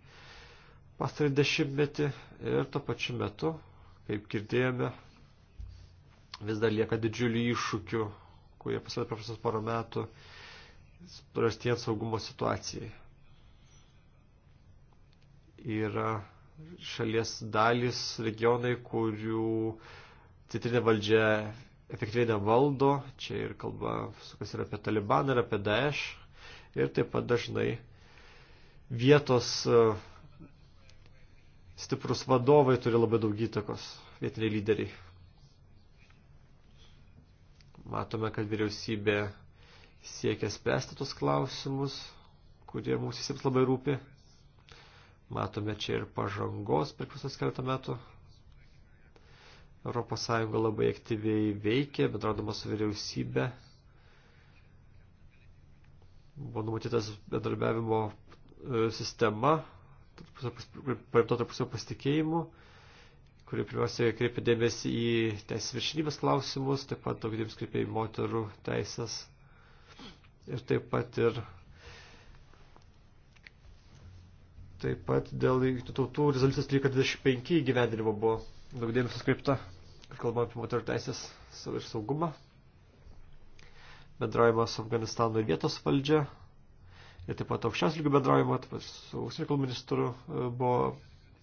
pastarį dešimtmetį ir tuo pačiu metu, kaip girdėjome, vis dar lieka didžiulių iššūkių, kurie pasirodė per pasis porą metų, prastėjant saugumo situacijai. Yra šalies dalis, regionai, kurių centrinė valdžia efektyviai nevaldo, čia ir kalba sukas yra apie Talibaną ir apie Daesh, ir taip pat dažnai vietos e, stiprus vadovai turi labai daug įtakos, vietiniai lyderiai. Matome, kad vyriausybė siekia spręsti tos klausimus, kurie mums visiems labai rūpi. Matome čia ir pažangos per visus keletą metų. ES labai aktyviai veikė, bendradama su vyriausybė. Buvo numatytas bendradarbiavimo e, sistema, paimto tarpusio pasitikėjimu. Tarp kuri pirmiausia kreipia dėmesį į teisės viršinybės klausimus, taip pat daug dėmesį kreipia į moterų teisės ir taip pat ir taip pat dėl tautų rezoliucijos 1325 gyvendinimo buvo daug dėmesio skreipta, kalbama apie moterų teisės ir saugumą, bendraujama su Afganistano ir vietos valdžia, ir taip pat aukščiausių lygių bendraujama, taip pat su užsienio ministru e, buvo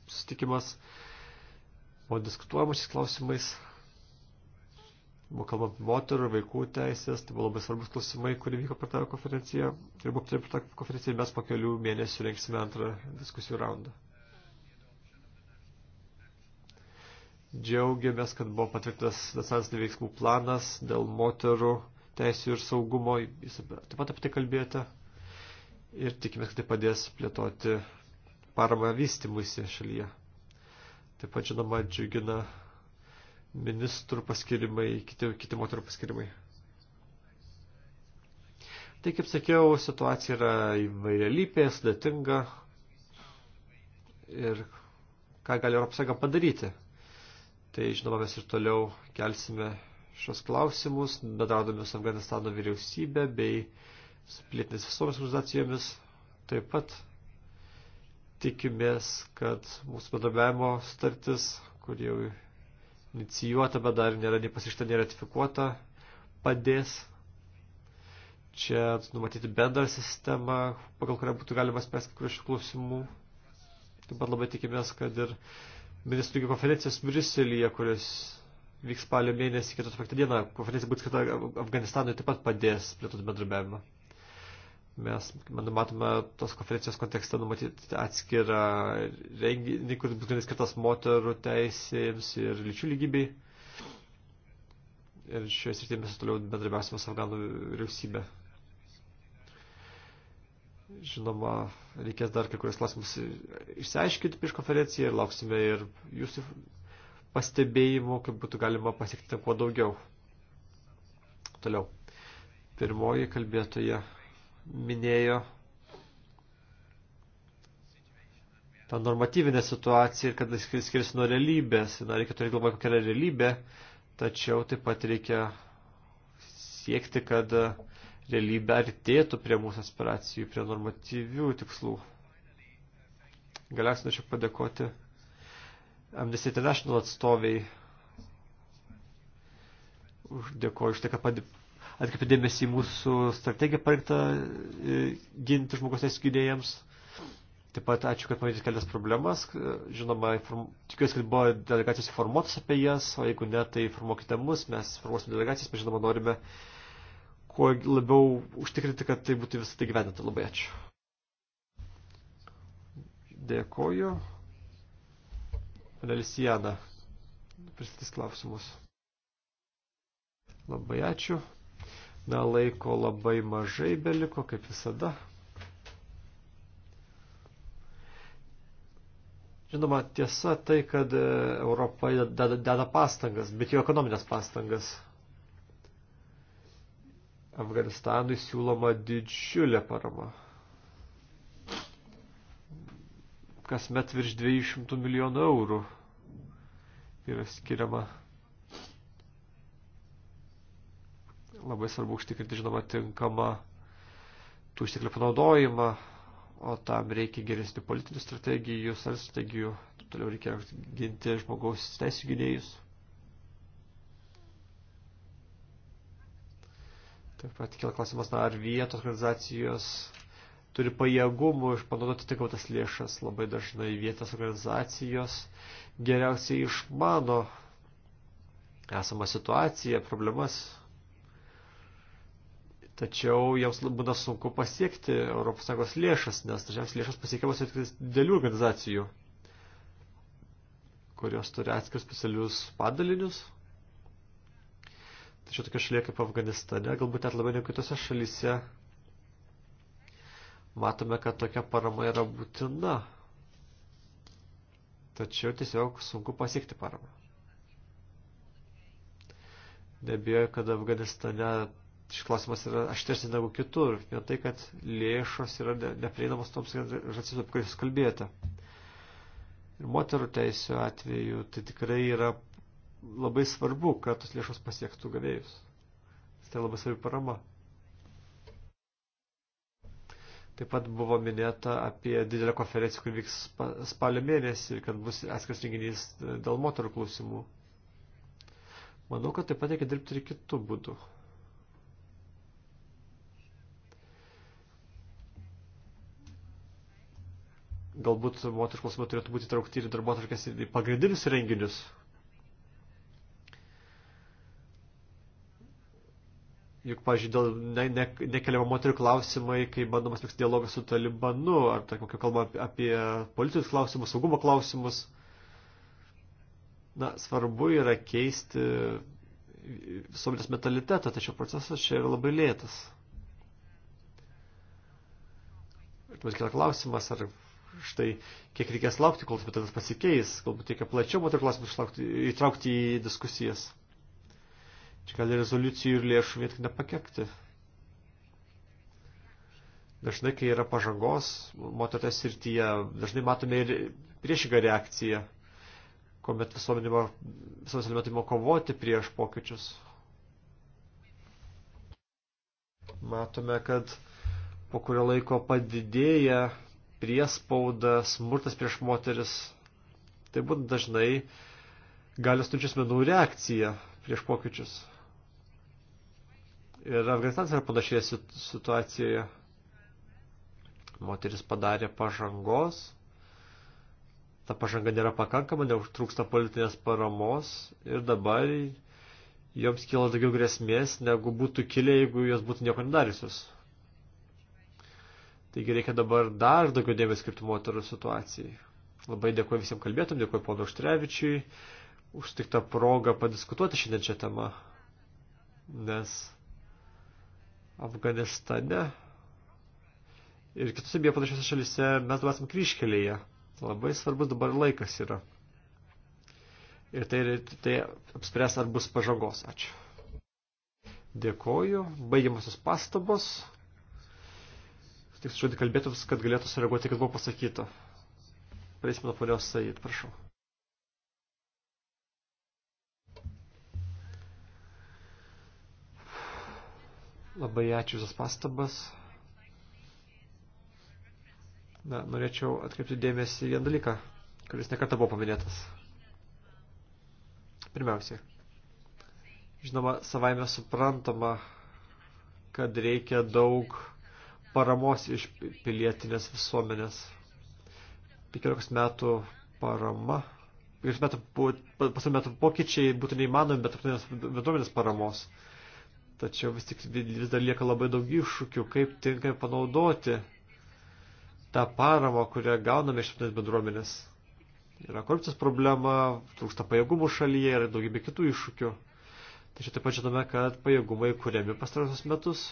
susitikimas, buvo diskutuojama šis klausimais, buvo kalbama apie moterų ir vaikų teisės, tai buvo labai svarbus klausimai, kurie vyko per tą konferenciją. Ir buvo per tą konferenciją mes po kelių mėnesių rengsime antrą diskusijų raundą. Džiaugiamės, kad buvo patvirtas nacionalinis veiksmų planas dėl moterų teisų ir saugumo. Jūs taip pat apie tai kalbėjote. Ir tikimės, kad tai padės plėtoti paramą vystimuisi šalyje. Taip pat, žinoma, džiugina ministrų paskirimai, kiti, kiti moterų paskirimai. Tai, kaip sakiau, situacija yra įvairialypė, sudėtinga ir ką gali Europos Sąjunga padaryti. Tai, žinoma, mes ir toliau kelsime šios klausimus, bedradami su Afganistano vyriausybė bei su pilietinės visuomis organizacijomis. Taip pat tikimės, kad mūsų bendradarbiavimo startis, kur jau inicijuota, bet dar nėra nei pasišta, nei ratifikuota, padės. Čia numatyti bendrą sistemą, pagal kurią būtų galima spręsti kai kurių šių klausimų. Taip pat labai tikimės, kad ir ministrų lygio konferencijos Briuselėje, kuris vyks spalio mėnesį, 4-5 dieną, konferencija būtų skirta Afganistanui, taip pat padės prie tos bendradarbiavimo. Mes numatome tos konferencijos kontekste numatyti atskirą renginį, kuris bus skirtas moterų teisėms ir lyčių lygybei. Ir šioje srityje mes toliau bendrabiausime su Afganų vyriausybė. Žinoma, reikės dar kai kurias klausimus išsiaiškinti prieš konferenciją ir lauksime ir jūsų pastebėjimų, kaip būtų galima pasiekti kuo daugiau. Toliau. Pirmoji kalbėtoja minėjo tą normatyvinę situaciją ir kad tai skiriasi nuo realybės. Na, reikia turėti galvoje, kokia yra realybė, tačiau taip pat reikia siekti, kad realybė artėtų prie mūsų aspiracijų, prie normatyvių tikslų. Galiausiai norėčiau padėkoti Amnesty International atstoviai. Dėkoju už tai, kad atkreipiu dėmesį į mūsų strategiją parengtą e, ginti žmogus teisų gynėjams. Taip pat ačiū, kad pamatys kelias problemas. Žinoma, inform... tikiuosi, kad buvo delegacijos informuotas apie jas, o jeigu ne, tai informuokite mus, mes informuosime delegacijas, mes žinoma norime kuo labiau užtikrinti, kad tai būtų visą tai gyveninta. Labai ačiū. Dėkoju. Panelis Jana pristatys klausimus. Labai ačiū. Na, laiko labai mažai beliko, kaip visada. Žinoma, tiesa tai, kad e, Europa deda pastangas, bet jau ekonominės pastangas. Afganistanui siūloma didžiulė parama. Kasmet virš 200 milijonų eurų yra skiriama labai svarbu užtikrinti, žinoma, tinkamą tų išteklių panaudojimą, o tam reikia geresnių politinių strategijų, ar strategijų, toliau reikia ginti žmogaus teisų gynėjus. Taip pat kila klausimas, na, ar vietos organizacijos turi pajėgumų išpanaudoti tikautas lėšas. Labai dažnai vietos organizacijos geriausiai išmano esamą situaciją, problemas tačiau jiems būna sunku pasiekti ES lėšas, nes dažniausiai lėšas pasiekiamas tik didelių organizacijų, kurios turi atskirus specialius padalinius. Tačiau tokia šalia kaip Afganistane, galbūt net labai negu kitose šalyse, matome, kad tokia parama yra būtina. Tačiau tiesiog sunku pasiekti paramą. Nebijoju, kad Afganistane šis klausimas yra aštresnis negu kitur. Vien tai, kad lėšos yra neprieinamos toms organizacijoms, apie kurias kalbėjote. Ir moterų teisų atveju tai tikrai yra labai svarbu, kad tos lėšos pasiektų gavėjus. Tai labai svarbi parama. Taip pat buvo minėta apie didelę konferenciją, kur vyks spalio mėnesį, kad bus atskiras renginys dėl moterų klausimų. Manau, kad taip pat reikia dirbti ir kitų būdų. galbūt moterų klausimai turėtų būti traukti ir darbotvarkės į pagrindinius renginius. Juk, pažiūrėjau, dėl ne, ne, nekeliama moterų klausimai, kai bandomas toks dialogas su talibanu, ar tai kokia kalba apie politinius klausimus, saugumo klausimus. Na, svarbu yra keisti visuomenės mentalitetą, tačiau procesas čia yra labai lėtas. Ir man kila klausimas, ar štai kiek reikės laukti, kol tas pasikeis, galbūt reikia plačiau moterų klausimus įtraukti į diskusijas. Čia gali rezoliucijų ir lėšų vien tik nepakekti. Dažnai, kai yra pažangos moterų srityje, dažnai matome ir priešingą reakciją, kuomet visuomenimo, visuomenės elementai kovoti prieš pokyčius. Matome, kad po kurio laiko padidėja priespauda, smurtas prieš moteris. Tai būtų dažnai galios turinčių asmenų reakcija prieš pokyčius. Ir Afganistanas yra panašioje situacijoje. Moteris padarė pažangos. Ta pažanga nėra pakankama, neužtrūksta politinės paramos ir dabar joms kyla daugiau grėsmės, negu būtų kilę, jeigu jos būtų nieko nedariusios. Taigi reikia dabar dar daugiau dėmesio skirti moterų situacijai. Labai dėkuoju visiems kalbėtum, dėkuoju pono Štrevičiui, už tik tą progą padiskutuoti šiandien čia temą. Nes Afganistane ir kitose bie panašiose šalise mes dabar esame kryškelėje. Labai svarbus dabar laikas yra. Ir tai, tai apspręs, ar bus pažagos. Ačiū. Dėkoju. Baigiamosios pastabos sutiks žodį kalbėtus, kad galėtų sureaguoti, kad buvo pasakyta. Praeisime nuo ponios Said, prašau. Labai ačiū visas pastabas. Na, norėčiau atkreipti dėmesį vieną dalyką, kuris nekartą buvo paminėtas. Pirmiausiai, žinoma, savaime suprantama, kad reikia daug paramos iš pilietinės visuomenės. 15 metų parama. 15 metų, pasarų metų pokyčiai būtų neįmanomi, bet tarptautinės bendruomenės paramos. Tačiau vis tik vis dar lieka labai daug iššūkių, kaip tinkai panaudoti tą paramą, kurią gauname iš tarptautinės bendruomenės. Yra korupcijos problema, trūksta pajėgumų šalyje, yra daugybė kitų iššūkių. Tačiau taip pat žinome, kad pajėgumai kuriami pastarosius metus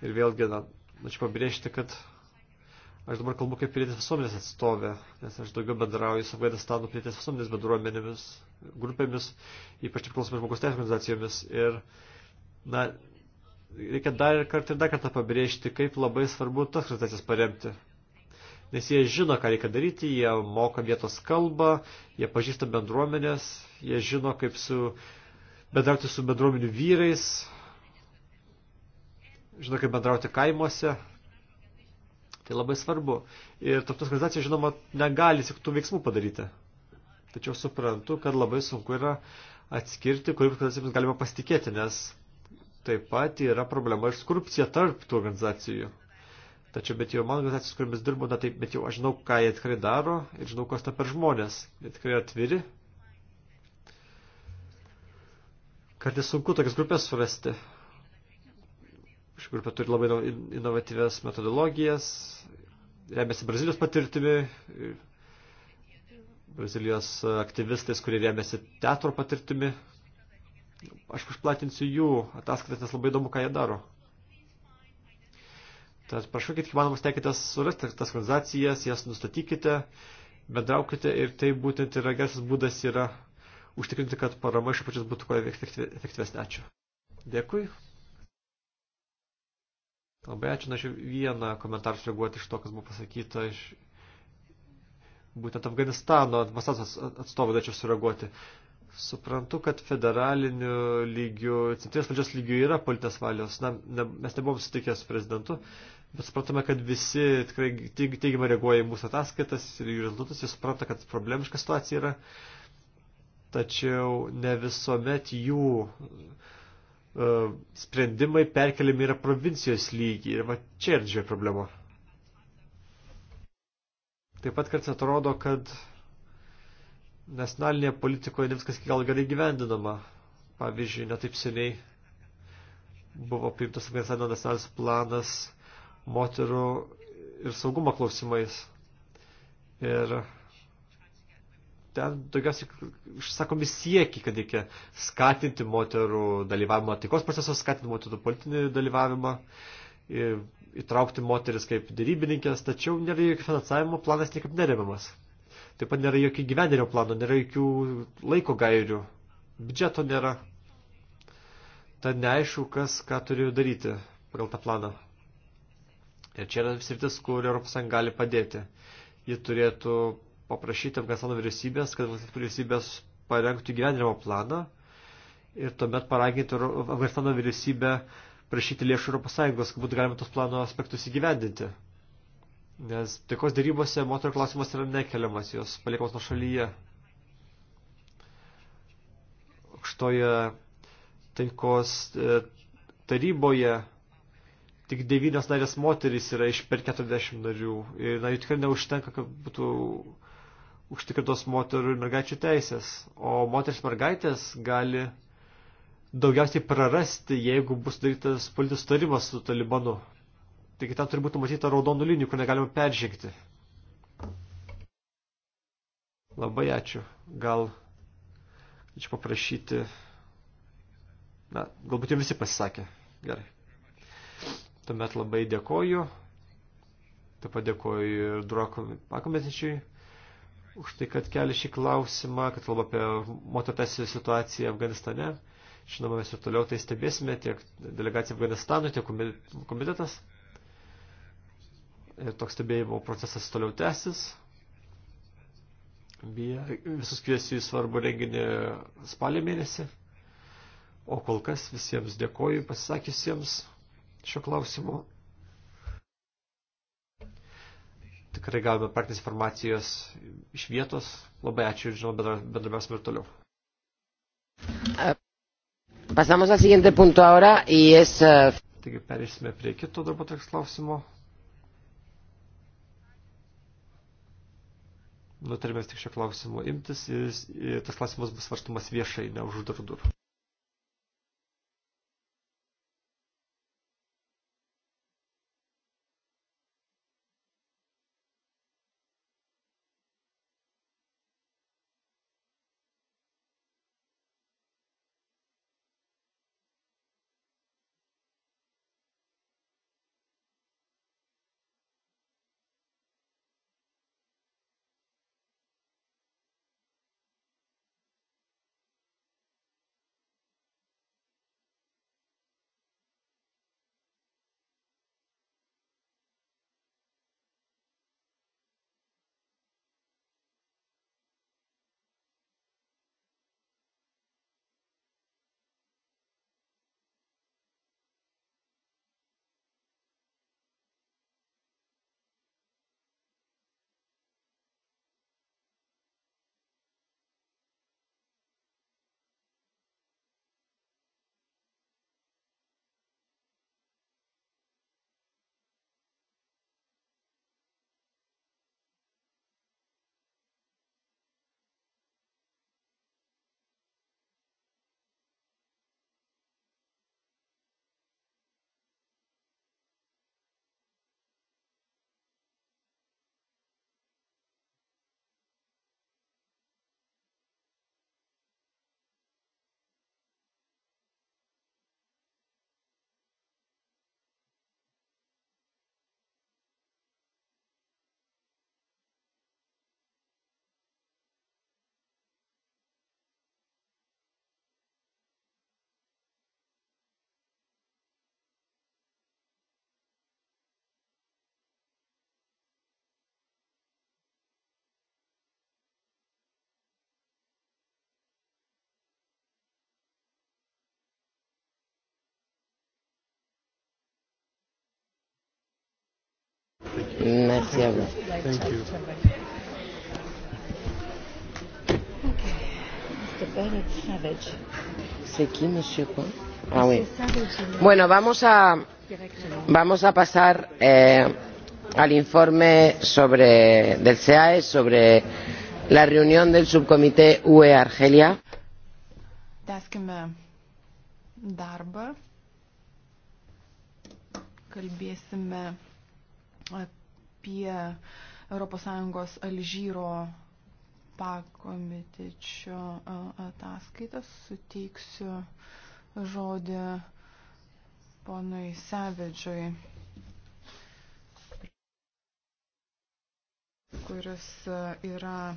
Ir vėlgi, na, norėčiau pabrėžti, kad aš dabar kalbu kaip pilietės visuomenės atstovė, nes aš daugiau bendrauju su Afganistano pilietės visuomenės bendruomenėmis, grupėmis, ypač priklausomai žmogus teisų organizacijomis. Ir, na, reikia dar ir kartą ir dar kartą pabrėžti, kaip labai svarbu tas organizacijas paremti. Nes jie žino, ką reikia daryti, jie moka vietos kalbą, jie pažįsta bendruomenės, jie žino, kaip su, bendrauti su bendruomenių vyrais, žino, kaip bendrauti kaimuose. Tai labai svarbu. Ir tarptautinės organizacijos, žinoma, negali tų veiksmų padaryti. Tačiau suprantu, kad labai sunku yra atskirti, kuriomis organizacijomis galima pasitikėti, nes taip pat yra problema ir su korupcija tarp tų organizacijų. Tačiau bet jau man organizacijos, kuriomis dirbu, na taip, bet jau aš žinau, ką jie tikrai daro ir žinau, kas ta per žmonės. Jie tikrai atviri. Kartais sunku tokias grupės surasti ši grupė turi labai inovatyvias metodologijas, remiasi Brazilijos patirtimi, Brazilijos aktyvistais, kurie remiasi teatro patirtimi. Aš išplatinsiu jų ataskaitas, nes labai įdomu, ką jie daro. Tad prašau, kiek įmanomas teikite surasti tas organizacijas, jas nustatykite, bendraukite ir tai būtent yra geras būdas yra užtikrinti, kad parama iš apačios būtų kuo efektyvesnė. Ačiū. Dėkui. Labai ačiū, norėčiau vieną komentarą sureaguoti iš to, kas buvo pasakyta iš būtent Afganistano ambasados atstovų, norėčiau sureaguoti. Suprantu, kad federaliniu lygiu, centrinės valdžios lygiu yra politinės valios. Na, ne, mes nebuvom sutikę su prezidentu, bet supratome, kad visi tikrai teigiamai reaguoja į mūsų ataskaitas ir jų rezultatus. Jis supranta, kad problemiška situacija yra tačiau ne visuomet jų E, sprendimai perkeliami yra provincijos lygiai. Ir va čia ir didžioji problema. Taip pat kartais atrodo, kad nacionalinėje politikoje ne viskas gal gerai gyvendinama. Pavyzdžiui, netaip seniai buvo priimtas Afganistano nacionalinis planas moterų ir saugumo klausimais. Ir ten daugiausiai išsakomi siekiai, kad reikia skatinti moterų dalyvavimą taikos procesos, skatinti moterų politinį dalyvavimą, įtraukti moteris kaip dėrybininkės, tačiau nėra jokio finansavimo planas niekaip neremiamas. Taip pat nėra jokio gyvenimo plano, nėra jokių laiko gairių, biudžeto nėra. Tad neaišku, kas ką turi daryti pagal tą planą. Ir čia yra sritis, kur ES gali padėti. Ji turėtų paprašyti Afganistano vyriausybės, kad vyriausybės parengtų gyvenimo planą ir tuomet paraginti Afganistano vyriausybę prašyti lėšų Europos Sąjungos, kad būtų galima tos plano aspektus įgyvendinti. Nes taikos darybose moterų klausimas yra nekeliamas, jos paliekamos nuo šalyje. Aukštoje taikos e, taryboje tik devynios narės moterys yra iš per 40 narių. Ir na, jų tikrai neužtenka, kad būtų užtikrintos moterų ir mergaičių teisės, o moteris mergaitės gali daugiausiai prarasti, jeigu bus darytas politinis tarimas su talibanu. Taigi ten turi būti matyta raudonų linijų, kur negalima peržengti. Labai ačiū. Gal ačiū paprašyti. Na, galbūt jau visi pasisakė. Gerai. Tuomet labai dėkoju. Taip pat dėkoju ir Drako pakometinčiui už tai, kad kelia šį klausimą, kad kalba apie mototasį situaciją Afganistane. Žinoma, mes ir toliau tai stebėsime, tiek delegacija Afganistanui, tiek komitetas. Ir toks stebėjimo procesas toliau tęsis. Bija, visus kviesiu į svarbų renginį spalio mėnesį. O kol kas visiems dėkoju pasisakiusiems šio klausimo. tikrai gavome praktinės informacijos iš vietos. Labai ačiū ir žinoma bendrabiausime ir toliau. Uh, pasamos al siguiente punto ahora y es... Uh, Taigi perėsime prie kito darbo toks klausimo. Nutarėmės tik šio klausimo imtis ir tas klausimas bus svarstumas viešai, ne už durų durų. Merci à vous. Thank you. C'est qui, monsieur quoi Ah oui. Bueno, vamos a, vamos a pasar eh, al informe sobre, del SEAE sobre la reunión del subcomité UE Argelia. Tęskime darbą. Kalbėsime apie ES Alžyro pakomitečio ataskaitą. Suteiksiu žodį ponui Sevedžiui, kuris yra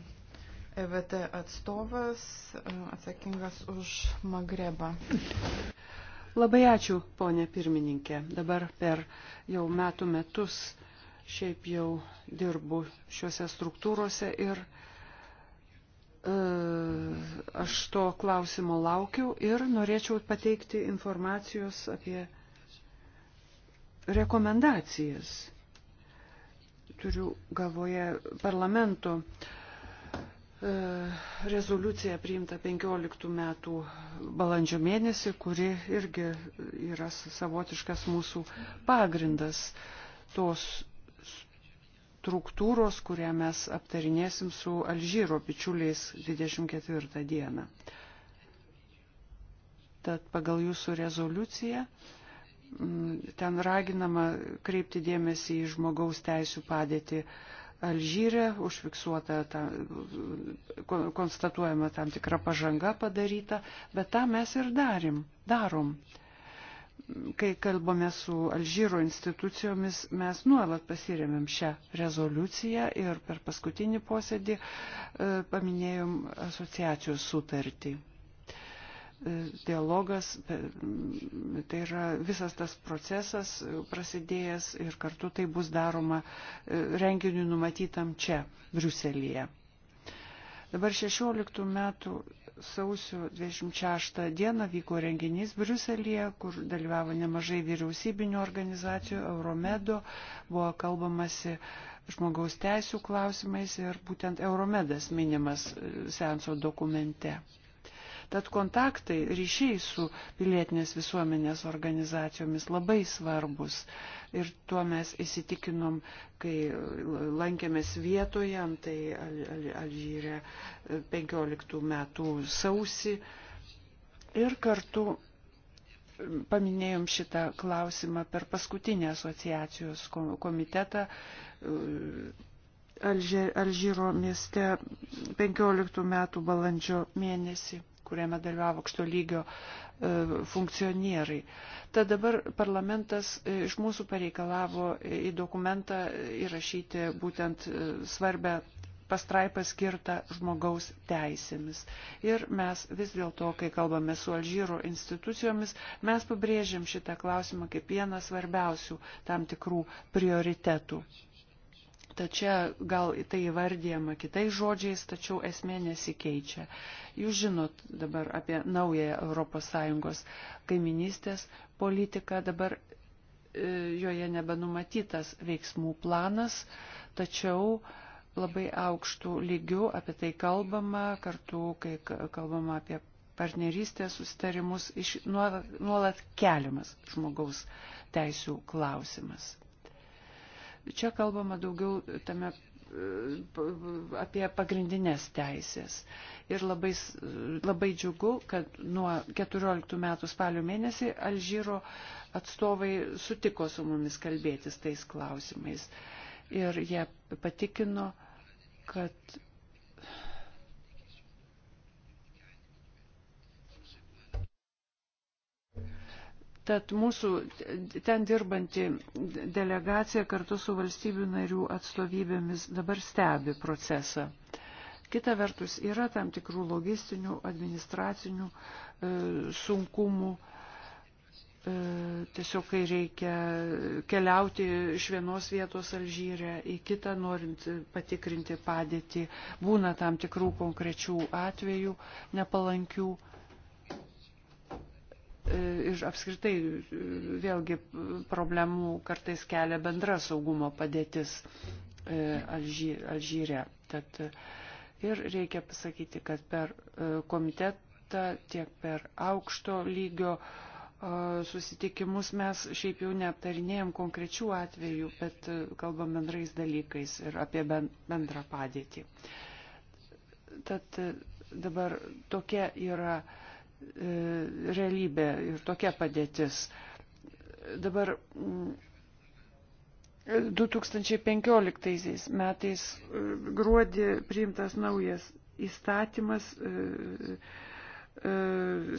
EVT atstovas atsakingas už Magrebą. Labai ačiū, ponė pirmininkė. Dabar per jau metų metus šiaip jau dirbu šiuose struktūrose ir e, aš to klausimo laukiu ir norėčiau pateikti informacijos apie rekomendacijas. Turiu galvoje parlamento e, rezoliucija priimta 15 metų balandžio mėnesį, kuri irgi yra savotiškas mūsų pagrindas tos struktūros, kurią mes aptarinėsim su Alžyro bičiuliais 24 dieną. Tad pagal jūsų rezoliuciją ten raginama kreipti dėmesį į žmogaus teisų padėtį Alžyre, užfiksuota, ta, konstatuojama tam tikra pažanga padaryta, bet tą mes ir darim, darom kai kalbame su Alžyro institucijomis, mes nuolat pasiremėm šią rezoliuciją ir per paskutinį posėdį e, paminėjom asociacijos sutartį. E, dialogas, tai yra visas tas procesas e, prasidėjęs ir kartu tai bus daroma renginiu numatytam čia, Briuselėje. Dabar 16 metų sausio 26 dieną vyko renginys Briuselėje, kur dalyvavo nemažai vyriausybinių organizacijų, Euromedo, buvo kalbamasi žmogaus teisų klausimais ir būtent Euromedas minimas e, senso dokumente. Tad kontaktai, ryšiai su pilietinės visuomenės organizacijomis labai svarbus. Uh, ir tuo mes įsitikinom, kai lankėmės vietoje, tai Alžyre 15 e, metų sausi. Ir kartu paminėjom šitą klausimą per paskutinį asociacijos komitetą e, Alžyro mieste 15 metų balandžio mėnesį kuriame dalyvavo aukšto lygio e, funkcionieriai. Tad dabar parlamentas e, iš mūsų pareikalavo į dokumentą įrašyti būtent e, svarbę pastraipą skirtą žmogaus teisėmis. Ir mes vis dėlto, kai kalbame su Alžyro institucijomis, mes pabrėžiam šitą klausimą kaip vieną svarbiausių tam tikrų prioritetų. Tačiau gal tai įvardyjama kitais žodžiais, tačiau esmė nesikeičia. Jūs žinot dabar apie naują ES kaiminystės politiką, dabar e, joje nebenumatytas veiksmų planas, tačiau labai aukštų lygių apie tai kalbama, kartu, kai kalbama apie partnerystės sustarimus, iš, nuolat, nuolat keliamas žmogaus teisų klausimas. Čia kalbama daugiau tame apie pagrindinės teisės. Ir labai, labai džiugu, kad nuo 14 metų spalio mėnesį Alžyro atstovai sutiko su mumis kalbėtis tais klausimais. Ir jie patikino, kad Tad mūsų ten dirbanti delegacija kartu su valstybių narių atstovybėmis dabar stebi procesą. Kita vertus, yra tam tikrų logistinių, administracinių e, sunkumų. E, tiesiog, kai reikia keliauti iš vienos vietos Alžyrė į kitą, norint patikrinti padėtį, būna tam tikrų konkrečių atvejų nepalankių. E, E, ir apskritai e, vėlgi problemų kartais kelia bendra saugumo padėtis e, Alžy, Alžyre. Tad ir reikia pasakyti, kad per komitetą tiek per aukšto lygio susitikimus mes šiaip jau neaptarinėjom konkrečių atvejų, bet kalbam bendrais dalykais ir apie bendrą padėtį. Tad dabar tokia yra uh, realybė ir tokia padėtis. Dabar 2015 mm, metais e, gruodį priimtas naujas įstatymas e, e,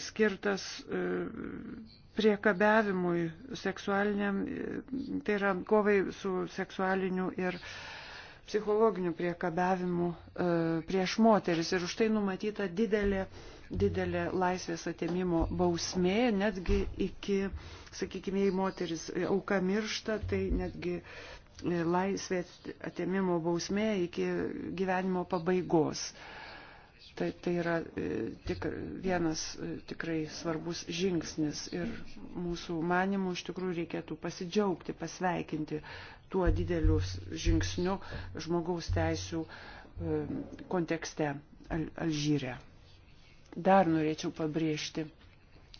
skirtas priekabiavimui seksualiniam, tai yra kovai su seksualiniu ir psichologiniu priekabiavimu prieš moteris. Ir už tai numatyta didelė didelė laisvės atėmimo bausmė, netgi iki, sakykime, jei moteris e, auka miršta, tai netgi e, laisvės atėmimo bausmė iki gyvenimo pabaigos. Tai, tai yra e, tik vienas tikrai svarbus žingsnis ir mūsų manimų iš tikrųjų reikėtų pasidžiaugti, pasveikinti tuo dideliu žingsniu žmogaus teisų kontekste Al Alžyre. Al dar norėčiau pabrėžti,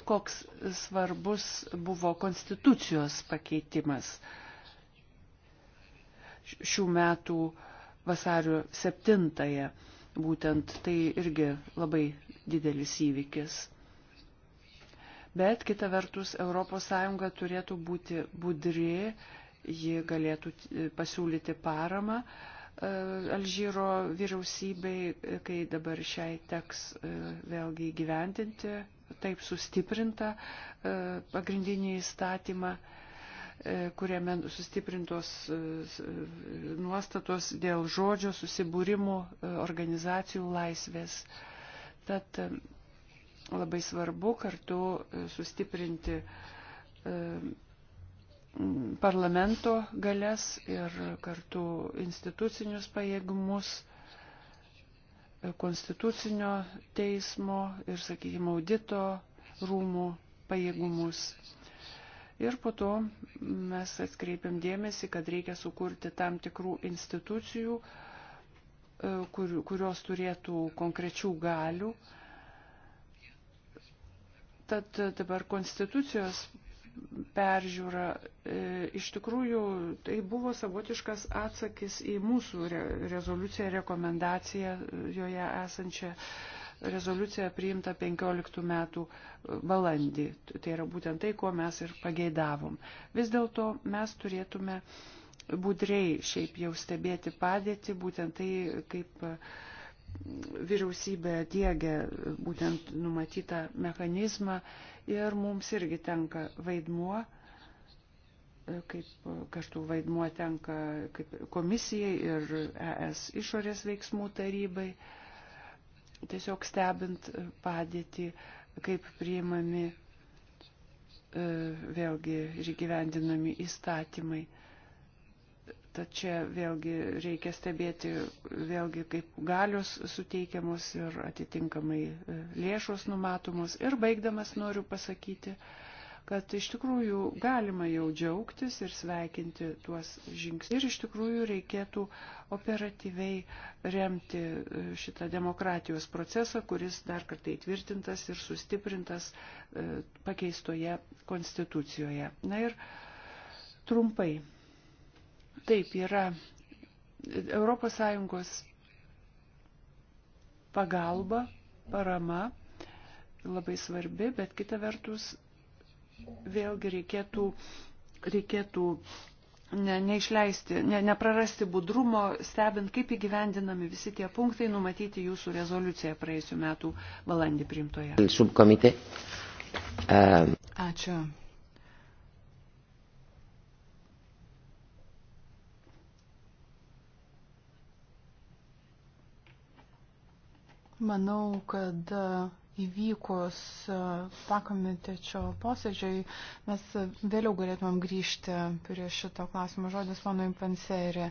koks svarbus buvo konstitucijos pakeitimas šių metų vasario 7-ąją. Būtent tai irgi labai didelis įvykis. Bet kita vertus, ES turėtų būti budri, ji galėtų e, pasiūlyti paramą, uh, E, Alžyro vyriausybei, e, kai dabar šiai teks e, vėlgi gyventinti taip sustiprintą pagrindinį įstatymą, kuriame sustiprintos nuostatos dėl žodžio susibūrimų organizacijų laisvės. Tad labai svarbu kartu sustiprinti parlamento galės ir kartu institucinius pajėgumus konstitucinio teismo ir, sakykime, audito rūmų pajėgumus. Ir po to mes atkreipiam dėmesį, kad reikia sukurti tam tikrų institucijų, e, kur, kurios turėtų konkrečių galių. Tad dabar konstitucijos peržiūra. E, iš tikrųjų, tai buvo savotiškas atsakis į mūsų rezoliuciją, rekomendaciją, e, joje esančią rezoliuciją priimta 15 metų e, balandį. Tai yra būtent tai, ko mes ir pageidavom. Vis dėlto mes turėtume budriai šiaip jau stebėti padėtį, būtent tai, kaip vyriausybė diegia būtent numatytą mechanizmą ir mums irgi tenka vaidmuo, e, kaip kažtų vaidmuo tenka kaip komisijai ir ES išorės veiksmų tarybai, tiesiog stebint padėtį, kaip priimami e, vėlgi ir gyvendinami įstatymai. Tad čia vėlgi reikia stebėti, vėlgi kaip galios suteikiamos ir atitinkamai e, lėšos numatomos. Ir baigdamas noriu pasakyti, kad iš tikrųjų galima jau džiaugtis ir sveikinti tuos žingsnius. Ir iš tikrųjų reikėtų operatyviai remti e, šitą demokratijos procesą, kuris dar kartą įtvirtintas ir sustiprintas e, pakeistoje konstitucijoje. Na ir trumpai Taip yra ES pagalba, parama labai svarbi, bet kita vertus vėlgi reikėtų, reikėtų ne, neišleisti, ne, neprarasti budrumo, stebint, kaip įgyvendinami visi tie punktai numatyti jūsų rezoliuciją praėjusiu metu valandį priimtoje. Euh, Ačiū. Manau, kad e, įvykus pakomitečio e, posėdžiai mes vėliau galėtumėm grįžti prie šito klausimo. Žodis mano impanserė,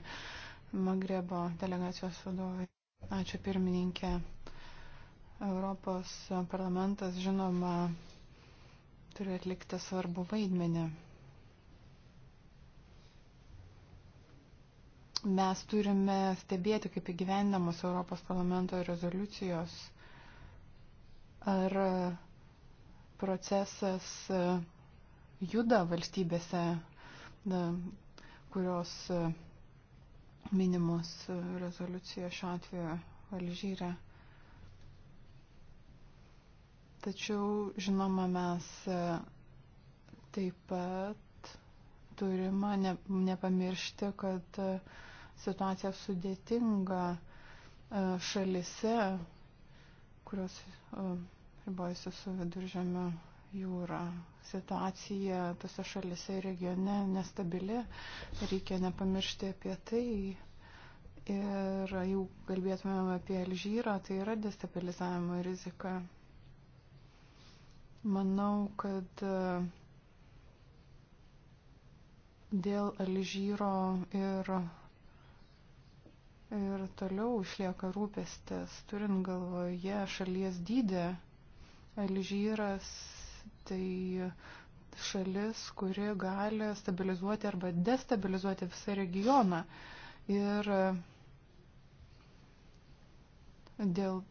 Magrebo delegacijos vadovai. Ačiū pirmininkė. Europos parlamentas, žinoma, turi atlikti svarbu vaidmenį mes turime stebėti, kaip įgyvendamos Europos parlamento rezoliucijos, ar procesas e, juda valstybėse, na, e, kurios e, minimos rezoliucijoje šiuo atveju Alžyre. Tačiau, žinoma, mes taip pat turime nepamiršti, kad uh, situacija sudėtinga e, šalise, kurios e, ribojasi su viduržėmio jūra. Situacija tose šalise ir regione nestabili, reikia nepamiršti apie tai. Ir jau kalbėtumėm apie Alžyrą, tai yra destabilizavimo rizika. Manau, kad e, dėl Alžyro ir ir toliau išlieka rūpestis, turint galvoje šalies dydį. Alžyras tai šalis, kuri gali stabilizuoti arba destabilizuoti visą regioną. Ir dėl,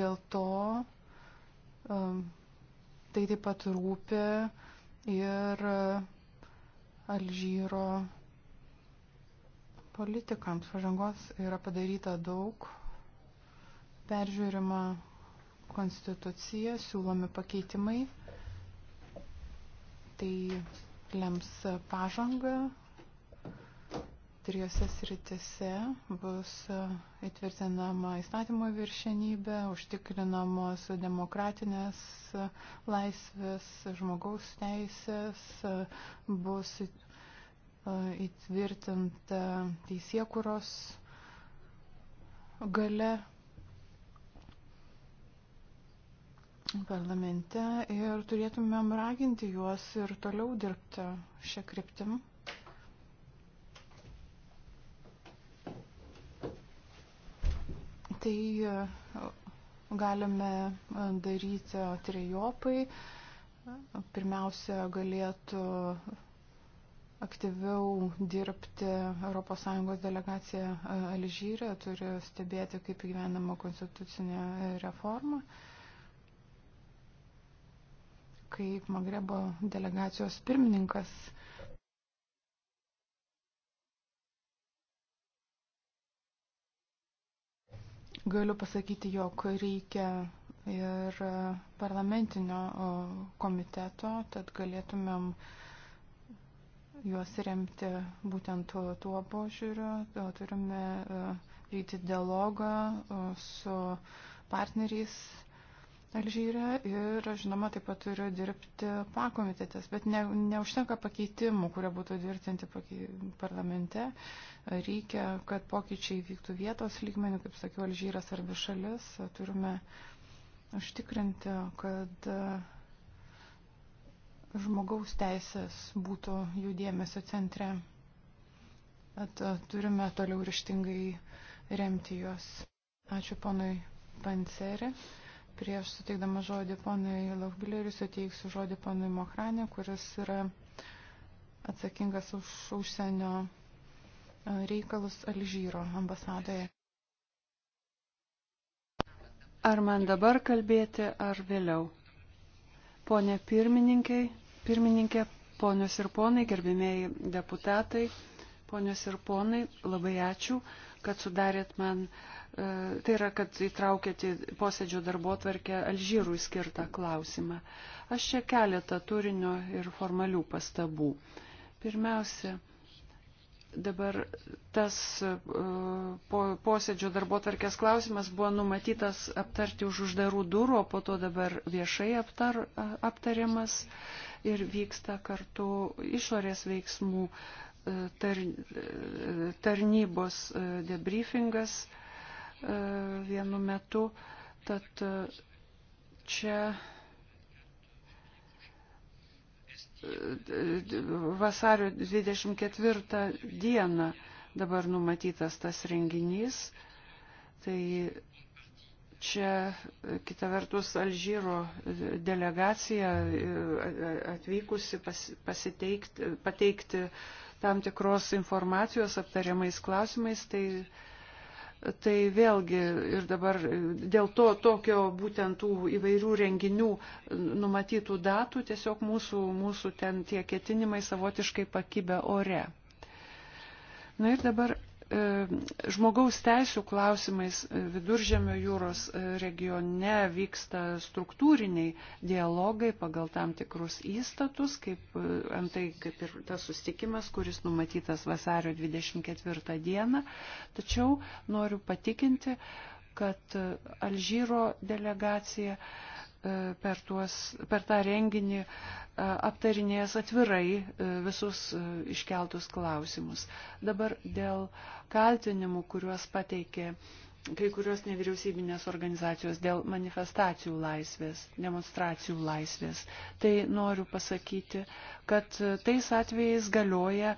dėl to um, tai taip pat rūpi ir Alžyro politikams. Pažangos yra padaryta daug, peržiūrima konstitucija, siūlomi pakeitimai. Tai lems pažangą trijose sritise bus įtvirtinama įstatymo viršenybė, užtikrinamos demokratinės laisvės, žmogaus teisės, bus įtvirtinta teisėkuros gale parlamente ir turėtumėm raginti juos ir toliau dirbti šią kryptim. Tai galime daryti trejopai. Pirmiausia, galėtų aktyviau dirbti ES delegacija e, Alžyrė, turi stebėti, kaip gyvenama konstitucinė reforma, kaip Magrebo delegacijos pirmininkas. Galiu pasakyti, jog reikia ir parlamentinio komiteto, tad galėtumėm uh, juos remti būtent tuo požiūriu. Turime e, vykti dialogą e, su partneriais Alžyre ir, žinoma, taip pat turiu dirbti pakomitėtės, bet ne, neužtenka pakeitimų, kurie būtų tvirtinti parlamente. Reikia, kad pokyčiai vyktų vietos lygmenių, kaip sakiau, Alžyras arba šalis. Turime užtikrinti, kad uh, žmogaus teisės būtų jų dėmesio centre. At, e, turime toliau ryštingai remti juos. Ačiū ponui Panceri. Prieš suteikdama žodį ponui Laubileriui suteiksiu žodį ponui Mohranė, kuris yra atsakingas už užsienio e, reikalus Alžyro ambasadoje. Ar man dabar kalbėti, ar vėliau? Pone pirmininkai, pirmininkė, ponios ir ponai, gerbimieji deputatai, ponios ir ponai, labai ačiū, kad sudarėt man, e, tai yra, kad įtraukėt į posėdžio darbo tvarkę Alžyrui skirtą klausimą. Aš čia keletą turinio ir formalių pastabų. Pirmiausia, dabar tas e, po, posėdžio darbo tarkės klausimas buvo numatytas aptarti už uždarų durų, o po to dabar viešai aptar, aptariamas ir vyksta kartu išorės veiksmų e, tar, e, tarnybos e, debriefingas vienu metu. Tad čia vasario 24 dieną dabar numatytas tas renginys. Tai čia kita vertus Alžyro delegacija e, atvykusi pas, pasiteikti, pateikti tam tikros informacijos aptariamais klausimais, tai, tai vėlgi ir dabar dėl to tokio būtent tų įvairių renginių numatytų datų tiesiog mūsų, mūsų ten tie ketinimai savotiškai pakibę ore. Na ir dabar E, žmogaus teisų klausimais e, viduržėmio jūros e, regione vyksta struktūriniai dialogai pagal tam tikrus įstatus, kaip antai kaip ir tas sustikimas, kuris numatytas vasario 24 dieną. Tačiau noriu patikinti, kad Alžyro delegacija uh, E, per, tuos, per tą renginį e, aptarinės atvirai e, visus iškeltus klausimus. Dabar dėl kaltinimų, kuriuos pateikė kai kurios nevyriausybinės organizacijos dėl manifestacijų laisvės, demonstracijų laisvės. Tai noriu pasakyti, kad tais atvejais galioja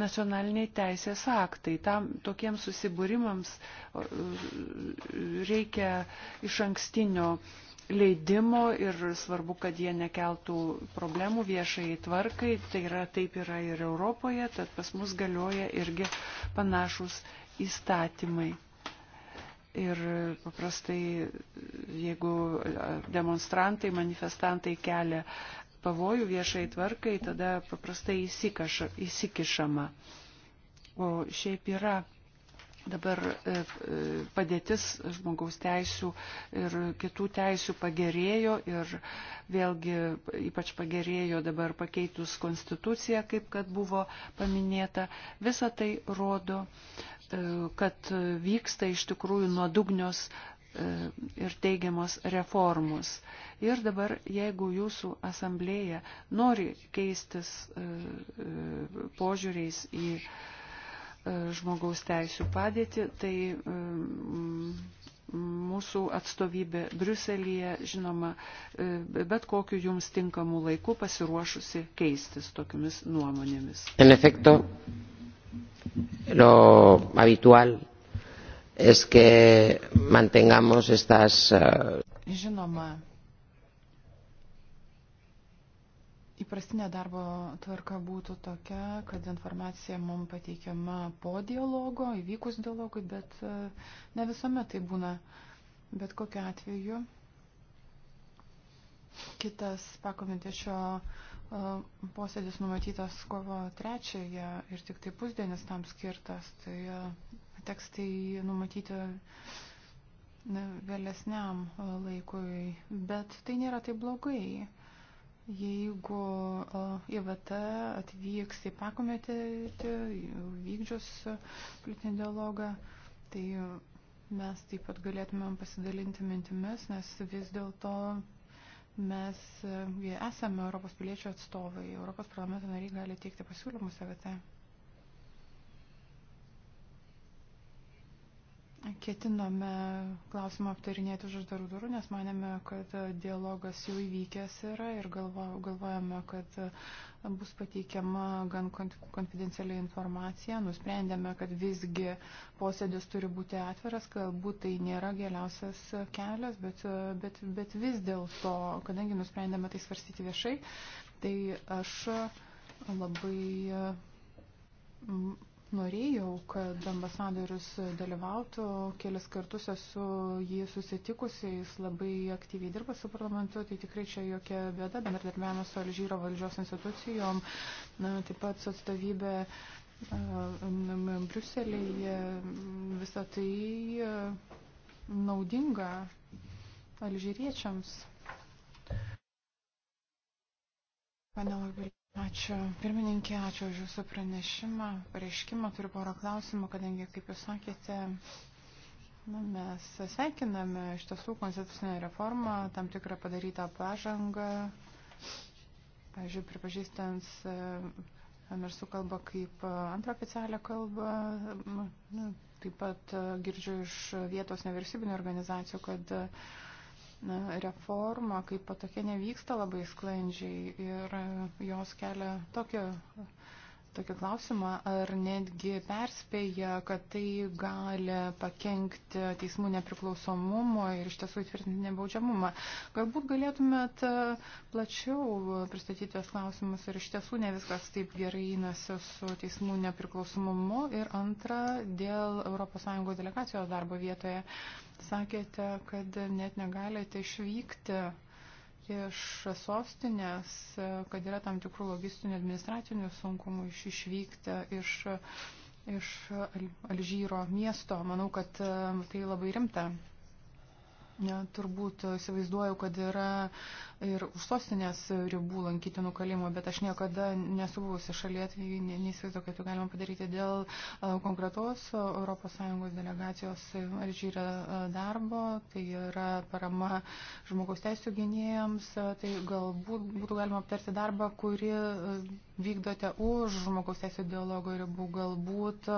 nacionaliniai teisės aktai. Tam tokiems susibūrimams reikia iš ankstinio uh, leidimo ir svarbu, kad jie nekeltų problemų viešai tvarkai. Tai yra taip yra ir Europoje, tad pas mus galioja irgi panašus įstatymai. Ir paprastai, jeigu demonstrantai, manifestantai kelia pavojų viešai tvarkai, tada paprastai įsikaša, įsikišama. O šiaip yra dabar e, e, padėtis žmogaus teisų ir kitų teisų pagerėjo ir vėlgi ypač pagerėjo dabar pakeitus konstituciją, kaip kad buvo paminėta. Visa tai rodo, e, kad vyksta iš tikrųjų nuodugnios ir teigiamos reformos. Ir dabar, jeigu jūsų asamblėja nori keistis požiūriais į E, žmogaus teisų padėtį, tai e, mūsų atstovybė Briuselyje, žinoma, e, bet kokiu jums tinkamu laiku pasiruošusi keistis tokiamis nuomonėmis. En efecto, lo habitual es que mantengamos estas. Eh, žinoma, įprastinė darbo tvarka būtų tokia, kad informacija mums pateikiama po dialogo, įvykus dialogui, bet e, ne visuomet tai būna. Bet kokiu atveju kitas pakomitečio e, posėdis numatytas kovo trečiąją ir tik tai pusdienis tam skirtas, tai e, teks tai numatyti vėlesniam laikui, bet tai nėra taip blogai. Jeigu e, IVT atvyks į pakometį vykdžius e, politinį dialogą, tai mes taip pat galėtumėm pasidalinti mintimis, nes vis dėlto mes e, esame Europos piliečių atstovai, Europos parlamento nariai gali teikti pasiūlymus IVT. Ketinome klausimą aptarinėti už uždarų durų, nes manėme, kad dialogas jau įvykęs yra ir galvojame, kad bus pateikiama gan konfidencialiai informacija. Nusprendėme, kad visgi posėdis turi būti atviras, galbūt tai nėra geriausias kelias, bet, bet, bet vis dėlto, kadangi nusprendėme tai svarstyti viešai, tai aš labai Norėjau, kad ambasadorius dalyvautų, kelis kartus esu jį susitikusi, jis labai aktyviai dirba su parlamentu, tai tikrai čia jokia bėda, bendradarbiavimas su Alžyro valdžios institucijom, na, taip pat su atstovybė Briuselėje, visą tai naudinga alžyriečiams. Pane Lagrė. Ačiū. Pirmininkė, ačiū už Jūsų pranešimą, pareiškimą. Turiu porą klausimų, kadangi, kaip Jūs sakėte, na, mes sveikiname iš tiesų konstitucinę reformą, tam tikrą padarytą pažangą. Pavyzdžiui, pripažįstant e, mirsų kalbą kaip e, antrą oficialią kalbą. Taip pat e, girdžiu iš vietos nevyriausybinio organizacijų, kad uh, reforma kaip patokia nevyksta labai sklandžiai ir e, jos kelia tokią tokį klausimą, ar netgi perspėja, kad tai gali pakengti teismų nepriklausomumo ir iš tiesų įtvirtinti nebaudžiamumą. Galbūt galėtumėt e, plačiau pristatyti tos klausimus ir iš tiesų ne viskas taip gerai einasi su teismų nepriklausomumu. Ir antra, dėl ES delegacijos darbo vietoje sakėte, kad net negalite išvykti iš sostinės, kad yra tam tikrų logistinių administracinių sunkumų iš išvykti iš, iš Alžyro miesto. Manau, kad um, tai labai rimta. Ja, turbūt uh, įsivaizduoju, kad yra ir už sostinės ribų lankyti nukalimo, bet aš niekada nesu buvusi šalyje, tai neįsivaizduoju, kad jų tai galima padaryti dėl konkretos ES delegacijos Alžyre darbo, tai yra parama žmogaus teisų gynėjams, tai galbūt būtų galima aptarti darbą, kuri vykdote už žmogaus teisų dialogo ribų, galbūt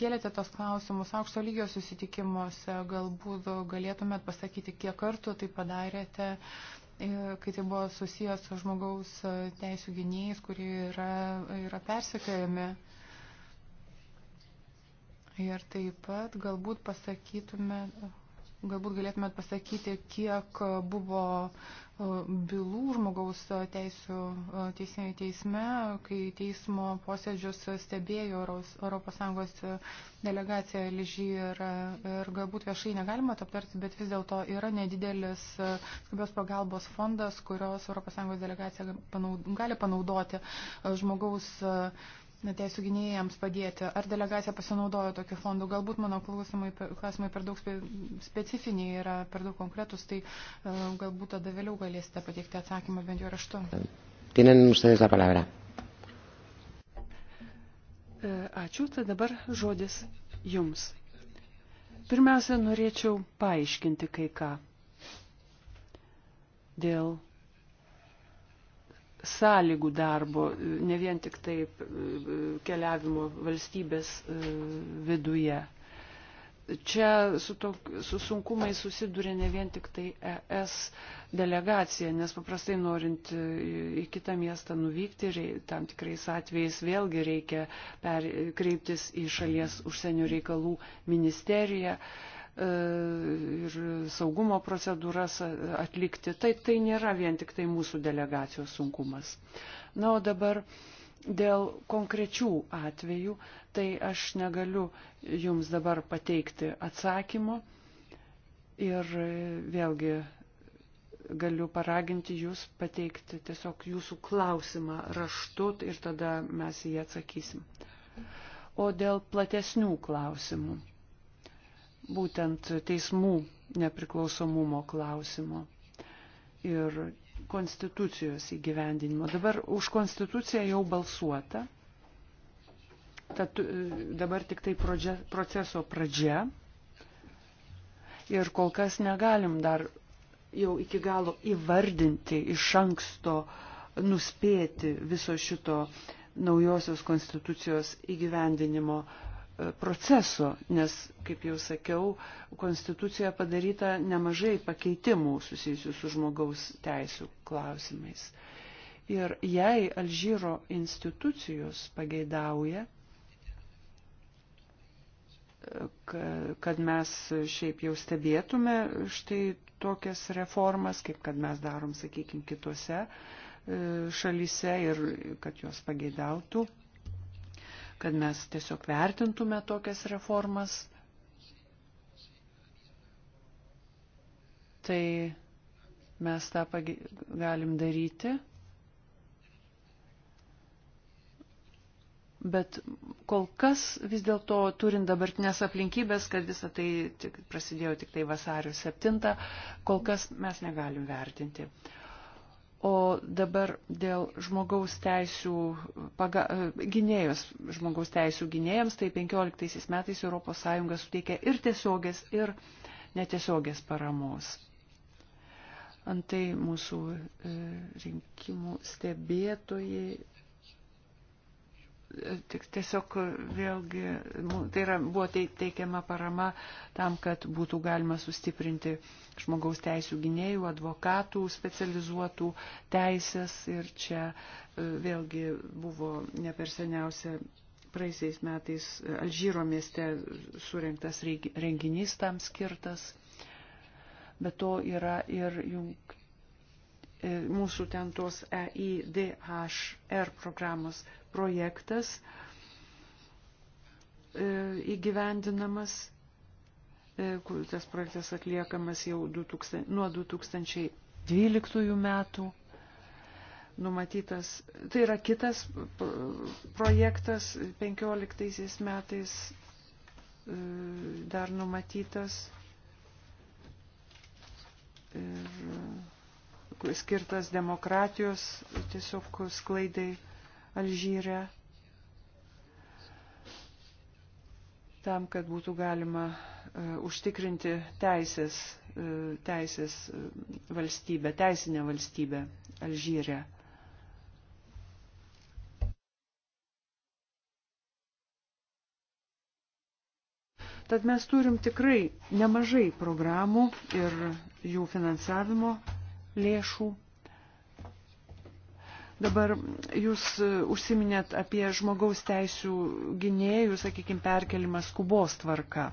kėlėte tos klausimus aukšto lygio susitikimuose, galbūt galėtumėt pasakyti, kiek kartų tai padarėte. Uh, E, kai tai buvo susijęs su žmogaus e, teisų gynėjais, kurie yra, yra persikėjami. Ir taip pat galbūt pasakytume Galbūt galėtumėt pasakyti, kiek buvo e, bylų žmogaus teisų e, teisinėje teisme, kai teismo posėdžius stebėjo ES delegacija Ližy ir, ir galbūt viešai negalima aptarti, bet vis dėlto yra nedidelis e, skubios pagalbos fondas, kurios ES delegacija panaud, gali panaudoti žmogaus teisų gynėjams padėti. Ar delegacija pasinaudojo tokiu fondu? Galbūt mano klausimai, klausimai per daug spe, specifiniai yra, per daug konkretus, tai uh, galbūt tada vėliau galėsite pateikti atsakymą bent jau raštu. Tienen ustedes la palabra. E, ačiū, tai dabar žodis jums. Pirmiausia, norėčiau paaiškinti kai ką dėl sąlygų darbo, ne vien tik taip e, e, keliavimo valstybės e, viduje. Čia su, to, su sunkumai susiduria ne vien tik tai ES delegacija, nes paprastai norint į kitą miestą nuvykti, tam tikrais atvejais vėlgi reikia per, kreiptis į šalies užsienio reikalų ministeriją. E, E, ir saugumo procedūras atlikti. Tai, tai nėra vien tik tai mūsų delegacijos sunkumas. Na, o dabar dėl konkrečių atvejų, tai aš negaliu jums dabar pateikti atsakymo ir vėlgi galiu paraginti jūs pateikti tiesiog jūsų klausimą raštu ir tada mes jį atsakysim. O dėl platesnių klausimų būtent teismų nepriklausomumo klausimo ir konstitucijos įgyvendinimo. Dabar už konstituciją jau balsuota, tad e, dabar tik tai pradžia, proceso pradžia ir kol kas negalim dar jau iki galo įvardinti iš anksto, nuspėti viso šito naujosios konstitucijos įgyvendinimo proceso, nes, kaip jau sakiau, Konstitucijoje padaryta nemažai pakeitimų susijusių su žmogaus teisų klausimais. Ir jei Alžyro institucijos pageidauja, kad mes šiaip jau stebėtume štai tokias reformas, kaip kad mes darom, sakykime, kitose e, šalyse ir kad jos pageidautų, kad mes tiesiog vertintume tokias reformas. Tai mes tą galim daryti. Bet kol kas vis dėlto turint dabartinės aplinkybės, kad visa tai tik, prasidėjo tik tai vasario 7, kol kas mes negalim vertinti. O dabar dėl žmogaus teisų paga, gynėjos, žmogaus teisų gynėjams, tai 15 metais ES suteikė ir tiesiogės, ir netiesiogės paramos. Antai mūsų e, rinkimų stebėtojai tik tiesiog vėlgi, tai yra, buvo teikiama parama tam, kad būtų galima sustiprinti žmogaus teisų gynėjų, advokatų, specializuotų teisės ir čia e, vėlgi buvo ne per seniausia praeisiais metais Alžyro mieste surinktas renginys tam skirtas. Bet to yra ir jungt E, mūsų ten tos EIDHR programos projektas e, įgyvendinamas, e, tas projektas atliekamas jau 2000, nuo 2012 metų. Numatytas, tai yra kitas projektas 15 metais dar numatytas. Ir skirtas demokratijos tiesiog sklaidai Alžyre, tam, kad būtų galima e, užtikrinti teisės, e, teisės e, valstybę, teisinę valstybę Alžyre. Tad mes turim tikrai nemažai programų ir jų finansavimo lėšų. Dabar jūs užsiminėt apie žmogaus teisų gynėjų, sakykime, perkelimą skubos tvarka.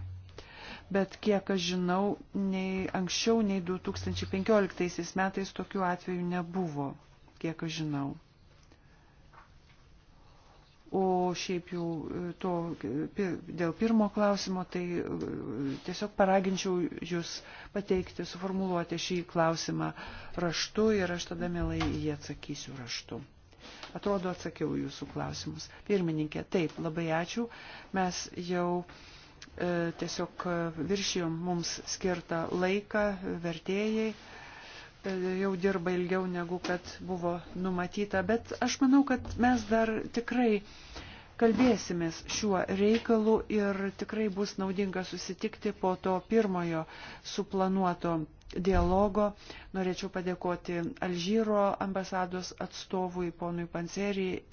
Bet kiek aš žinau, nei anksčiau, nei 2015 metais tokių atvejų nebuvo, kiek aš žinau. O šiaip jau e, to, dėl pirmo klausimo, tai e, tiesiog paraginčiau jūs pateikti, suformuluoti šį klausimą raštu ir aš tada mielai jį atsakysiu raštu. Atrodo, atsakiau jūsų klausimus. Pirmininkė, taip, labai ačiū. Mes jau e, tiesiog e, viršijom mums skirtą laiką vertėjai. E, jau dirba ilgiau negu kad buvo numatyta, bet aš manau, kad mes dar tikrai kalbėsimės šiuo reikalu ir tikrai bus naudinga susitikti po to pirmojo suplanuoto dialogo. Norėčiau padėkoti Alžyro ambasados atstovui ponui Panserijai